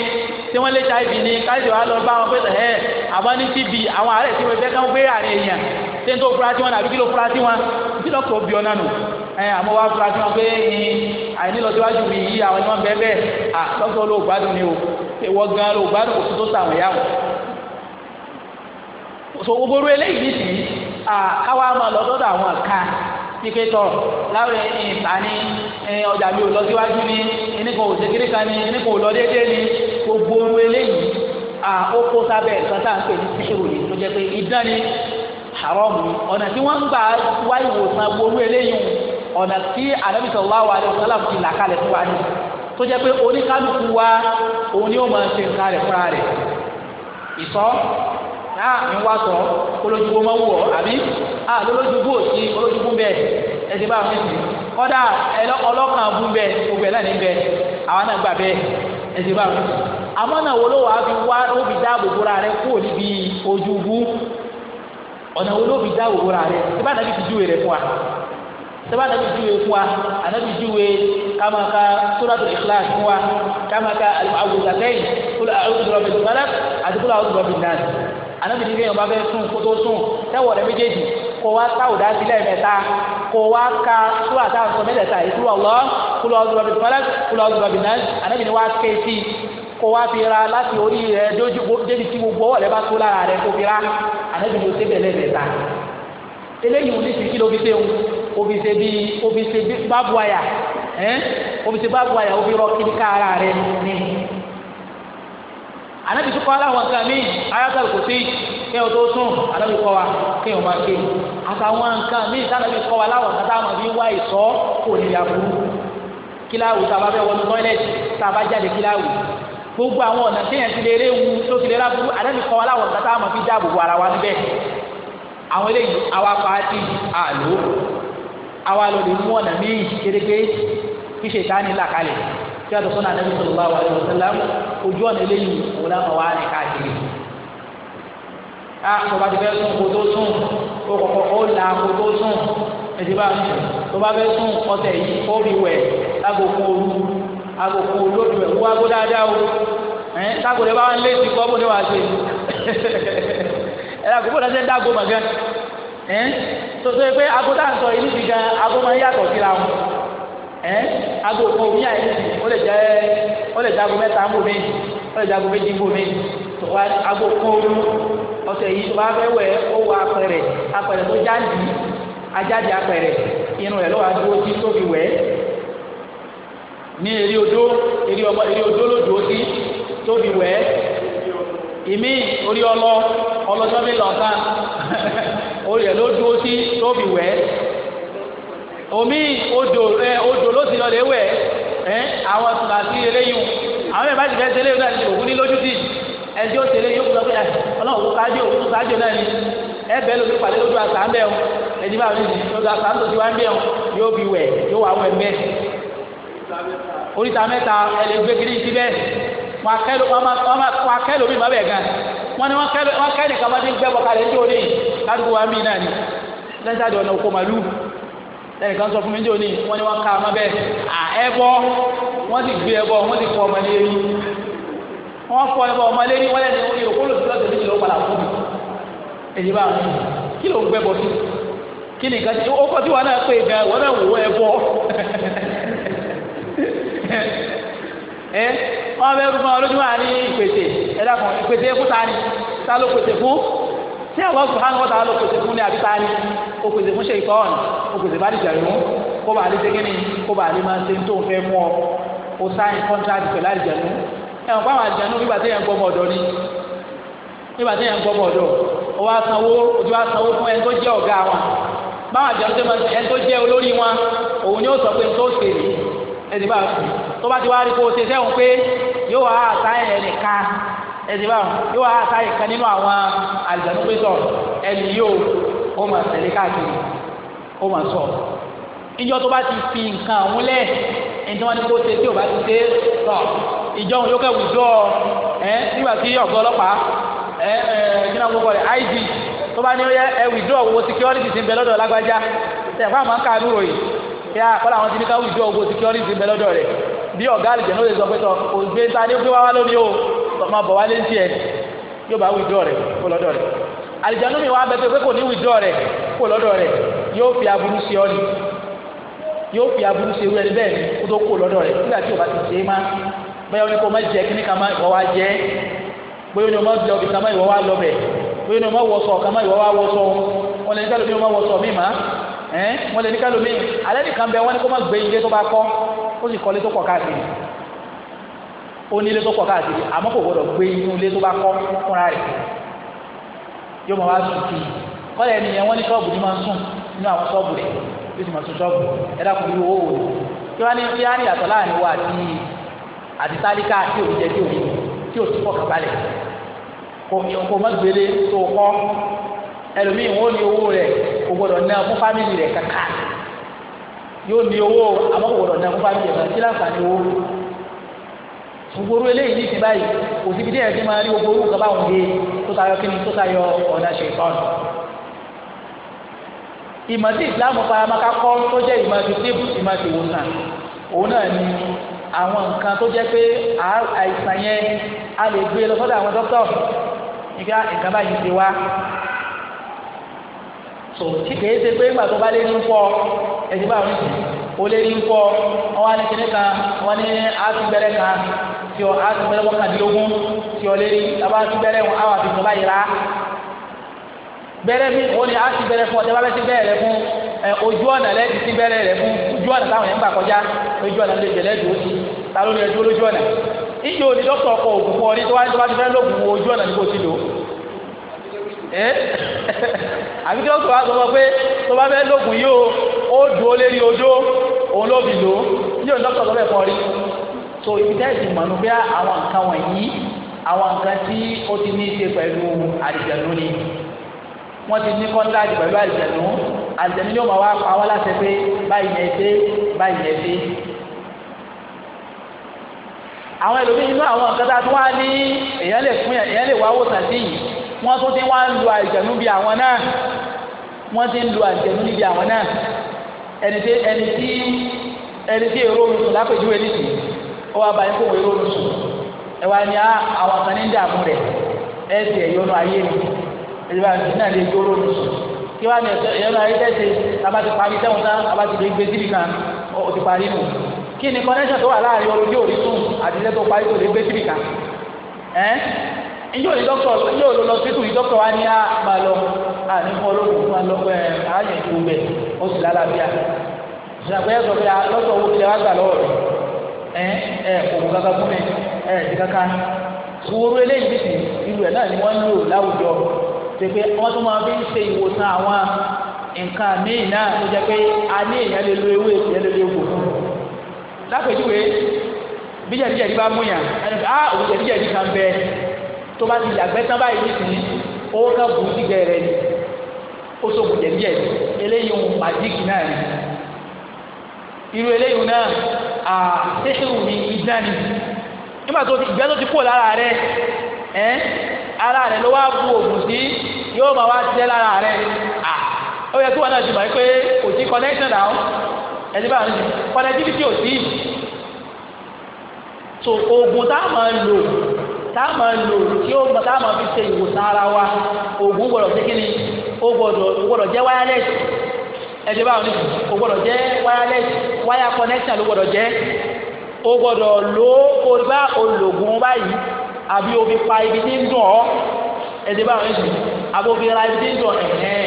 tí wọ́n lé hiv ní káyọ̀dé wa lọ bá wọn pé ẹ̀ àbá ní tb àwọn àárẹ̀ tí wọ́n fẹ́ kán gbé àárín èèyàn tí n tó fura sí wọn àbí kí ló fura sí wọn tí dókítà ó bí ọ náà nù ẹ àmọ́ wa fura sí wọn pé ní àìnílọsíwájú mi yí àwọn ni wọ́n bẹ́ẹ̀ bẹ́ẹ̀ à dókítà ó lò gbádùn ni o ìwọ gan ló gbádùn òkú tó sàwọn ìyá wọn so gbogbo eléyìí nìsí à káwa máa lọ sọ́dọ̀ àwọn kan ipe tọ láwọn ìta ní ọjà mi ò lọ síwájú ní ẹnìkan ò ṣèkiri kan ní ẹnìkan ò lọ déédéé ní gbogbo ohun eléyìí à ó kó sábẹ́ nǹkan tá à ń pè ní síkìrò yìí tó jẹ́ pé idán ni haram ni ọ̀nà tí wọ́n ń gbà wá ìwòsàn gbogbo eléyìí ọ̀nà tí Ànábì sallallahu alaihi wasallam ti là kalẹ̀ fún wa ni tó jẹ́ pé oníkálukú wa òun ni ó máa ń ṣe nǹkan rẹ̀ fúnra rẹ̀ ìsọ́ náà ń wá sọ olójúgbó máa wù ọ àbí à lólójúgbó òsì olójúgbó bẹ ẹ ti bá wọn fi kọ́dà ọlọ́kàn bú bẹ gbogbo ẹ̀ náà ní bẹ àwọn náà gbà bẹ ẹ ti bá wọn fi àmọ́ náà wo ló wàá fi wá ó fi dáàbò bóra rẹ kúrò níbi ojúgbó ọ̀nà wo ló fi dáàbò bóra rẹ ìbá náà fi júwe rẹ fún wa sọba anabi juwe fún wa anabi juwe kama ka suratul ikhlas fún wa kama ka abu zakai kula awo dọrọbi anábì ní kéèyàn bá fẹ́ sun kó sun? sùn tẹ́wọ̀ rẹ̀ méjèèjì kó wá táwù dá sílẹ̀ mẹ́ta kó wá ka súrà táwọn sọ mẹ́tẹ̀ẹ̀ta ìkúrò ọ̀lọ́ kúlọ̀ ọ̀dùnrọ̀bì falak kúlọ̀ ọ̀dùnrọ̀bì nas anábì ní wá ké sí kó wá fi ra láti orí rẹ̀ débi tí gbogbo ọ̀rẹ́ bá tó lára rẹ̀ kó fi ra anábì ní o tẹ́ bẹ̀lẹ̀ mẹ́ta eléyìí wọ́n ti fi kí ló fi sẹ́wọ̀n òbí ṣe bí òbí ṣe bábu àyà ẹ́ òbí ṣe bábu àyà òbí rọ kíríkà ara rẹ̀ ní anabi tó kọ́ aláwọ̀ nǹkan mi ayatollah kò sí kí ẹ̀ tó sùn anabi kọ́ wa kí ẹ̀ máa ké àtàwọn nǹkan mi sanabi kọ́ wa láwọn nǹkan táwọn fi wá ìsọ́ kò ní ìyàbùrú kíláwù tàbá fẹ́ wọnú tọ́ílẹ̀tì tàbá jáde kíláwù gbogbo àwọn ọ̀nà téèyàn ti lè eré wu tó ti lè rà burú anabi kọ́ wa láwọn nǹkan táwọn fi dáàbò bo ara wa níbẹ̀ àwọn eléyìí àwa pàtì àlò àwa lò lè mú ọ̀nà míì kéréké kí ṣètánì là kalẹ̀ tí a lọ sọ́nà àdébí sallallahu alaihi wasallam ojú ọ̀nà eléyìí òun làwọn wà ní káàkiri. a ah, tó bá ti fẹ́ sùn kó tó sùn kó kọ̀kọ́ ó là kó tó sùn ẹtì bá tó bá fẹ́ sùn ọ̀sẹ̀ yìí ó rí wẹ̀ lágòkó olú agòkó olóòtú ẹ̀ wọ́n agó dáadáa o ẹ̀ lágòkó bá ń lé ti kọ́ bó ni wàá ṣe ẹ̀ lágòkó náà ṣe ń dágò mọ̀ ẹ̀ tó ṣe pé agó dáńtọ̀ yìí níbi gan agó máa ń yàtọ̀ síra wọn ẹ aago kan òbí àyè ó lè jẹ ó lè jago mẹ́ta ń bò mí ó lè jago méjì ń bò mí tó wá aago kan òru ọ̀sẹ̀ yìí tó bá fẹ́ wẹ̀ ó wọ apẹ̀rẹ̀ apẹ̀rẹ̀ tó jáde ajáde apẹ̀rẹ̀ irun rẹ̀ ló wà dúró tí tó fi wẹ̀ ní o odó eré ọmọ eré odó ló dúró sí tó fi wẹ̀ ìmí orí ọlọ ọlọ́jọ́ mi lọ́ta orí ẹ̀ ló dúró sí tó fi wẹ̀ omi odò ẹ odò ló sì lọ lè ẹ àwọn tùlàsí eléyìí àwọn ẹ̀ bá ti fẹ́ ṣe eléyìí náà òkú ní lójú eléyìí ó kú sáájú òkú tó sáájú náà ni ẹ bẹ́ẹ̀ lómi pàdé lójú àṣà ń bẹ̀ ọ́ ẹni bá mi lójú àṣà ń tòjú wá ń bẹ̀ yóò bí yóò wà oríta ẹ lè gbé kiri wọn wọn wọn ni ẹnìkan sọ fún mi jẹ́ òní wọ́n ní wọ́n ká ọmọ bẹ́ẹ̀ à ẹbọ wọ́n ti gbé ẹbọ wọ́n ti fọ ọmọ ilé yìí wọ́n fọ ẹbọ ọmọ ilé yìí wọ́n lẹ́nu ìròkólò tó lọ́sẹ̀ méjì ló padà fún mi èyí bá mi kí ló ń gbẹ́bọ sí kí ni nǹkan ó kọ́ tí wọn náà pè gan wọn náà wò ẹbọ ẹ wọn bẹ rúbọ ọlójúmọ́ àní ìpèsè ẹ dàpọ̀ ìpèsè fún ta ni ta ló pèsè fún ṣé Allah subhanahu wa ta'ala ló pèsè fún ní àbíta ni ó pèsè fún ṣe ìtọ́ ọ̀nà ó pèsè bá dìjà ìrún kó bá lè dégé ní kó bá lè máa ṣe tó ń fẹ́ mú ọ ó sáyìn kọ́ńtráàtì pẹ̀lú àdìjẹ̀nu ẹ̀wọ̀n fáwọn àdìjẹ̀nu nígbà téèyàn gbọ́ ọmọ ọ̀dọ́ ni nígbà téèyàn gbọ́ ọmọ ọ̀dọ́ ó wá sanwó ojú wá sanwó fún ẹni tó jẹ́ ọ̀gá wọn báwọn àdìjẹ̀nu tó ẹni tó jẹ́ ẹsẹ báwọn yóò wá ká ìkan nínú àwọn àlùjànnú pé sọ ẹni yóò ó mà tẹ̀lé káàkiri ó mà sọ ìjọ tó bá ti fi nǹkan àwọn lẹ̀ ẹni tí wọ́n ní kó ṣe tí ò bá ti ṣe sọ ìjọ òun yóò kẹ́ wùdọ́ ẹ nígbà tí ọ̀gá ọlọ́pàá ẹ ẹ kí náà gbogbo rẹ̀ ig tó bá ní ẹ wùdọ́ owó security ti ń bẹ lọ́dọ̀ lágbájá tẹ̀ fún àwọn káàdù ròyìn kí á kọ́lá àwọn ti ní ká wùdọ́ owó security ti ń bẹ lọ́dọ̀ rẹ̀ bí ọ̀gá àlùjànnú ló lè sọ pé sọ òṣèlú ta ni ó wá wá lónìí o ọmọ bọ̀ wálé ń tiẹ̀ yóò bá withdraw rẹ̀ kó lọ́dọ̀ rẹ̀ àlìjánu mi wá bẹ pé kò ní withdraw rẹ̀ kó lọ́dọ̀ rẹ̀ yóò fi aburú sí ọ ni yóò fi aburú sí ewúrẹ́ níbẹ̀ kó tó kó lọ́dọ̀ rẹ̀ nígbà tí o bá ti ṣe é má bẹ́ẹ̀ ni kò má jẹ kíní kan má ìwọ wá jẹ bóyá ni o má jẹ ọbì kan má ìwọ wá lọ bẹ̀ bóyá ni o má wọṣọ kan má ìwọ wá wọṣọ wọn lè ní kálómi o má wọṣọ mi má ẹ wọn lè ní kálómi alẹ́ nìkan bẹ wọn ni kó má gbé ilé tó bá kọ́ ó sì kọ́lé tó ó ní ilé tó kọ́ káàkiri àmọ́ kò gbọdọ̀ gbé inú ilé tó bá kọ́ fúnra rẹ̀ yóò máa wá sùn sí i kọ́lẹ̀ ẹni yẹn wọ́n ní ṣọ́ọ̀bù ní máa ń sùn nínú àwọn ṣọ́ọ̀bù rẹ̀ yóò sì máa sùn ṣọ́ọ̀bù ẹ dákun irú owó òòlù kí wọ́n ní kí á ní ìyàtọ̀ láàrin wa àti àti tálíkà tí ò jẹ tí ò tí ò túbọ̀ kàbálẹ̀ kò kò má gbélé tó kọ́ ẹlòmíì wọ́n ní owó rẹ̀ kò gbọdọ̀ ná fún fámìlì rẹ̀ kàkà yóò ní owó àmọ́ kò gbọdọ̀ ná fún fámìlì rẹ̀ gbogbo eléyìí ní ti báyìí òsibí díẹ̀ ti máa rí gbogbo orúkọ báwọn gbé tó tayọ kíni tó tayọ ọ̀nà ṣètọ́nù. ìmọ̀ tí ìsìláàmù faramaka kọ́ tó jẹ́ ìmọ̀ ti tíìbù ìmọ̀ ti wòsàn òun náà ni àwọn nǹkan tó jẹ́ pé àìsàn yẹn a lè gbé lọ sọ́dọ̀ àwọn dókítà nígbà nǹkan báyìí ti wá. sò tí kèé ṣe pé ìgbà tó bá lé ní fọ ẹ̀sìn báwọn ní o lé ní fọ wọn wá ní kíní kan wọn ní àtúgbẹrẹ kan tí ọ á ti mẹ́lẹ́ wákàdínlógún tí ọ lé abá ti bẹ̀rẹ̀ wọn á wà fi fún báyìí rà bẹ̀rẹ̀ ni á ti fún ọ tẹ́wọ́ bẹ́ ti bẹ̀rẹ̀ rẹ fún ẹ ojú ọ̀nà lẹ́ẹ̀dì ti bẹ̀rẹ̀ rẹ fún ojú ọ̀nà táwọn yẹn ń gbà ojú ọ̀nà lè jẹ̀lẹ́ dùn ti ta ló ní lójú ọ̀nà iye òní dọ́kítọ̀ ọkọ̀ òògùn fún ọ ní tó bá fẹ́ lóògùn ojú ọ̀nà ní kò ti lò àbí kí ó dùn ó lérí ojó òun so ibi tẹ́sí mọ̀nù pé àwọn nǹkan wọ̀nyí àwọn nǹkan tí ó ti ní í ṣe pẹ̀lú àlìjẹ̀nu ni wọ́n ti ní kọ́ńtàdì pẹ̀lú àlìjẹ̀nu àlìjẹ̀nu yóò máa wá pa wọ́n láṣẹ pé báyìí yẹn dé báyìí yẹn dé àwọn ẹlòmíín inú àwọn nǹkan tá a tún wá ní èèyàn lè fún èèyàn lè wá wòsàn sí yìí wọ́n tún ti wá ń lu àlìjẹ̀nu bí àwọn náà wọ́n ti ń lu àlìjẹ̀nu níbi àwọn náà ẹni tí ẹni tí èrò omi lápèjúwe nìyí ó wá báyìí kó wọ́n yóò lù sùn ẹ wá ní àwọn kan ní ń dààmú rẹ̀ ẹ sì ẹ̀ yọnu ayé mi ẹ̀yọ́ àti náà lè yọ lù sùn kí wá ní ẹ̀yọ́nu ayé tẹ̀sí abá ti parí sẹ́wọ̀n tán abá ti lè gbé síbi kan ó ti parí nù kí ni connection tó wà láàrin olójú òrìṣùn àti ilé tó parí tó lè gbé síbi kan ẹ́ njẹ́ òní dọ́kítọ̀ njẹ́ òní lọ síkù yìí dọ́kítọ̀ wa ní a máa lọ a ní fún olóògùn fún alọ́gbẹ́ ààyè ìdúgbẹ́ oṣù lálàbíà ìṣàgbéyàsọ pé a lọ́sọ̀ owó kílẹ̀ wá gbà lọ́wọ́ rẹ̀ ẹ ẹ òwò kankan fún mi ẹ ti kankan sòwòrò eléyìí ti sìn ẹ náà ni wọ́n lò láwùjọ pépé wọ́n tún máa fi ń ṣe ìwòsàn àwọn nǹkan míì náà tó pé a ní èèyàn lè lo ewé èèyàn lè lo lápèjúwe bá múyàn ẹni ah òun jẹ̀díjẹ̀dí kan bẹ tó bá ti yàgbẹ́ tán báyìí owó kan bù sí ni ó jẹ̀díjẹ̀dí eléyìí náà irú eléyìí náà àṣehìrù ní ìdán ni ti ìgbẹ́ tó ti kó lára rẹ ẹ ara rẹ ló wá bu òògùn sí yóò máa wá ṣiṣẹ́ lára rẹ ó yẹ kí náà ti mọ̀ pé kò sí connection náà ẹni bá ń connectivity ò sí so oògùn tá a máa lò tá a máa lò tí ó tá a máa fi ṣe ìwòsàn ara wa oògùn kí ẹ̀jẹ̀ báwọn níbi o gbọ́dọ̀ jẹ́ wireless wire connection ló gbọ́dọ̀ jẹ́ o gbọ́dọ̀ lo o bá ológun báyìí àbí o fi pa ibi tí ń dùn ọ́ ẹ̀jẹ̀ báwọn níbi àbí o fi ra ibi tí ń dùn ẹ̀hẹ́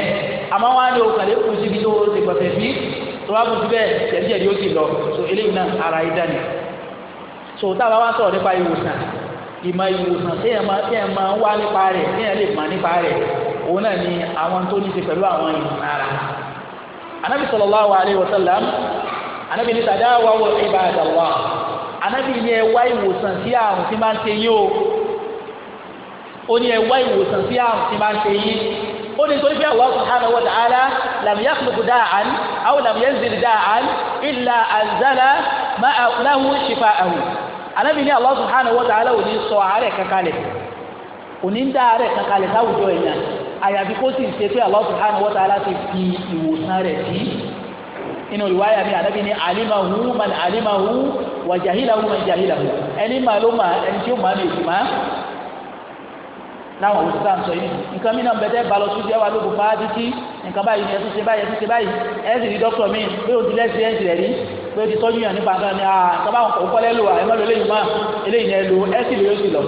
àmọ́ wọn á ní o kàlẹ́ kù síbi tó ti gbọ̀tẹ̀ bí tó bá kùsù bẹ́ẹ̀ jẹ̀díjẹ̀dí ó ti lọ so eléyìí náà ara yìí dání so táwa wá sọ̀rọ̀ nípa ìwòsàn ìmọ̀ ìwòsàn téèyàn máa téèyàn máa ń wá nípa rẹ̀ téèyàn lè mọ̀ nípa rẹ̀ òun náà ni àwọn tó ní ṣe pẹ̀lú àwọn ìmọ̀ ara anabi sallallahu alayhi wa sallam anabi ní tadawaw ibadallah anabi ní ẹ wá ìwòsàn sí àrùn tí máa ń ṣe yín o ó ní ẹ wá ìwòsàn sí àrùn tí máa ń ṣe yín ó ní torí pé Allah subhanahu wa ta'ala lam yakhluq da'an aw lam yanzil da'an illa anzala ma'ahu shifa'ahu anabi ní Allah subhanahu wa ta'ala ò ní sọ àárẹ̀ kankanlẹ̀ ò ní dá àárẹ̀ kankanlẹ̀ láwùjọ ìyàn àyàfi kó sì ṣe pé Allah subhanahu wa ta'ala ti fi ìwòsàn rẹ̀ sí inú ìwáyà mi àdábì ní alimahu man alimahu wà jahilahu man jahilahu ẹni màá ló máa ẹni tí ó máa lè má láwọn òwò sísá ń sọ yìí nǹkan mí náà bẹ̀tẹ̀ balọ̀ sójú ẹwà lóko bá títí nǹkan báyìí ni ẹtún ṣe báyìí ẹtún ṣe báyìí ẹtún ṣe dókítà mi pé o ti lẹ́sìn ẹ̀sìn rẹ̀ rí pé o ti tọ́jú yàn nípa nǹkan ni àà sábà ń kọ́ lẹ́lò à ẹ̀mọ́ lóléyìí mọ́ eléyìí ni ẹ lo ẹ̀sìn lóyún sí lọ.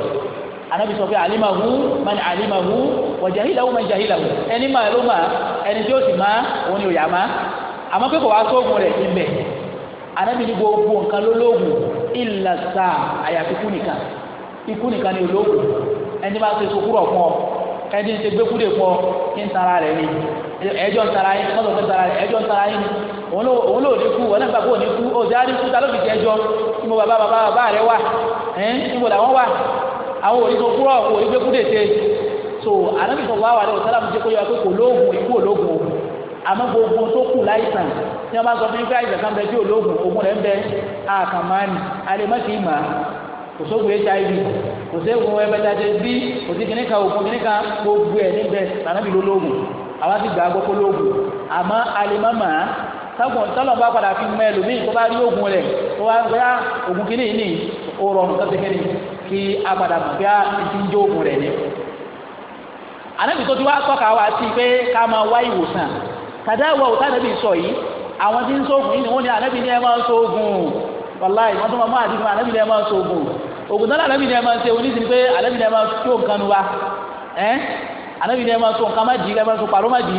Ànábì sọ pé alimahu mani alimahu wàjàhílà ó máa jàhílà ó ẹni máa ló máa ẹni tí ó sì máa òun ni ò yà máa àmọ́ pé kò wá sóògùn rẹ̀ ibẹ̀ anábì ní gbogbo nǹkan ló lóògùn ìlà sáà àyàfi ikú nìkan ikú nìkan ni olóògùn ẹni máa ń ṣe sukúrọ̀ fún ọ ẹni ṣe gbẹkúdè fún ọ kí n tara rẹ ni ẹjọ ń tara yín mọ́tò fẹ́ tara rẹ ẹjọ ń tara yín òun ló ní kú wọn náà gbàgbọ́ ní kú òjò á ní kú ta ló fi jẹ ẹjọ níbo bàbá bàbá rẹ wà ẹ níbo làwọn wà àwọn òní sukúrọ̀ òní gbẹkúdè ṣe so Ànábì sallallahu alaihi wasallam jẹ́ kó yọ pé kò lóògùn ikú olóògùn ògùn àmọ́ gbogbo tó kù láìsàn tí wọ́n bá sọ fún yín pé àìsàn kan bẹ tí olóògùn ògùn rẹ̀ ń bẹ àkàmánì alẹ́mọ́tì ìmà kò sóògùn hiv kò sóògùn hepatitis b kò sí kìnnìkan ògùn kìnnìkan gbogbo ẹ̀ níbẹ̀ Ànábì ló lóògùn àwa ti gbà gbọ́ kó lóògùn àmọ́ alẹ́mọ́mà sagbọn tọlọ bá padà fi mọ ẹlòmíì tó bá rí oògùn rẹ tó bá gbé ah, oògùn kìíní ní òrọrùn tó ti kéde kí a padà mọ bí a ti ń jó oògùn rẹ ní ànábì tó ti wá tọ́ka wa sí pé ká máa wá ìwòsàn kàdáwà òtá ànábì sọ yìí àwọn tí ń sóògùn yìí ni wọ́n ní ànábì ní ẹ máa ń sóògùn wàláì wọ́n tó máa mú àdìgún ànábì ní ẹ máa ń sóògùn ògùn tán ànábì ní ẹ máa ń ṣe oníṣìí pé ànábì ní ẹ máa tó nǹkan nu wa ẹ́ ànábì ní ẹ máa tó nǹkan má jì ẹ máa tó pàrọ́ má jì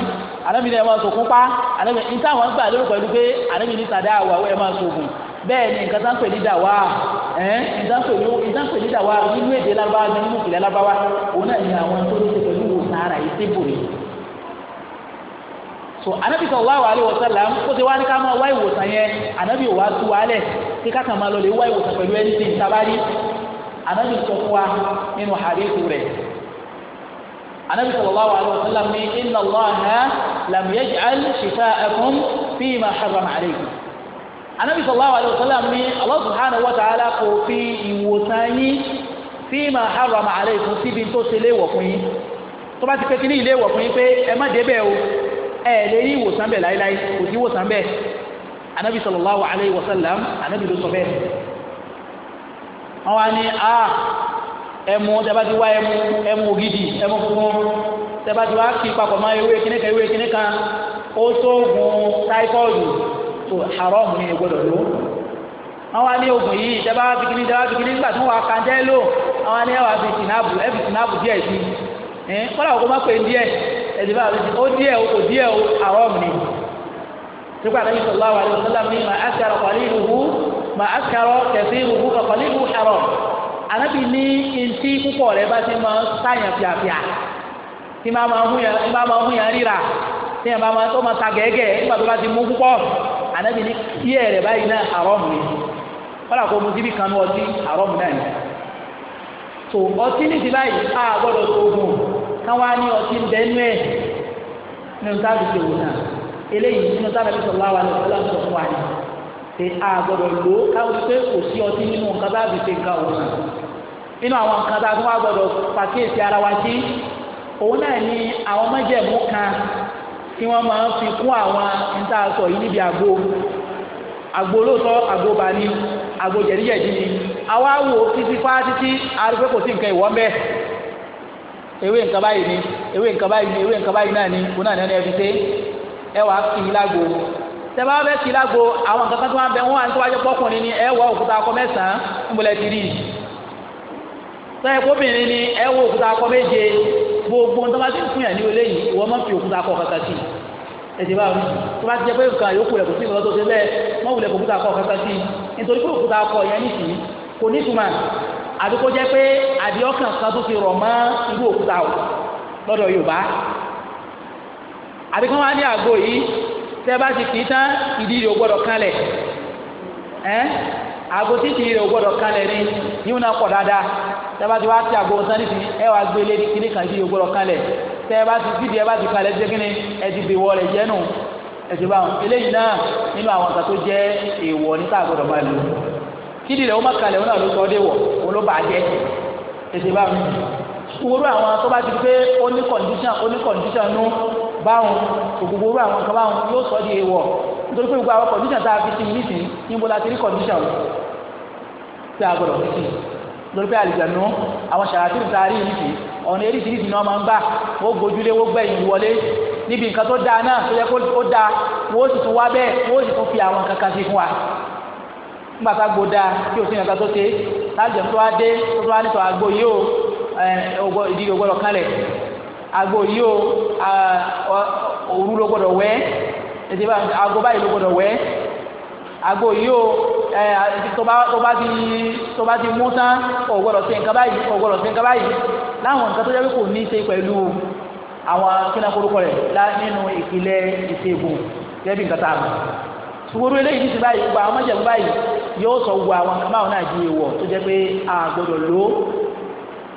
ànábì ní ẹ máa tó kúpa ànábì ní táwọn gbà lérò pẹ̀lú pé ànábì ní kàdáwà ẹ máa sóògùn bẹ́ẹ̀ ni nǹkan tá ń pè ní dàwa ẹ́ nǹkan pè ní dàwa nínú èdè lábáwá nínú ìpìlẹ̀ lábáwá òun náà ni àwọn tó ní ṣe simple ni so anabi sallallahu alayhi wa sallam kó ti wá ní ká máa wá ìwòsàn yẹn anabi ò wá tú wa lẹ̀ kí ká kàn máa lọ lè wá ìwòsàn pẹ̀lú ẹni tí ìta bá rí anabi sọ fún wa nínú hadithu rẹ̀ anabi sallallahu alayhi wa sallam ní inna allaha lam yaj'al shifa'akum fima harrama alaykum anabi sallallahu alayhi wa sallam ní allah subhanahu wa ta'ala kò fi ìwòsàn yín fima harrama alaykum síbi tó tó bá ti pé kíní ilé ìwọ̀ fún yín pé ẹ má débẹ̀ o ẹ lè rí ìwòsàn bẹ̀ láíláí kò sí ìwòsàn bẹ̀ anabi sallallahu alayhi wa sallam anabi ló sọ bẹ́ẹ̀ wọ́n wá ní a ẹmu tẹ́bá ti wá ẹmu ẹmu ògidì ẹmu funfun tẹ́bá ti wá kí papọ̀ mọ́ ewé kíníkan ewé kíníkan ó tó gun táíkọ́ọ̀dù tó haram ní ìgbọ́dọ̀ ló wọ́n wá ní oògùn yìí tẹ́bá bikini tẹ́bá bikini nígbà tí wọ́n wá kàńtẹ́ lò wọ́n wá ní ẹwà bìtìnàbù ẹbìtìnàbù díẹ̀ sí i ẹ kọ́lá òkú má pè ń díẹ̀ ẹ̀dì bá ó díẹ̀ ó kò díẹ̀ ó àrọ́ọ̀mù ni nípa àtàkì sọ̀lá wa ni sọ́lá mi mà ákàrọ̀ kọ̀lí ìhùhù mà ákàrọ̀ kẹ̀sí ìhùhù kọ̀lí ìhù àrọ̀ ànábì ní ntí púpọ̀ rẹ̀ bá ti máa ń sáyàn fìàfìà tí máa máa ń húyàn ríra tí yẹn bá máa tó ta gẹ́gẹ́ nígbà tó bá ti mú púpọ̀ ànábì ní kí ẹ̀rẹ̀ báyìí náà àrọ́ọ̀mù ni kọ́lá kó mu síbi kan ní ọtí àrọ́ọ̀mù náà ni tò ọtí ní ti báyìí á gbọ́dọ̀ tó káwá ní ọtí ń bẹ́ẹ̀ nú ẹ̀ nínú táàbù ti wò náà eléyìí nínú táàbù ti sọ̀rọ̀ àwọn ọ̀la ń sọ fún wa ni ṣe a gbọ́dọ̀ lò ó káwọ́ pé kò sí ọtí nínú nǹkan táàbù ti ga òun náà nínú àwọn nǹkan tá a tún wá gbọ́dọ̀ pàkíyèsí ara wa sí òun náà ni àwọn májẹ̀mú kan tí wọ́n máa ń fi kún àwọn níta sọ yìí níbi àgbo àgbo lóòótọ́ àgbo bá ní àgbo jẹ̀díjẹ̀dí ni àwa wò títí fá títí arúgbó kò sí nǹkan ìwọ́ mbẹ́ ewé nǹkan báyìí ni ewé nǹkan báyìí ni ewé nǹkan báyìí náà ni òun náà ní ẹni ẹbí ṣe ẹ wàá kì í lágbo tẹ́lá bẹ́ẹ̀ kì í lágbo àwọn nǹkan tó máa bẹ wọ́n àti wájú pọ́kùnrin ni ẹ wọ òkúta akọ mẹ́sàn-án ńbọ̀lẹ̀ ti rí kóbìnrin ni ẹ wọ òkúta akọ méje gbogbo tó ti fún yàn ní olé yìí ìwọ máa fi òkúta akọ kankan sí ẹ̀sìn bá rí tó bá ti jẹ́ pé nǹkan yòókù rẹ̀ kò sí ìrọ̀lọ́tò ṣe àbí kó jẹ́ pé àdìọ́kàn kan tó fi rọ̀ mọ́ irú òkúta o lọ́dọ̀ Yorùbá àbí kí wọ́n á ní àgbo yìí tẹ́ bá ti kì í tán ìdí rẹ̀ ò gbọ́dọ̀ kanlẹ̀ ẹ́ àgbo títì rẹ̀ ò gbọ́dọ̀ kanlẹ̀ ni yíwọ́n náà pọ̀ dáadáa tẹ́ bá ti wá ti àgbo tán nísìnyí ẹ wàá gbé lé kíní kan ìdí rẹ̀ ò gbọ́dọ̀ kanlẹ̀ tẹ́ bá ti títì ẹ bá ti kanlẹ̀ ṣe kíni ẹ ti bèwọ rẹ̀ jẹ́ nù ẹ ti bá wọn eléyìí náà nínú àwọn nǹkan tó jẹ́ èèwọ̀ ní káàgbọ́dọ̀ máa lò kíni rẹ̀ ó má kalẹ̀ ọ̀nà ló sọ ọ́ dé wọ̀ òun ló bà á jẹ́ ètè bá mi. wúrú àwọn tó bá ti pé ó ní kọ̀ǹdíṣàn ó ní kọ̀ǹdíṣàn nú báwọn òkùnkùn wúrú àwọn kan báwọn yóò sọ di èèwọ̀ nítorí pé gbogbo àwọn kọ̀ǹdíṣàn tá a fi sí i nísìnyí níbo la ti rí kọ̀ǹdíṣàn o tí a gbọ́dọ̀ fi sí nítorí pé àlìjànú àwọn ṣàràtìrì tá a rí ọ̀nà eríṣiríṣi ni wọ́n máa ń gbà wọ́n gbójúlé wọ́n gbẹ̀yìn wọlé níbi nǹkan tó dáa náà tó yẹ kó dáa wọ́n sì tún wá bẹ́ẹ̀ wọ́n sì tún fi àwọn kankan sí fún wa nígbà tá a gbó dáa tí o sì yàn ká tó ṣe lájọ tó a dé tó tó a nítọ̀ àgbo yìí o ọgbọ ìdílé gbọ́dọ̀ kalẹ̀ àgbo yìí o òru ló gbọ́dọ̀ wẹ̀ ètò ìbá àgbo báyìí ló gbọ́dọ̀ wẹ̀ àgbo yìí o tó bá ti tó bá ti mú tán o gbọ́dọ̀ ṣe nǹkan báyìí o gbọ́dọ̀ ṣe nǹkan báyìí láwọn nǹkan tó yẹ kó ní í ṣe pẹ̀lú àwọn kínákórúkọ rẹ̀ nínú ìpìlẹ̀ ìṣègùn gẹ́gẹ́ bí nǹkan tá a mọ̀. sùgbọ́n eléyìí ti báyìí gba àwọn mọ̀jẹ̀ báyìí yóò sọ wọ àwọn báwọn náà di èèwọ̀ tó jẹ́ pé a gbọ́dọ̀ lò ó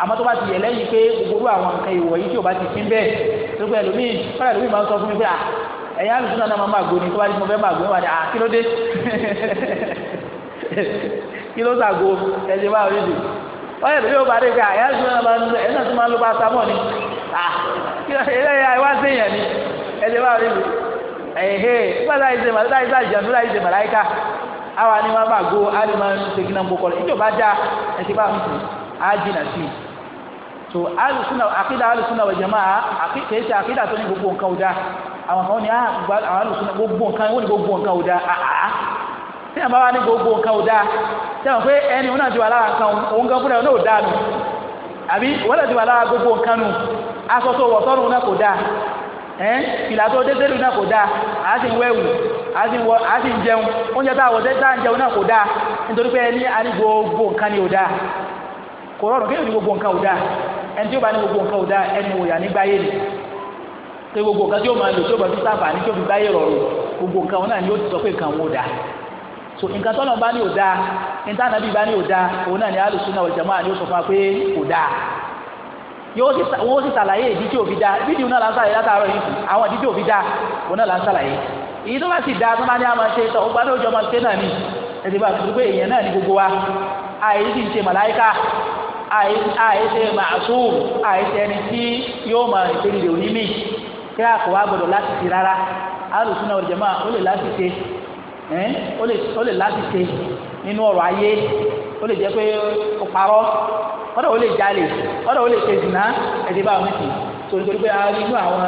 àmọ́ tó bá ti yẹ lẹ́yìn pé gbogbo àwọn nǹkan yìí tí bá ti fín bẹ́ẹ̀ tó pé ẹlòmíì fúnra ẹlòmíì máa ń sọ fún mi pé à ẹ̀yà àlùsùn náà máa máa gbóni tó bá ti mọ fẹ́ wà ní à kí ló dé kí ló rí wọ́n yẹ pé àyà àlùsùn náà máa ń máa ń ehe nígbà tá ìṣe màláìka tá ìṣe àjànú tá ìṣe màláìka ni wọn bá go àni máa segin náà ń bọkọ níjọ bá dá bá na so gbogbo nǹkan ò dá àwọn kan ní ah, àwọn alùsùnà gbogbo nǹkan ó ní gbogbo nǹkan ò dá àá ah, ah. tí àwọn bá wà ní gbogbo nǹkan ò wọn ti ala ẹ fìlà tó dé sẹ́lù náà kò dáa àá sì ń wẹ̀wù àá sì ń wọ àá sì ń jẹun oúnjẹ tá a wọ̀ tá ń jẹun náà kò dáa nítorí pé a ní gbogbo nǹkan ni ò dáa kò rọrùn kéèyàn ní gbogbo nǹkan ò dáa ẹni tí ó bá ní gbogbo nǹkan ò dáa ẹni wòyà ní gbáyé ni pé gbogbo nǹkan tí ó máa lò tí ó bá fi sáfà ní tí ó fi gbáyé rọrùn gbogbo nǹkan wọn náà ni ó ti so nǹkan bá ní ò dáa nǹkan bá ní ò dáa òun náà ni yóò sì ṣàlàyé ìdí tí ò fi da fídíò náà lásàlàyé látàárọ̀ yìí àwọn ìdí tí ò fi da òun náà lásàlàyé èyí tó bá sì da tó máa ní àmọ́ ṣe tọ́ ó gbádùn òjò ṣe náà ni ẹ̀sìn bá tó pé èèyàn náà ní gbogbo wa àyè sì ń ṣe màláìka àyè ṣe màṣú àyè ṣe ẹni tí yóò máa ìpele rè òní mì kí a kò wá gbọdọ̀ láti ṣe rárá alùsùn náà òjò ọ̀dọ̀ ó lè jalè ọ̀dọ̀ ó lè ṣe zìnà ẹ̀dẹ̀ bá wọn ti torí torí pé inú àwọn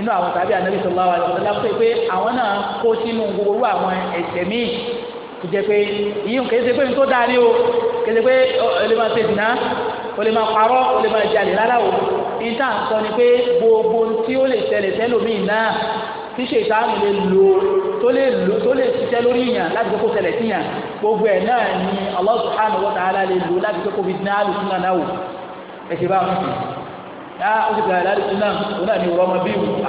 inú àwọn tàbí ànábì sallallahu alaihi wasallam pé àwọn náà kó sínú gbogbo àwọn ẹ̀ṣẹ̀ míì tó jẹ́ pé ìyín kìí ṣe pé ní tó dáa ní o kìí ṣe pé ó lè máa ṣe zìnà ó lè máa parọ́ ó lè máa jalè rárá o ìta sọ ni pé gbogbo tí ó lè ṣẹlẹ̀ sẹ́lòmíì náà tí ṣètàánù lè lò tó lè lò tó lè ṣiṣẹ́ lórí yàn láti kókó ṣẹlẹ̀ sí yàn gbogbo ẹ̀ náà ni Allah subhanahu wa ta'ala lè lò láti kókó fi dín àlùkù náà náà wò ẹ ṣe bá wọn fi á ó ti gbàgbé àlùkù náà òun náà ni ọmọ bí wù á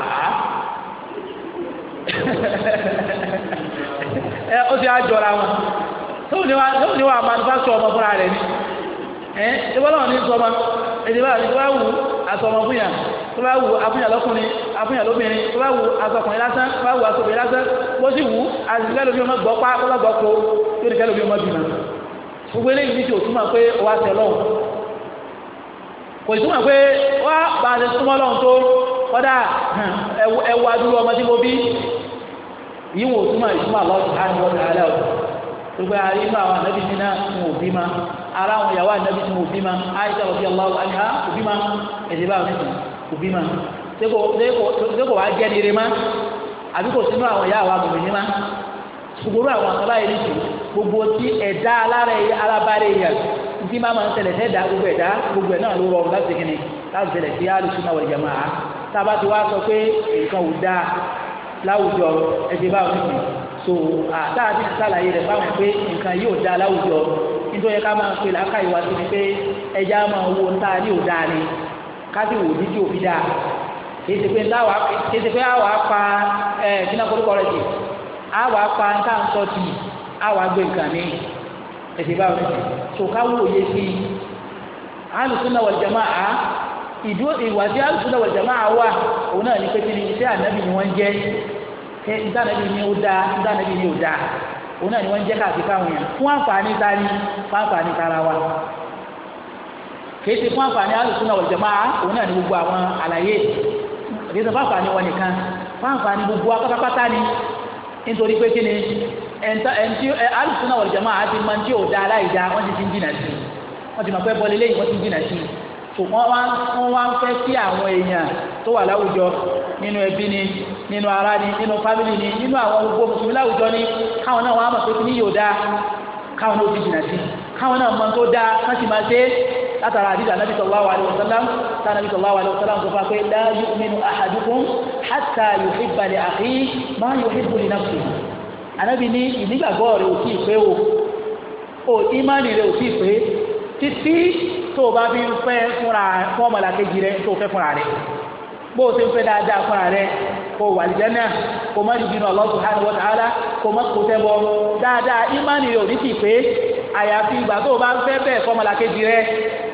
ẹ ó ti àjọra wọn tó ní wàá manufacture ọmọ fúnra rẹ ni ẹ ṣé bọ́lá wọn ní sọmọ èdè bá wù àtọmọ fún yàn tó bá wù afúnyàn lọ́kùnrin afúnyàn lóbìnrin tó bá wù asọkùnrin lásán tó bá wù asọkùnrin lásán bó sì wù àtìlẹ́ lómi ọmọ gbọ́ pa kó bá gbọ́ kó tó nìkẹ́ lómi ọmọ bìnnà gbogbo eléyìí ní ti òtúmọ̀ pé ó wá sẹ́ lọ́wọ́ kò ìtumọ̀ pé wá bá a ti súnmọ́ lọ́wọ́ tó kọ́dà ẹwà dúró ọmọ tí mo bí yìí wò túmọ̀ ìtumọ̀ Allah subhanahu wa o gbogbo àárín inú àwọn ànábì nínú àwọn òbí ma ara àwọn ìyàwó ànábì tí mo bí ma Aisha radiyallahu anha òbí ma ẹ̀dẹ̀ bá mi sùn kò bí ma seko wa jẹ́ nire ma àbí kò sínú àwọn ìyá àwọn agbègbè ní ma gbogbo àwọn àkàbà yìí nìyí gbogbo ti ẹ̀dá alára yìí alábàárẹ̀ yìí àti ntí máa ma ń tẹ̀lé ẹ̀dá gbogbo ẹ̀dá gbogbo ẹ̀ náà ló rọrùn láti kìnnì láti tẹ̀lé sí alùsùn náà wal jamaa tába ti wá sọ pé nǹkan ò dáa láwùjọ ẹ̀dẹ̀ báwọn nìyí so àtàdé sàlàyé rẹ̀ fáwọn pé nǹkan yìí ò dáa láwùjọ nítorí ká máa pè lákàyè wá sí ni pé ẹja máa wo ta ní ò dáa ni kábí wò ní tí o fi dá kéde pé ńlá wà kéde pé àwà pa ẹ kíná kórúkọ rẹ jẹ àwà pa ńká ńsọ tì àwà gbé nǹkan mi ẹsẹ báwo ni tó ká wò yé sí alùsùnà wal jamaa ìdúró ìwà tí alùsùnà wal jamaa wà òun náà ní pé kí ni iṣẹ́ ànábì ni wọ́n jẹ́ ṣé ìdánábì ni ó dáa ìdánábì ni ó dáa òun náà ni wọ́n jẹ́ káàkiri káwọn yẹn fún àǹfààní tani fún àǹfààní tara wa kì í ṣe fún àǹfààní alùsùnà wal jamaa òun náà ní gbogbo àwọn àlàyé kì í ṣe fún àǹfààní wọn nìkan fún àǹfààní gbogbo apátápátá ni nítorí pé kí ni ẹ̀ǹtí alùsùnà wal jamaa àti máa ń tí ò da aláìda wọ́n ti ti ń jìnà sí wọ́n ti máa fẹ́ bọ́lé lẹ́yìn wọ́n ti ń jìnà sí ṣùgbọ́n wọ́n wá ń fẹ́ kí àwọn èèyàn tó wà láwùjọ nínú ẹbí ni nínú ará ni nínú fámìlì ni nínú àwọn gbogbo mùsùlùmí láwùjọ ni káwọn náà wọ́n á mọ̀ pé kí ni yóò dáa káwọn náà ti jìnà sí káwọn náà mọ tó dáa ká sì máa ṣe látara àdìsí anábì sallallahu alaihi wasallam tá anábì sallallahu alaihi wasallam tó fà pé la yu'minu ahadukum hatta yuhibba li akhihi ma yuhibbu li nafsihi anábì ní ìnígbàgbọ́ rẹ̀ ò tíì pé o ò ìmánì rẹ̀ ò tíì pé títí tó o bá fi fẹ́ fúnra fún ọmọlàkejì rẹ̀ tó o fẹ́ fúnra rẹ̀ bó o ṣe ń fẹ́ dáadáa fúnra rẹ kó wà lìjánà kó má dìbìnú Allah subhanahu wa ta'ala kó má kó tẹ́ bọ́ dáadáa ìmánì rẹ ò ní ti pé àyàfi ìgbà tó o bá ń fẹ́ bẹ́ẹ̀ fọmọlàkejì rẹ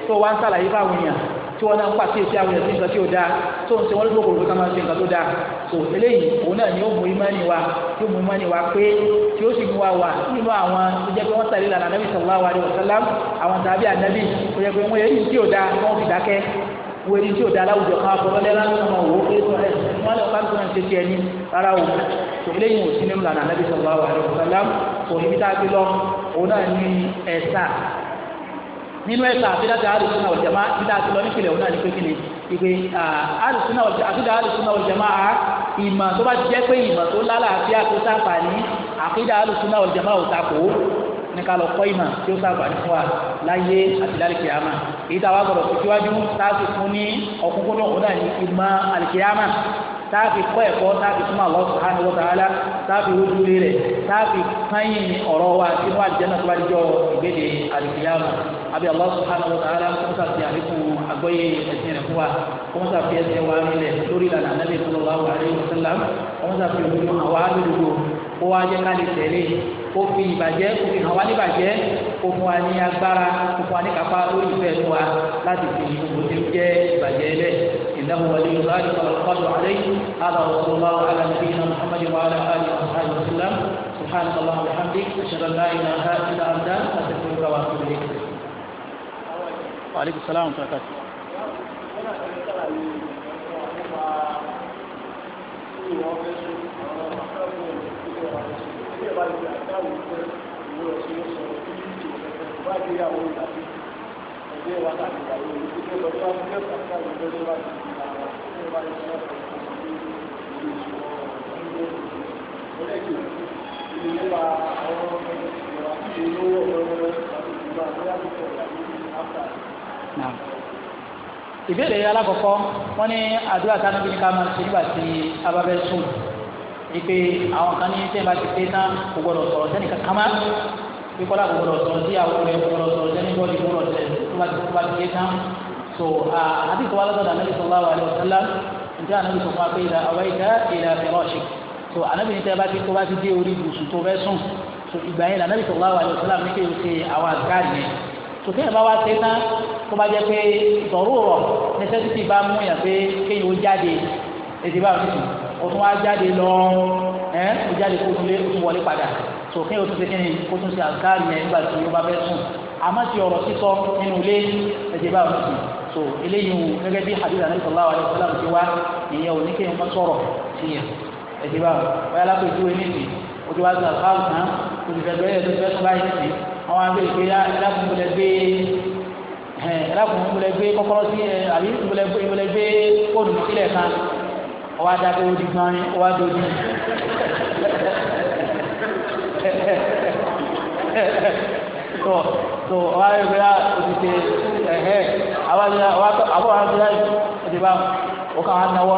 tó o wá ń sàlàyé fáwọn èèyàn tí wọn náà ń pàkíyèsí àwọn èèyàn sí nǹkan tí ó dáa tó ń ṣe wọn lójú òkòrò kan máa ń ṣe nǹkan tó dáa tó eléyìí òun náà ni ó mú ìmánì wa tí ó mú ìmánì wa pé tí ó sì mú wa wà nínú àwọn tó jẹ́ pé wọ́n tẹ̀lé lànà nàbì sallallahu alaihi wasallam àwọn tàbí ànábì tó jẹ́ pé wọ́n yẹ ní tí ó dáa wọ́n fi dákẹ́ wọ́n ẹni tí ò da aláwùjọ kan afọlọ́lẹ́ láti ọmọ òwò kí ẹ̀sọ́ ẹ̀ wọ́n lọ bá gbọ́n ṣe tiẹ̀ ní rárá o tó eléyìí wò sí nínú lànà anábì sọ̀rọ̀ àwọn àrẹ ọ̀sálá kò ní bí lọ òun náà ní ẹ̀sà nínú ẹ̀sà àfidàtà àlùsùnà ọ̀jẹ̀má bí lọ nípìnlẹ̀ òun náà ní pékinì ìpè àfidà àlùsùnà ọ̀jẹ̀má a ìmọ̀ tó bá jẹ́ pé ìmọ̀ tó lálàáfíà tó sáfà ní àfidà àlùsùnà ọ̀jẹ̀má ò takò ní ká lọ kọ́ ìmọ̀ tí ó sábà ní wa láyé àti lálẹ́kẹ̀ẹ́ àmà èyí tá a wá gbọ́dọ̀ fi síwájú táàbì fún ní ọ̀kúnkún náà ó dà ní ìmọ̀ àlẹ́kẹ̀ẹ́ àmà táàbì kọ́ ẹ̀kọ́ táàbì fún Allah subhanahu wa ta'ala táàbì rojú rí rẹ̀ táàbì kányìn ọ̀rọ̀ wa sínú àlìjẹ́nà tó bá jọ ìgbéde àlẹ́kẹ̀ẹ́ àmà àbí Allah subhanahu wa ta'ala kó sà kó fi ìbàjẹ́ kó fi hàn wá níbàjẹ́ kó fún wa ní agbára kó fún wa ní kápá lórí ìfẹ́ fún wa láti fi gbogbo tí ó jẹ́ ìbàjẹ́ lẹ̀ ìnáwó wọlé yorùbá àdìgbò ọ̀pọ̀lọpọ̀ àlẹ́ àlọ́ ọ̀sọ̀lọ́ alàmì سبحانك اللهم وبحمدك اشهد ان لا اله الا انت استغفرك واتوب اليك وعليكم السلام ورحمه الله وبركاته ìbéèrè alákọ̀ọ́kọ́ wọ́n ní àdúrà tánábì ní ká máa ṣe nígbà tí a bá fẹ́ sùn ipe àwọn kan ní sẹ́yìn bá ti pé tán kò gbọdọ̀ sọ̀rọ̀ sẹ́ni kankan má bí kọ́lá kò gbọdọ̀ sọ̀rọ̀ sí àwọn rẹ̀ kò gbọdọ̀ sọ̀rọ̀ sẹ́ni bọ́ọ̀lì kò gbọdọ̀ sẹ́ni tó bá ti tó bá ti pé tán so àti tó wá lọ́dọ̀ ànábì sallallahu alaihi wasallam njẹ́ ànábì sọ fún wa pé ìlà ọ̀wá ìdá ìlà fẹ́rọ̀ṣì so ànábì ní tẹ́lẹ̀ bá ti tó bá ti dé orí ibùsùn tó fẹ́ sùn so ìgbà yẹn ànábì sallallahu alaihi wasallam ní kéwòn ṣe àwọn àgbà yẹn so kéèyàn bá wá ṣe tán tó bá jẹ́ pé ìtọ̀rú rọ̀ necessity o tún wá jáde lọ ẹ o jáde kó tún lé o tún wọlé padà tó kéwòn tó ṣe kí ni kó tún ṣe àgárì yẹn nígbà tí o bá fẹ́ sùn àmọ́ ti ọ̀rọ̀ sísọ nínú ilé ẹ̀jẹ̀ bá wọn sùn so eléyìí wò gẹ́gẹ́ bí hadith anabi sallallahu alayhi wa sallam ti wá ìyẹn ò ní kéwòn mọ́ sọ̀rọ̀ sí yẹn ẹ̀jẹ̀ bá wọn yálà pé ìdúró níbi ojú wa sọ àgbà kan olùfẹ̀dọ̀ yẹn tó fẹ́ tó báyìí sí àwọn abẹ́rẹ́ pé ah, ẹlẹ́kùnrin gbé ẹlẹ́kùnrin gbé kọ́kọ́rọ́ sí àbí ìgbẹ́lẹ́gbé fóònù sílẹ̀ kan ọwọ́ adágbé ó di ah, gan ni ọwọ́ adó di tó tó ọwọ́ ayẹyẹ bá òtítẹ ẹ̀hẹ́ àwọn àwọn àbúrò ẹ̀dí bá o kà wá náwó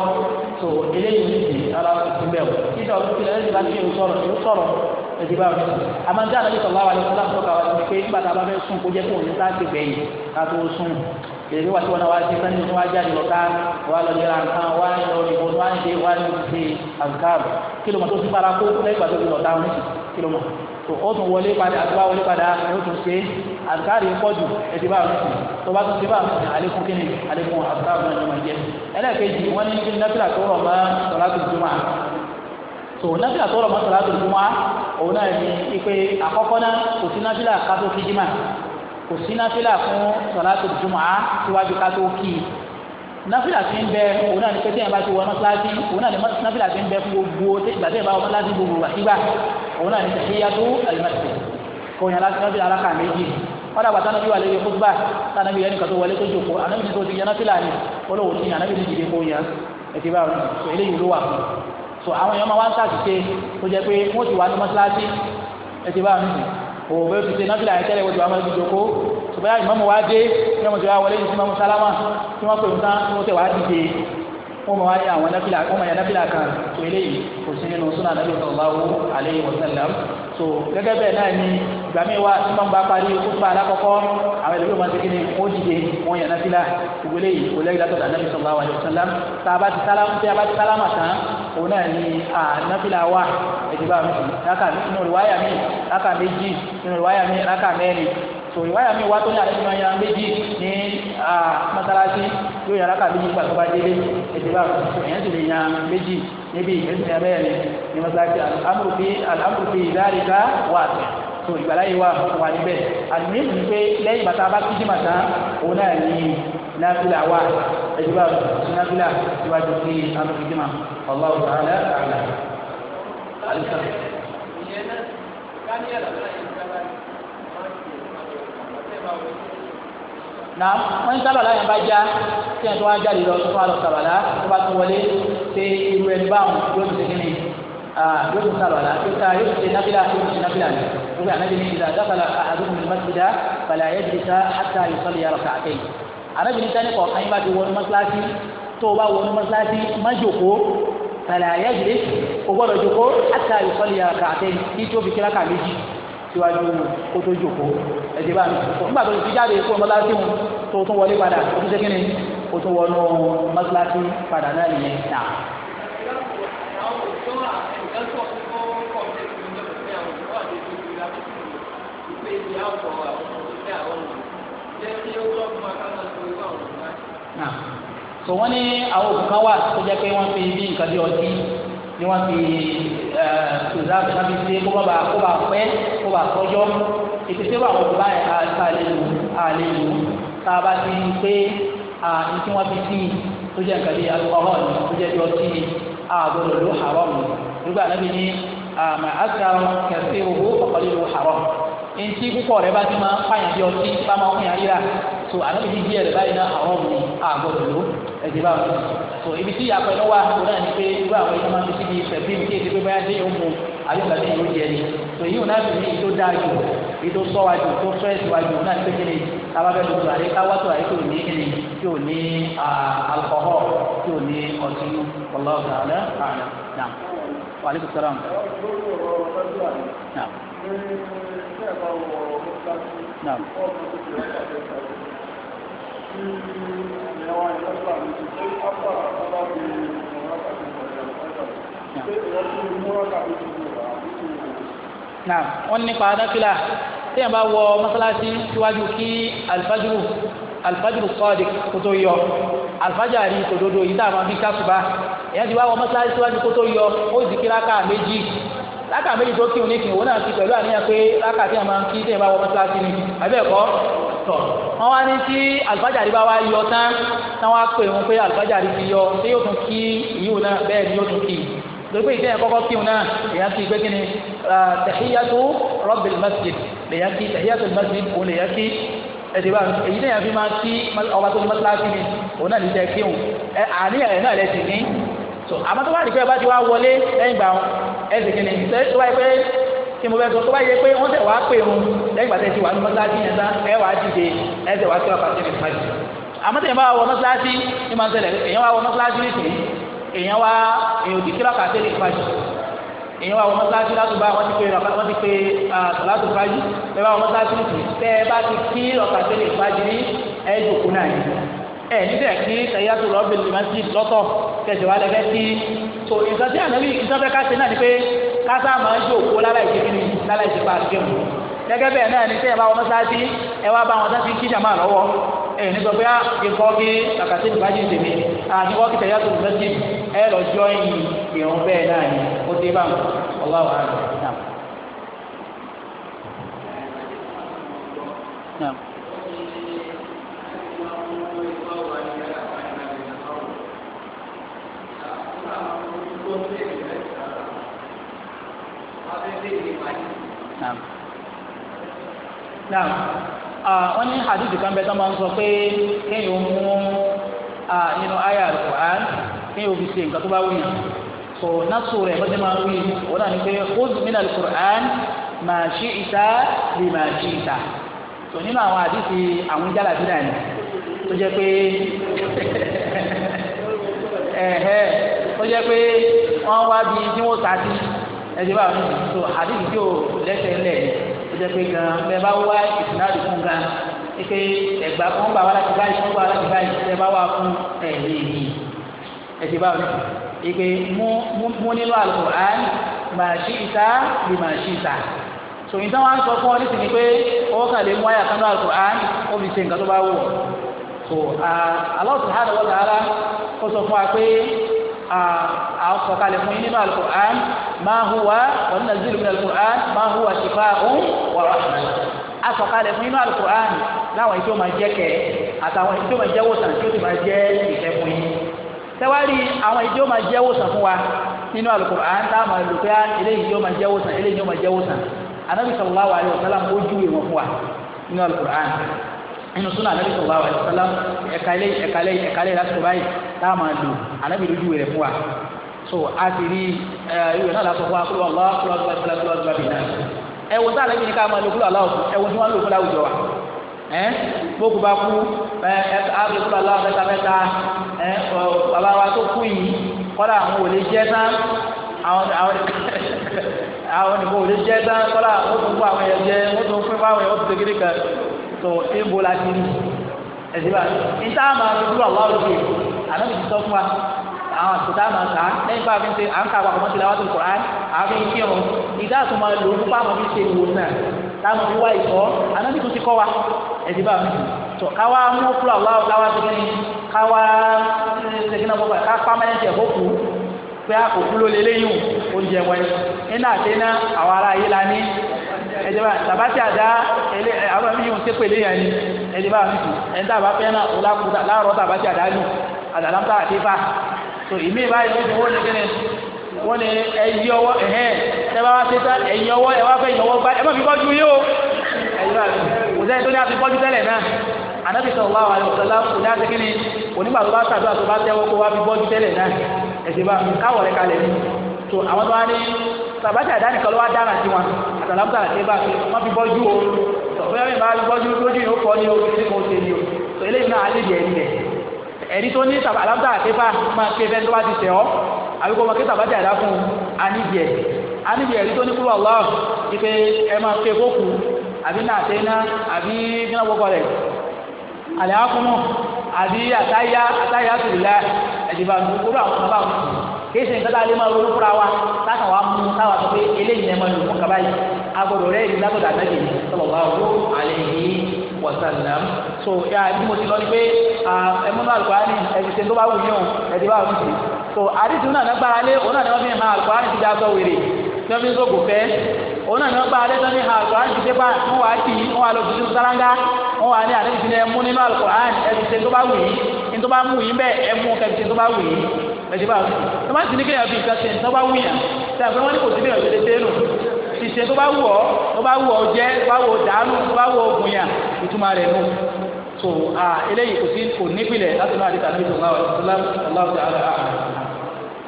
tó eléyìí ní ti ara ìpínlẹ̀ o títà o títà ẹ̀dí bá tiẹ̀ sọ̀rọ̀ yóò sọ̀rọ̀ ẹ̀dí bá mi àmọ́ ní àná yìí sọ̀rọ̀ àwọn àlejò sọ̀rọ̀ àwọn àlejò pé nígbà tá a bá fẹ́ sùn kó jẹ́ kó o ní sáà ti gbẹ̀yìn ká tó sùn lèyìn wá tí wọn náà wá sí sani tí wọn jáde lọ ká wọn lọ yẹra nǹkan wọn ní lọ ìbò wọn ní wọn ní ti àǹkàrò kí ló mọ tó ti fara kó lẹ́yìn ìgbà tó ti lọ wọn nísì kí tó o tún wọlé padà àtúwá wọlé padà o tún ṣe àǹkàrò yìí pọ̀ jù ẹtì bá wọn nísì tó bá tún ṣe bá wọn nísì àlékún kíni àlékún àǹkàrò náà ni wọn jẹ ẹlẹ́ẹ̀kejì wọn ní kí nàfìlà tó rọ̀ mọ́ sọ̀rọ̀ so nabila tọrọ masalaatu juma òun náà ní ipe àkọ́kọ́ o kò sí nabila kátó fi kò sí náfìlà fún sọ̀látò jùmọ̀ á síwájú ká tó kí i náfìlà ti ń bẹ òun náà ní pété yẹn bá ti wọ mọ́sálásí òun náà ní náfìlà ti ń bẹ fún gbogbo ìgbà tí yẹn bá wọ mọ́sálásí gbogbo wà sígbà òun náà ní tahiyatu al-masjid kò yàn láti náfìlà alákà méjì kọ́dà bàtà nàbí wà lórí khutbah tànàbí yẹn nìkan tó wọlé tó jòkó ànábì tó ti yẹn náfìlà ni olówó ti yàn ànábì ti dìde kó yàn ẹ̀tì báwọn sọ eléyìí ló wà fún so àwọn èèyàn máa wá ń sàṣìṣe tó jẹ pé wọ́n ti wà ní mọ́sálásí ẹ̀tì báwọn nìyí òwò bẹ́ẹ̀ fi ṣe náfìlà yẹn tẹ́lẹ̀ wọ́n ti jókòó ṣùgbọ́n ìmáàmù wa dé ní ọmọ ìjọba wọlé yìí sí mọ́mú sálámà tí wọ́n pè ń tán tí wọ́n tẹ̀ wá dìde wọ́n mọ̀ wáyé àwọn náfìlà kan tó eléyìí kò sí nínú súnà nábì sallallahu alaihi wasallam so gẹ́gẹ́ bẹ́ẹ̀ náà ni ìgbà míì wá tí wọ́n bá parí kúpa alákọ̀ọ́kọ́ àwọn ẹlẹ́gbẹ́ máa ń segin ní wọ́n dìde wọ́n yànnà sílá ìwé lẹ́yìn kò lẹ́yìn látọ̀dọ̀ anábì sallallahu alaihi wasallam tá a bá ti sálámù tí a bá ti sálámù tán òun náà ni ànáfìlà wà ẹ̀dìbà mi rákà nínú ìwáyà mi rákà méjì nínú ìwáyà mi rákà mẹ́rin so ìwáyà mi wá tó ní àlejò máa yára méjì ní mọ́sálásí yóò yára kà méjì nígbà tó bá délé ètò ìbá èèyàn sì lè yan méjì níbi ìgbésìn abẹ́rẹ́ ní mọ́sálásí alámùrùbí alámùrùbí ìdáríkà wà tẹ̀ so ìgbàláyé wa wà níbẹ̀ àdìmí ní pé lẹ́yìn bàtà bá kíjì màtá òun náà ní náfìlà wà ètò ìbá náfìlà síwájú sí alámùrùbí mà Allah ta'ala Daniel na wọ́n ní sábàlá yẹn bá já tí yẹn tó wá jáde lọ tó wá lọ sábàlá tó bá tún wọlé ṣe irú ẹni báwọn yóò ti segin ní yóò tún sábàlá yóò ti ṣe nábìlà yóò ti ṣe nábìlà ní gbogbo ànábi ní ìdá dákàlà àdúgbò ní masjidá balẹ̀ ayé ti sá hàtà ìsọ̀lì yàrá kàkẹ́ yìí ànábi ní sani kọ̀ọ̀kan yín bá ti wọnú mọ́sálásí tó o bá wọnú mọ́sálásí má jòkó balẹ̀ ayé ti o gbọ́dọ̀ jòkó hàtà ìsọ̀lì yàrá kàkẹ́ yìí kí tó kíláka méjì síwájú kó tó jòkó ẹ̀jẹ̀ bá mi nígbà tó ti jáde kó mọ́láṣí mu tó tún wọlé padà ó tún ṣe kíni ó tún wọnú mọ́láṣí padà náà nìyẹn nà. so wọ́n ní àwọn òkú kan wà tó jẹ́ pé wọ́n fi bí nǹkan bí ọtí ni wọ́n fi ṣòdà àbẹ̀tà fi ṣe kó bá kó bá pẹ́ kó bá tọ́jọ́ ìpèsè wà wọ́n bá àlè lò àlè lò tá a bá ti rí pé àti wọ́n fi sí tó jẹ́ nǹkan bí alcohol tó jẹ́ bí ọtí àgbọ̀dọ̀ ló haram nígbà náà bí ní àmà àti àwọn kẹfẹ́ owó ọ̀pọ̀lọpọ̀ haram ntí púpọ̀ rẹ bá ti máa ń pààyàn bí ọtí bá máa ń pààyàn rírà so àná ibi díẹ̀ rẹ báyìí náà àwọn ọ̀hún àgbọ̀dọ̀ ló ẹ̀jẹ̀ bá wọn so ibi tí ìyàpẹ̀ náà wà tó náà ni pé irú àwọn ẹ̀jẹ̀ máa ń fi síbi pẹ̀lú kí èdè pé báyà dé yóò mú àbí ìgbà tí yóò jẹ ni so èyí ò náà sì ní èyí tó dáa jù èyí tó sọ wájú tó fẹ́ síwájú náà ní pékeré káwá bẹ́ẹ̀ lóṣù àrí káwá tó àrí tó ní kíni tí ò ní alcohol tí ò ní ọtí ọlọ́ọ̀gá alẹ́ àná náà wàlẹ́kùsọ́rọ̀ náà. Naam. Naam. Wọ́n nípa adáfílà téèyàn bá wọ mọ́sálásí síwájú kí alfajiru alifájúrù sọ́ọ̀dì kó tó yọ alifájàrí tòdodo yìí dáhùn àbí kásùbà èèyàn ti wá wọ mọ́sálásí síwájú kó tó yọ ó sì kíráká méjì rákà méjì tó kírun nísìnyí òun náà ti pẹ̀lú àníyàn pé rákà tí a máa ń kí tẹ̀yìn bá wọ mọ́sálásí ni àbẹ́ẹ̀kọ́ tọ̀ wọ́n wá ní tí àlùfájàrí bá wá yọ tán tán wá pè wọn pé àlùfájàrí ti yọ tí yóò tún kí ìyíwò náà bẹ́ẹ̀ ni yóò tún kì í lórí ìtẹ́yìn kọ́kọ́ kí wọn náà èèyàn ti gbé kí ni tẹ̀híyàtú rọ́bìl masjid lèyàn kí tẹ̀híyàtú masjid kí ẹ̀dìbà èyí ẹsẹ̀ kìíní tó bá yẹ pé kí mo bẹ sọ tó bá yẹ pé wọ́n tẹ̀ wá pè wọn lẹ́yìn pàtẹ́ ti wà ní mọ́sálásí yẹn tán ẹ wàá dìde ẹsẹ̀ wàá kí wọ́n pàṣẹ ní ìfàjì àmọ́ tẹ̀yìn bá wọ mọ́sálásí ní máa ń ṣẹlẹ̀ èèyàn wá wọ mọ́sálásí ní ìsìn èèyàn wá èèyàn òdì kíláà pàṣẹ ní ìfàjì èèyàn wá wọ mọ́sálásí látùbá wọ́n ti pé wọ́n ti pé sọ̀látù fàjì tẹ̀ bá wọ mọ́sálásí ní ìsìn tẹ́ ẹ bá ti kí ọ̀pàṣẹ ní ìfàjì ní ẹ̀ẹ́dùkú náà yìí ẹ níbẹ̀ kí tẹ̀yàtò lọ́ọ́ bẹ̀rẹ̀ mẹ́sì lọ́tọ̀ kẹsì wa lẹ́fẹ́ sí so nǹkan tí ànábì nǹkan fẹ́ ká ṣe náà ni pé kásá máa ń jòkó láláì ṣe kí ni láláì ṣe gẹ́gẹ́ bẹ́ẹ̀ náà ni sẹ́yìn bá wọn mọ́sáàtì ẹ wá bá wọn sáàtì kí jàmáà lọ́wọ́ ẹ ní sọ pé á ah, kíkọ́ kí kàkàtì ìbájú tèmi àkíkọ́ kí tẹ̀yàtò mẹ́sì ẹ lọ jọ ìyìn ìrún bẹ́ẹ̀ náà náà náà ah, wọ́n ní hadith kan bẹ́ẹ̀ tó máa ń sọ pé kéèyàn mú ah, nínú àyà quran kéèyàn fi ṣe nǹkan tó bá wúyàn so nasu rẹ̀ bọ́jẹ́ máa ń wí wọ́n náà ní pé khudh min al-Qur'an ma shi'ta bima shi'ta so nínú àwọn hadisi àwọn jálàbí náà ni tó jẹ́ pé ẹ̀hẹ́ tó jẹ́ pé wọ́n wá bí tí wọ́n sá sí ẹdí bá wọn tó àdìsí tó lẹsẹ lẹ ó jẹ pé gan bẹ́ẹ̀ bá wá ìsìnàdì fún gan ike ẹgbà fún bàbá láti báyìí fún bàbá láti báyìí bẹ́ẹ̀ bá wá fún ẹyẹ yìí ẹdí bá wọn ike mú nínú Al-Qur'an màá ṣí ìta bí màá ṣí ìta sòyìn táwọn á sọ fún ọ ní sinmi pé ọwọ́ kan lè mú àyà kan náà Al-Qur'an ó fi ṣe nǹkan tó bá wù ọ so Allah subhanahu wa ta'ala kó sọ fún wa pé àkọkalẹ̀ fún yín nínú alukur'an máa huwa wọn nà zílù nínú alukur'an máa huwa ṣìfà òun wà rahman àkọkalẹ̀ fún yín nínú alukur'an láwọn ètò máa jẹ́ kẹ́ àtàwọn ètò máa jẹ́ wòsàn tí ó sì máa jẹ́ ìfẹ́ fún yín tẹwárí àwọn ètò máa jẹ́ wòsàn fún wa nínú alukur'an táwọn máa lò pé ah, eléyìí yóò máa jẹ́ wòsàn eléyìí yóò máa jẹ́ wòsàn anabi sallallahu alayhi wa sallam ó júwe wọn fún wa nínú alukur'an nínú sunan anabi sallallahu wa sallam ẹ̀ka ilé ẹ̀ka ilé lásìkò báyìí tá a máa lò ànábì lójú rẹ̀ fún wa so a ti rí ìwé náà lásán fún wa kúlọ̀ ọ̀lá kúlọ̀ ọ̀gbà kúlọ̀ ọ̀gbà kúlọ̀ ọ̀gbà náà ẹ wo tá ànábì ní ká máa lò kúlọ̀ ọ̀lá ọ̀tún ẹ wo tí wọ́n lò fún láwùjọ wa ẹ gbókù bá kú ẹ ẹ ábí kúlọ̀ ọ̀lá mẹ́ta mẹ́ta ẹ bàbá wa tó kú yìí kọ́lá àwọn ò lè jẹ́ tán àwọn àwọn àwọn nìkan ò lè jẹ́ tán kọ́lá ó tún fún àwọn èèyàn jẹ ó tún fún àwọn èèyàn ó tún tẹ̀gídé kan tó ń bo la ti rí ẹ̀sìn bá ní táwọn máa fi kúlọ̀ ọ̀lá ọ̀tún ànábì ti sọ fún wa àwọn àtúntà máa kà á lẹ́yìn bá a fi ń ṣe à ń kà àwọn ọmọdé láwọn tó kọ̀ á àwọn fi ń kí ọ̀hún ìdá tó máa lò fún fáwọn fi ṣe ìwòsàn táwọn fi wá ìfọ́ ànábì tó ti kọ́ wa ẹ̀dí bá mi tọ káwa mú fúlọ̀ wá káwa ṣẹ́gi káwa ṣẹ́gi náà bọ́ba ká pámẹ́ntì ẹ̀ fọ́kù pé àkókò ló lélẹ́yìn oúnjẹ wọn iná àti iná àwọn ará yìí la ní ẹ̀jẹ̀ bá tàbá tí a ele ẹlẹ́ àwọn ẹ̀mí yóò ṣépè léyà ni ẹ̀jẹ̀ bá nìkú ẹ̀ ń tàbá fẹ́ náà ọ̀la kú láàárọ̀ tàbá tí a dá lù àdàlám tá a ti fa tó ìmí báyìí ló ti wọ́n ní kíni wọ́n ní ẹ̀yí ọwọ́ ẹ̀hẹ́n ẹ bá wá ṣe tán ẹ̀yí ọwọ́ ẹ wá fẹ́ ìyọwọ́ gbá ẹ má fi kọ́jú yìí o ẹ̀yí bá kò sẹ́ni tó ní àfi kọ́jú tẹ́lẹ̀ náà ànábì sallallahu alaihi wasallam kò ní àti kíni onígbà tó bá ṣàdúrà tó bá tẹ́wọ́ kó wá fi bọ́jú tẹ́lẹ̀ náà ẹ̀sìn bá káwọ̀ rẹ̀ kalẹ̀ ni tó àwọn tó wá ní tàbátì àdánìkan ló wá dára sí wọn àtàlámùtà àti ẹbá fi wọn fi bọ́jú o tọ̀fẹ́ mi máa fi bọ́jú lójú yìí ó fọ́ ní o ní mo ṣe ní o tó eléyìí náà lè jẹ ẹni rẹ̀ ẹni tó ní àtàlámùtà àti ẹbá máa ṣe fẹ́ni tó bá ti tẹ̀ ọ́ àbíkó ọmọ kí tàbátì àdá fún anídìẹ anídìẹ ẹni tó ní kúrò ọlọ́ọ̀ ti pé ẹ máa fi kókù àbí náà tẹ́ iná àbí gíná wọ́kọ rẹ̀ àlẹ́ àkúmọ̀ àbí àtáyá àtáyá tùlá ẹ̀dìbà nù kúrò àwọn ọmọ báwọn kìí ṣe nǹkan tá a lè máa ronú fúnra wa láti wàá mú táwa sọ pé eléyìí ni ẹ máa lò fún kaba yìí agbọ́dọ̀ rẹ yìí látọ̀dọ̀ àtàkì sallallahu alayhi wa sallam so yà bí mo ti lọ ni pé ẹmúnú alukurani ẹbí ṣe tó bá wù yín o ẹbí bá wù sí so àdìsí náà ní agbára lé òun náà ni wọn fi hàn alukurani ti dá sọ wèrè tí wọn fi ń sọ gòfẹ òun náà ni wọn bá alẹ́ tán hàn alukurani ti dépà wọn wàá tì í wọn wàá lọ tuntun sálángá wọn wàá ní àdìsí ni ẹmú nínú alukurani ẹbí ṣe tó bá wù yín ní tó bá mú yín bẹ́ẹ̀ ẹmú kẹbí ẹ̀jẹ̀ bá wù tó bá ti ní kéèyàn fi nǹkan ṣe tó bá wùyàn tí a fẹ́ wọ́n ní kò sí bí ọ̀sẹ̀ ṣe nù ṣiṣẹ́ tó bá wù ọ́ tó bá wù ọ́ jẹ́ tó bá wù ọ́ dànù tó bá wù ọ́ gùnyàn ìtumọ̀ rẹ̀ nù so eléyìí kò sí kò nípìnlẹ̀ láti máa di tàbí ìṣòwò àwọn ìṣòwò aláwọ̀ tí a lọ àhàn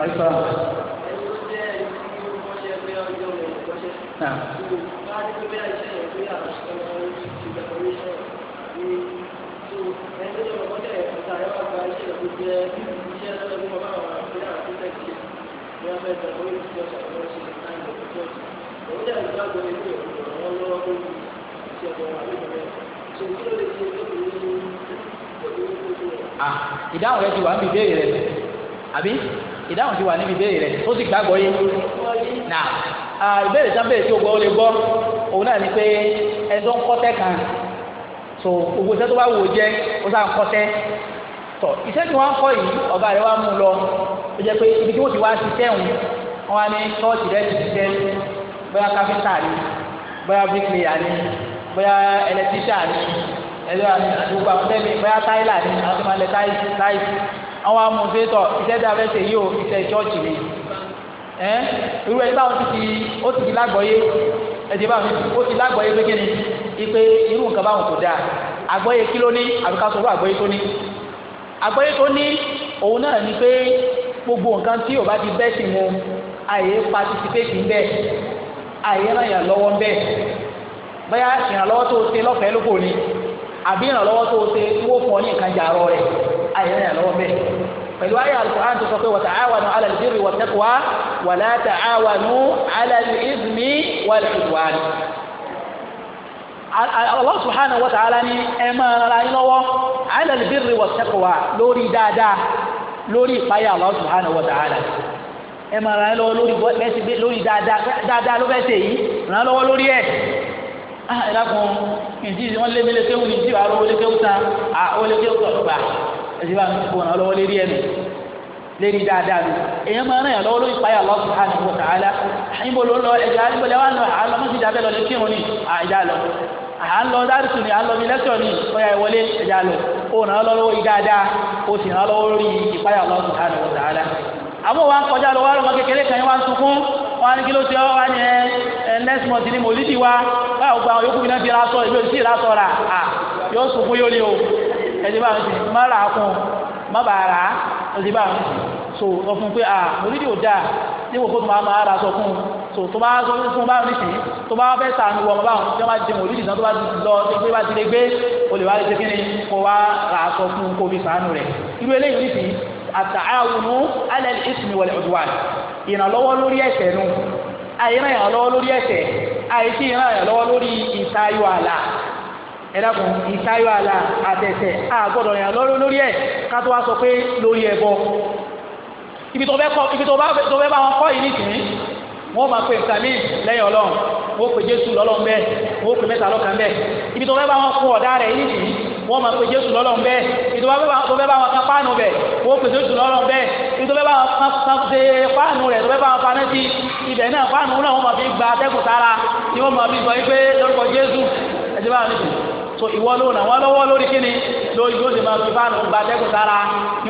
àìsàn. Yeah. fẹ́ sọ pé ìjọ sọ̀rọ̀ ṣe ní káyọ̀ ìjọ òun dẹ̀ ìjọ àgbọ̀ ilé ìrànwọ́ lọ́wọ́ lórí iṣẹ́ ọ̀gbọ̀n wà lórí rẹ̀ ṣe kí ló lè ṣe tóbi ní tóbi ní tóbi rẹ̀. ìdáhùn rẹ ti wà níbi ìbéèrè rẹ àbí ìdáhùn ti wà níbi ìbéèrè rẹ ó sì gbàgbọ́ yé nà ìbéèrè sábẹ́ tí o gbọ́ ó lè gbọ́ òun náà ni pé ẹjọ́ ń kọ́tẹ́ kan so gbogbo iṣẹ́ tó bá wò jẹ́ ó sá ń kọ́tẹ́ tọ̀ iṣẹ́ tí wọ́n ń kọ́ yìí ọba rẹ̀ wá mú un lọ ó jẹ́ pé ibi tí wọ́n ti wá ṣiṣẹ́ òun wọ́n wá ní ṣọ́ọ̀ṣì rẹ̀ ti ṣiṣẹ́ bóyá káfíńtà ni bóyá bíríkìlìyà ni bóyá ẹlẹtíṣà ni ẹlẹ́wà ni àdúgbò àkútẹ́mi bóyá táìlà ni àwọn tó máa lẹ táìsì àwọn amòfẹ́tọ̀ iṣẹ́ tí a fẹ́ ṣe yìí o iṣẹ́ ṣọ́ọ̀ṣì ni ẹ́ irú ẹ̀ táwọn ti ti ó ti ti lágbọ́yé ẹ̀jẹ̀ bá mi ó ti lágbọ́yé pé kí ni ipe irú nǹkan báwọn kò dáa àgbọ́yé kí ló ní àbíká sọ̀rọ̀ tó ní àgbọ́yé tó ní òun náà ni pé gbogbo nǹkan tí ò bá ti bẹ́ sí mu àyè patisipéètì ń bẹ̀ àyè ràn yàn lọ́wọ́ ń bẹ̀ bóyá ìrànlọ́wọ́ tó o ṣe lọ́fẹ̀ẹ́ lóko ni àbí ìrànlọ́wọ́ tó o ṣe tí wọ́n fún ọ ní nǹkan jà rọ rẹ̀ àyè ràn bẹ̀ pẹ̀lú ayé alukur'an tó sọ pé wọ́n ta'awanu ala al-birri wat-taqwa wala ta'awanu ala al-ithmi Allah subhanahu wa ta'ala ní ẹ máa rárá yín lọ́wọ́ ala albirri wattaqwa lórí dáadáa lórí ìpáyà Allah subhanahu wa ta'ala ẹ máa rárá yín lọ́wọ́ lórí dáadáa ló fẹ́ ṣe yìí rárá lọ́wọ́ lórí ẹ̀ ah, ẹlẹ́kùn ìdí wọn lé mi lékeu ní ìdí àrò lékeu tán à ó lékeu tọ̀ gbà ẹ̀sìn bá mi kó ọ̀nà lọ́wọ́ lérí ẹ̀mí lérí dáadáa mi èèyàn máa ń ràn yàn lọ́wọ́ lórí ìpayà Allah subhanahu wa ta'ala ìbò ló lọ ẹ̀jẹ̀ àìbò lẹ́wà lọ àlọ́ mọ́sídàá bẹ́ẹ̀ lọ lékeu ní àìdá lọ à lọ dárìsù ni lọ bí lẹ́sọ̀ ni ọ̀yà ìwọlé ẹ̀já lọ ó ràn lọ́wọ́ yìí ó sì ràn lọ́wọ́ lórí ìpáyà Allahu subhanahu wa wa ń kọjá lọ wá lọ́mọ kékeré kan wá ń sunkún wọn ní kí ló ti o so sọ fún pé ah mòlídìí ò dáa níwò kó tó máa máa ra sọ fún un so tó bá sọ fún un báwọn nísìnyí tó bá fẹ́ sàánú wọn báwọn tí wọ́n bá di mòlídìí náà tó bá lọ pé bá ti lè gbé olè wá lè ṣe kíni kó wá ra sọ fún un kó fi sàánú rẹ̀ irú eléyìí nísìnyí àtàwùnú alẹ́ ìsìnmi wọlé ọ̀dùwà ìrànlọ́wọ́ lórí ẹ̀ṣẹ̀ nù àìràn ìrànlọ́wọ́ lórí ẹ̀ṣẹ̀ àìsí ìran ìrànlọ́wọ́ lórí ìtayọ àlà ẹ̀dàkùn ìtayọ àlà àtẹ̀tẹ̀ àgbọ̀dọ̀ ìrànlọ́wọ́ lórí ẹ̀ ká tó wá sọ pé lórí ẹbọ ibi tó bẹ́ kọ́ ibi tó bẹ́ bá wọn kọ́ yìí nìsín wọ́n máa pe nǹkan míì lẹ́yìn ọlọ́run wọ́n pe jésù lọ́lọ́run bẹ́ẹ̀ wọ́n pe mẹ́ta lọ́kàn bẹ́ẹ̀ ibi tó bẹ́ bá wọn kún ọ̀dá rẹ̀ yìí nìsín wọ́n máa pe jésù lọ́lọ́run bẹ́ẹ̀ ibi tó bẹ́ bá wọn kan páànù bẹ́ẹ̀ wọ́n pe jésù lọ́lọ́run bẹ́ẹ̀ ibi tó bẹ́ bá wọn kan ṣe páànù rẹ̀ tó bẹ́ bá wọn paná sí ibẹ̀ náà páànù náà wọ́n máa fi gba atẹ́gùn sára ni wọ́n máa fi sọ pé lórúkọ jésù ẹ̀jẹ̀ bá wọn nìsín so ìwọ ló ràn wọn lọ́wọ́ lórí kíni lórí yóò ṣe máa fi báàlù gba atẹ́gùn sára ni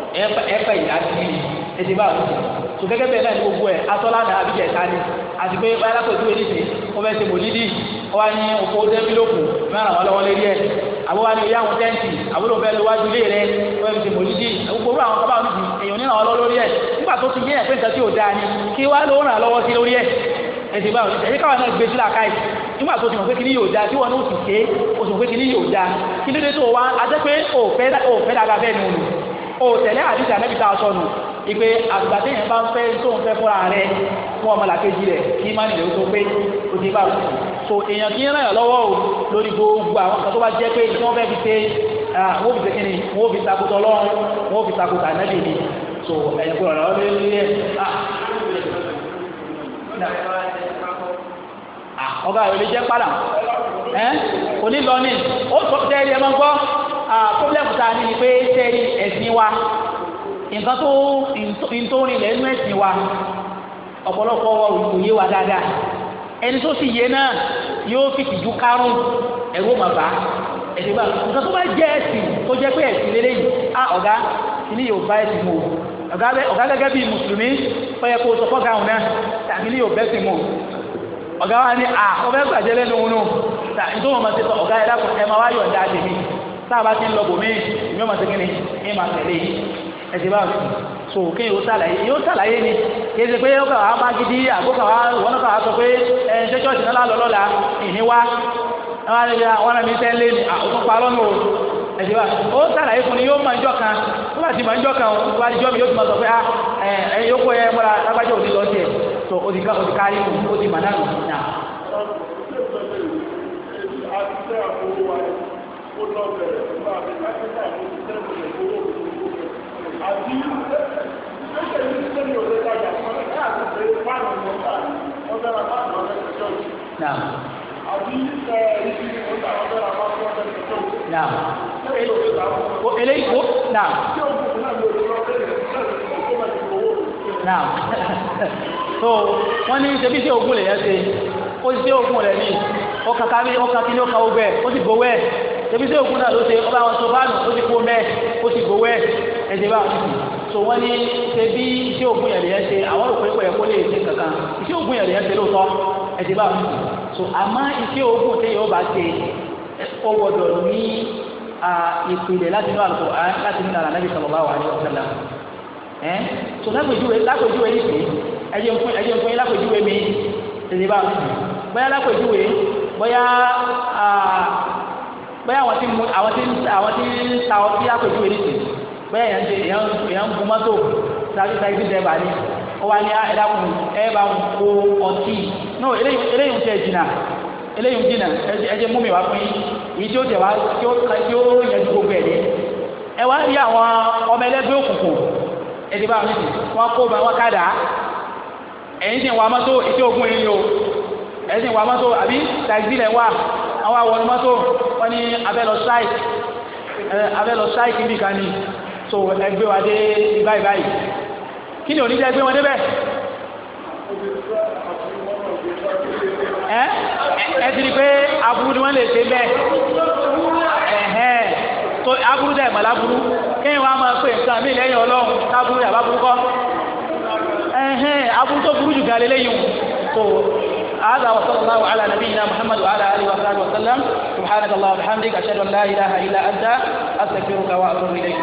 ẹ̀fẹ̀ yìí láti rí ẹtì bá wọn tó gẹ́gẹ́ bẹ́ẹ̀ náà ní gbogbo ẹ̀ asọ́lá náà àbíjẹ̀ ta ni àti pé alákòóso yìí nìsín wọ́n fẹ́ ṣe mòlídì wọ́n ní oko dẹ́bílòpù mẹ́ràn wọn lọ́wọ́ lérí ẹ̀ àbúrò wa ní oyè àwọn tẹ́ǹtì àbúrò bẹ́ẹ̀ ló wájú ilé rẹ̀ wọ́n fi ṣe mòlídì gbogbo àwọn kọ́bá wọn nìsín èèyàn ní ìrànwọ́ lórí ẹ̀ nígbà tó ti yé ẹ̀ pé nǹkan tí ò dáa ni kí wá ló ràn lọ́wọ́ sí lórí ẹ̀ ẹ̀sì bá wọn ẹ̀yẹ káwọn náà gbé sílá káì nígbà tó ti mọ̀ pé kí ni yóò dáa tí wọn náà sì ké o sì mọ̀ pé kí ni yóò dáa kí ló dé tó wá adé pé òfẹ́ dàgbà bẹ́ẹ̀ ni òun o tẹ̀lé àdìsí ànábì tá a sọnù ìpè àgbà téèyàn bá fẹ́ tó ń fẹ́ fúnra rẹ̀ fún ọmọlàkejì rẹ̀ kí má nìyẹn tó pé o ti bá so èèyàn kí ń ràn yàn lọ́wọ́ o lórí gbogbo àwọn kan tó bá jẹ́ pé tí wọ́n fẹ́ fi ṣe wọ́n fi ṣe kí ni wọ́n fi takùtà ọlọ́run wọ́n fi takùtà ànábì ni so ẹ̀yìn kúrò lọ́wọ́ lórí ẹ̀ ọ̀gá ìwé jẹ́ padà ẹ́ onílọ́ọ̀nì ó tẹ́ ẹ̀rí ẹ̀ máa ń gbọ́ Ah, pọ́blẹ́mù tá a ní ni pé sẹ́yìn ẹ̀sìn wa nǹkan tó ntòrin lẹ́nu ẹ̀sìn wa ọ̀pọ̀lọpọ̀ wa kò yé wa dáadáa ẹni tó sì yé náà yóò fi tìjú kárùn ẹ̀rọ màbá ẹ̀sìn bá nǹkan tó bá jẹ́ ẹ̀sìn tó jẹ́ pé ẹ̀sìn lélẹ́yìn á ah, ọ̀gá ni yóò bá ẹ̀sìn mu ọ̀gá gẹ́gẹ́ bíi mùsùlùmí kó o sọ náà tàbí yóò mu ọ̀gá wa ah, à ọ táàbá ti ń lọ bòmí ìmọ̀ máa tẹ̀lé ní máa tẹ̀lé yìí ẹ̀sìn bá so kí yóò sàlàyé yóò sàlàyé ni kí ẹsẹ̀ pé ó kà wá má gidi àgbo kà wá wọn kà wá sọ pé ẹ ṣé ṣọ́ọ̀ṣì náà lọ lọ́la ìhín wá wọn lè ra wọn mi tẹ́lé ní àwọn parọ́ nù o ẹ̀sìn bá ó sàlàyé fún ni yóò máa ń jọ kan wọn àti máa ń jọ kan o wọn àti jọ mi yóò ti máa sọ pé ah ẹ ẹ yókù ẹ mọ́ra lágbájá òdi lọ tiẹ̀ so ó ti ká ó ti ká yín ó ti mà náà nù náà kó lọ bẹ̀rẹ̀ fún àbí kápẹ́tà ló ti tẹ́kọ̀ọ́ wọ́n ní ṣe bí ṣe ògùn lè yẹ ṣe ó sì ṣe òògùn rẹ̀ ní ọkà kárí ọkà kí ni ó ka ọgbẹ́ ó sì gbowó ẹ̀ tẹ̀bí sí náà ló ṣe ọba àwọn sọfánù ó sì kó mẹ́ ó sì gbowó ẹ̀jẹ̀ bá so wọ́n ní ṣe bí iṣẹ́ òògùn yẹn lèyẹn ṣe àwọn rò pé pẹ̀lẹ́ kó lè ṣe kankan iṣẹ́ òògùn yẹn ṣe lóòótọ́ ẹ̀jẹ̀ bá so àmọ́ iṣẹ́ òògùn tẹ́ yóò bá ṣe ó ní ìpìlẹ̀ láti inú al láti inú Ànábì sallallahu alaihi wasallam ẹ so lápèjúwe lápèjúwe yìí ṣe ẹ̀jẹ̀ ń ẹ̀jẹ̀ ń lápèjúwe mi ẹ̀jẹ̀ bá bóyá lápèjúwe bóyá bóyá àwọn tí àwọn tí àwọn tí ta ọtí lápèjúwe nìsín bóyá èèyàn ti èèyàn èèyàn gun mọ́tò tàbí tàbí ti dẹ́ba ni ó wá ní ah, ẹ̀dá kun ń kó ọtí no eléyìí ń tẹ̀ jìnnà eléyìí ń jìnnà mú mi wá fún tí ó tẹ̀ wá tí ó tí ó ju gbogbo ẹ̀ ní ẹ wá rí àwọn ọmọ ẹlẹ́gbẹ́ òkùnkùn wọn kó wọn ẹ̀yìn ẹ̀sìn wa mọ́tò àbí taxi lẹ̀ wà àwọn àwọn mọ́tò wọ́n ní abẹ́lọ sáìkì abẹ́lọ sáìkì nìkan ni so ẹgbẹ́ wa dé báyìí báyìí kí ni oníjà ẹgbẹ́ wọn débẹ̀ ẹ ẹ ti di pé aburú ni wọ́n lè ṣe bẹ́ẹ̀ ẹ̀hẹ́n tó aburú dá ìgbàlá burú kéèyàn wá máa pè nǹkan mí lẹ́yìn ọlọ́run láburú yàrá burú kọ́ ẹ̀hẹ́n aburú tó burú jù gan lélẹ́yìn o. هذا وصلى الله على نبينا محمد وعلى آله وصحبه وسلم سبحانك اللهم وبحمدك أشهد أن لا إله إلا أنت أستغفرك وأتوب إليك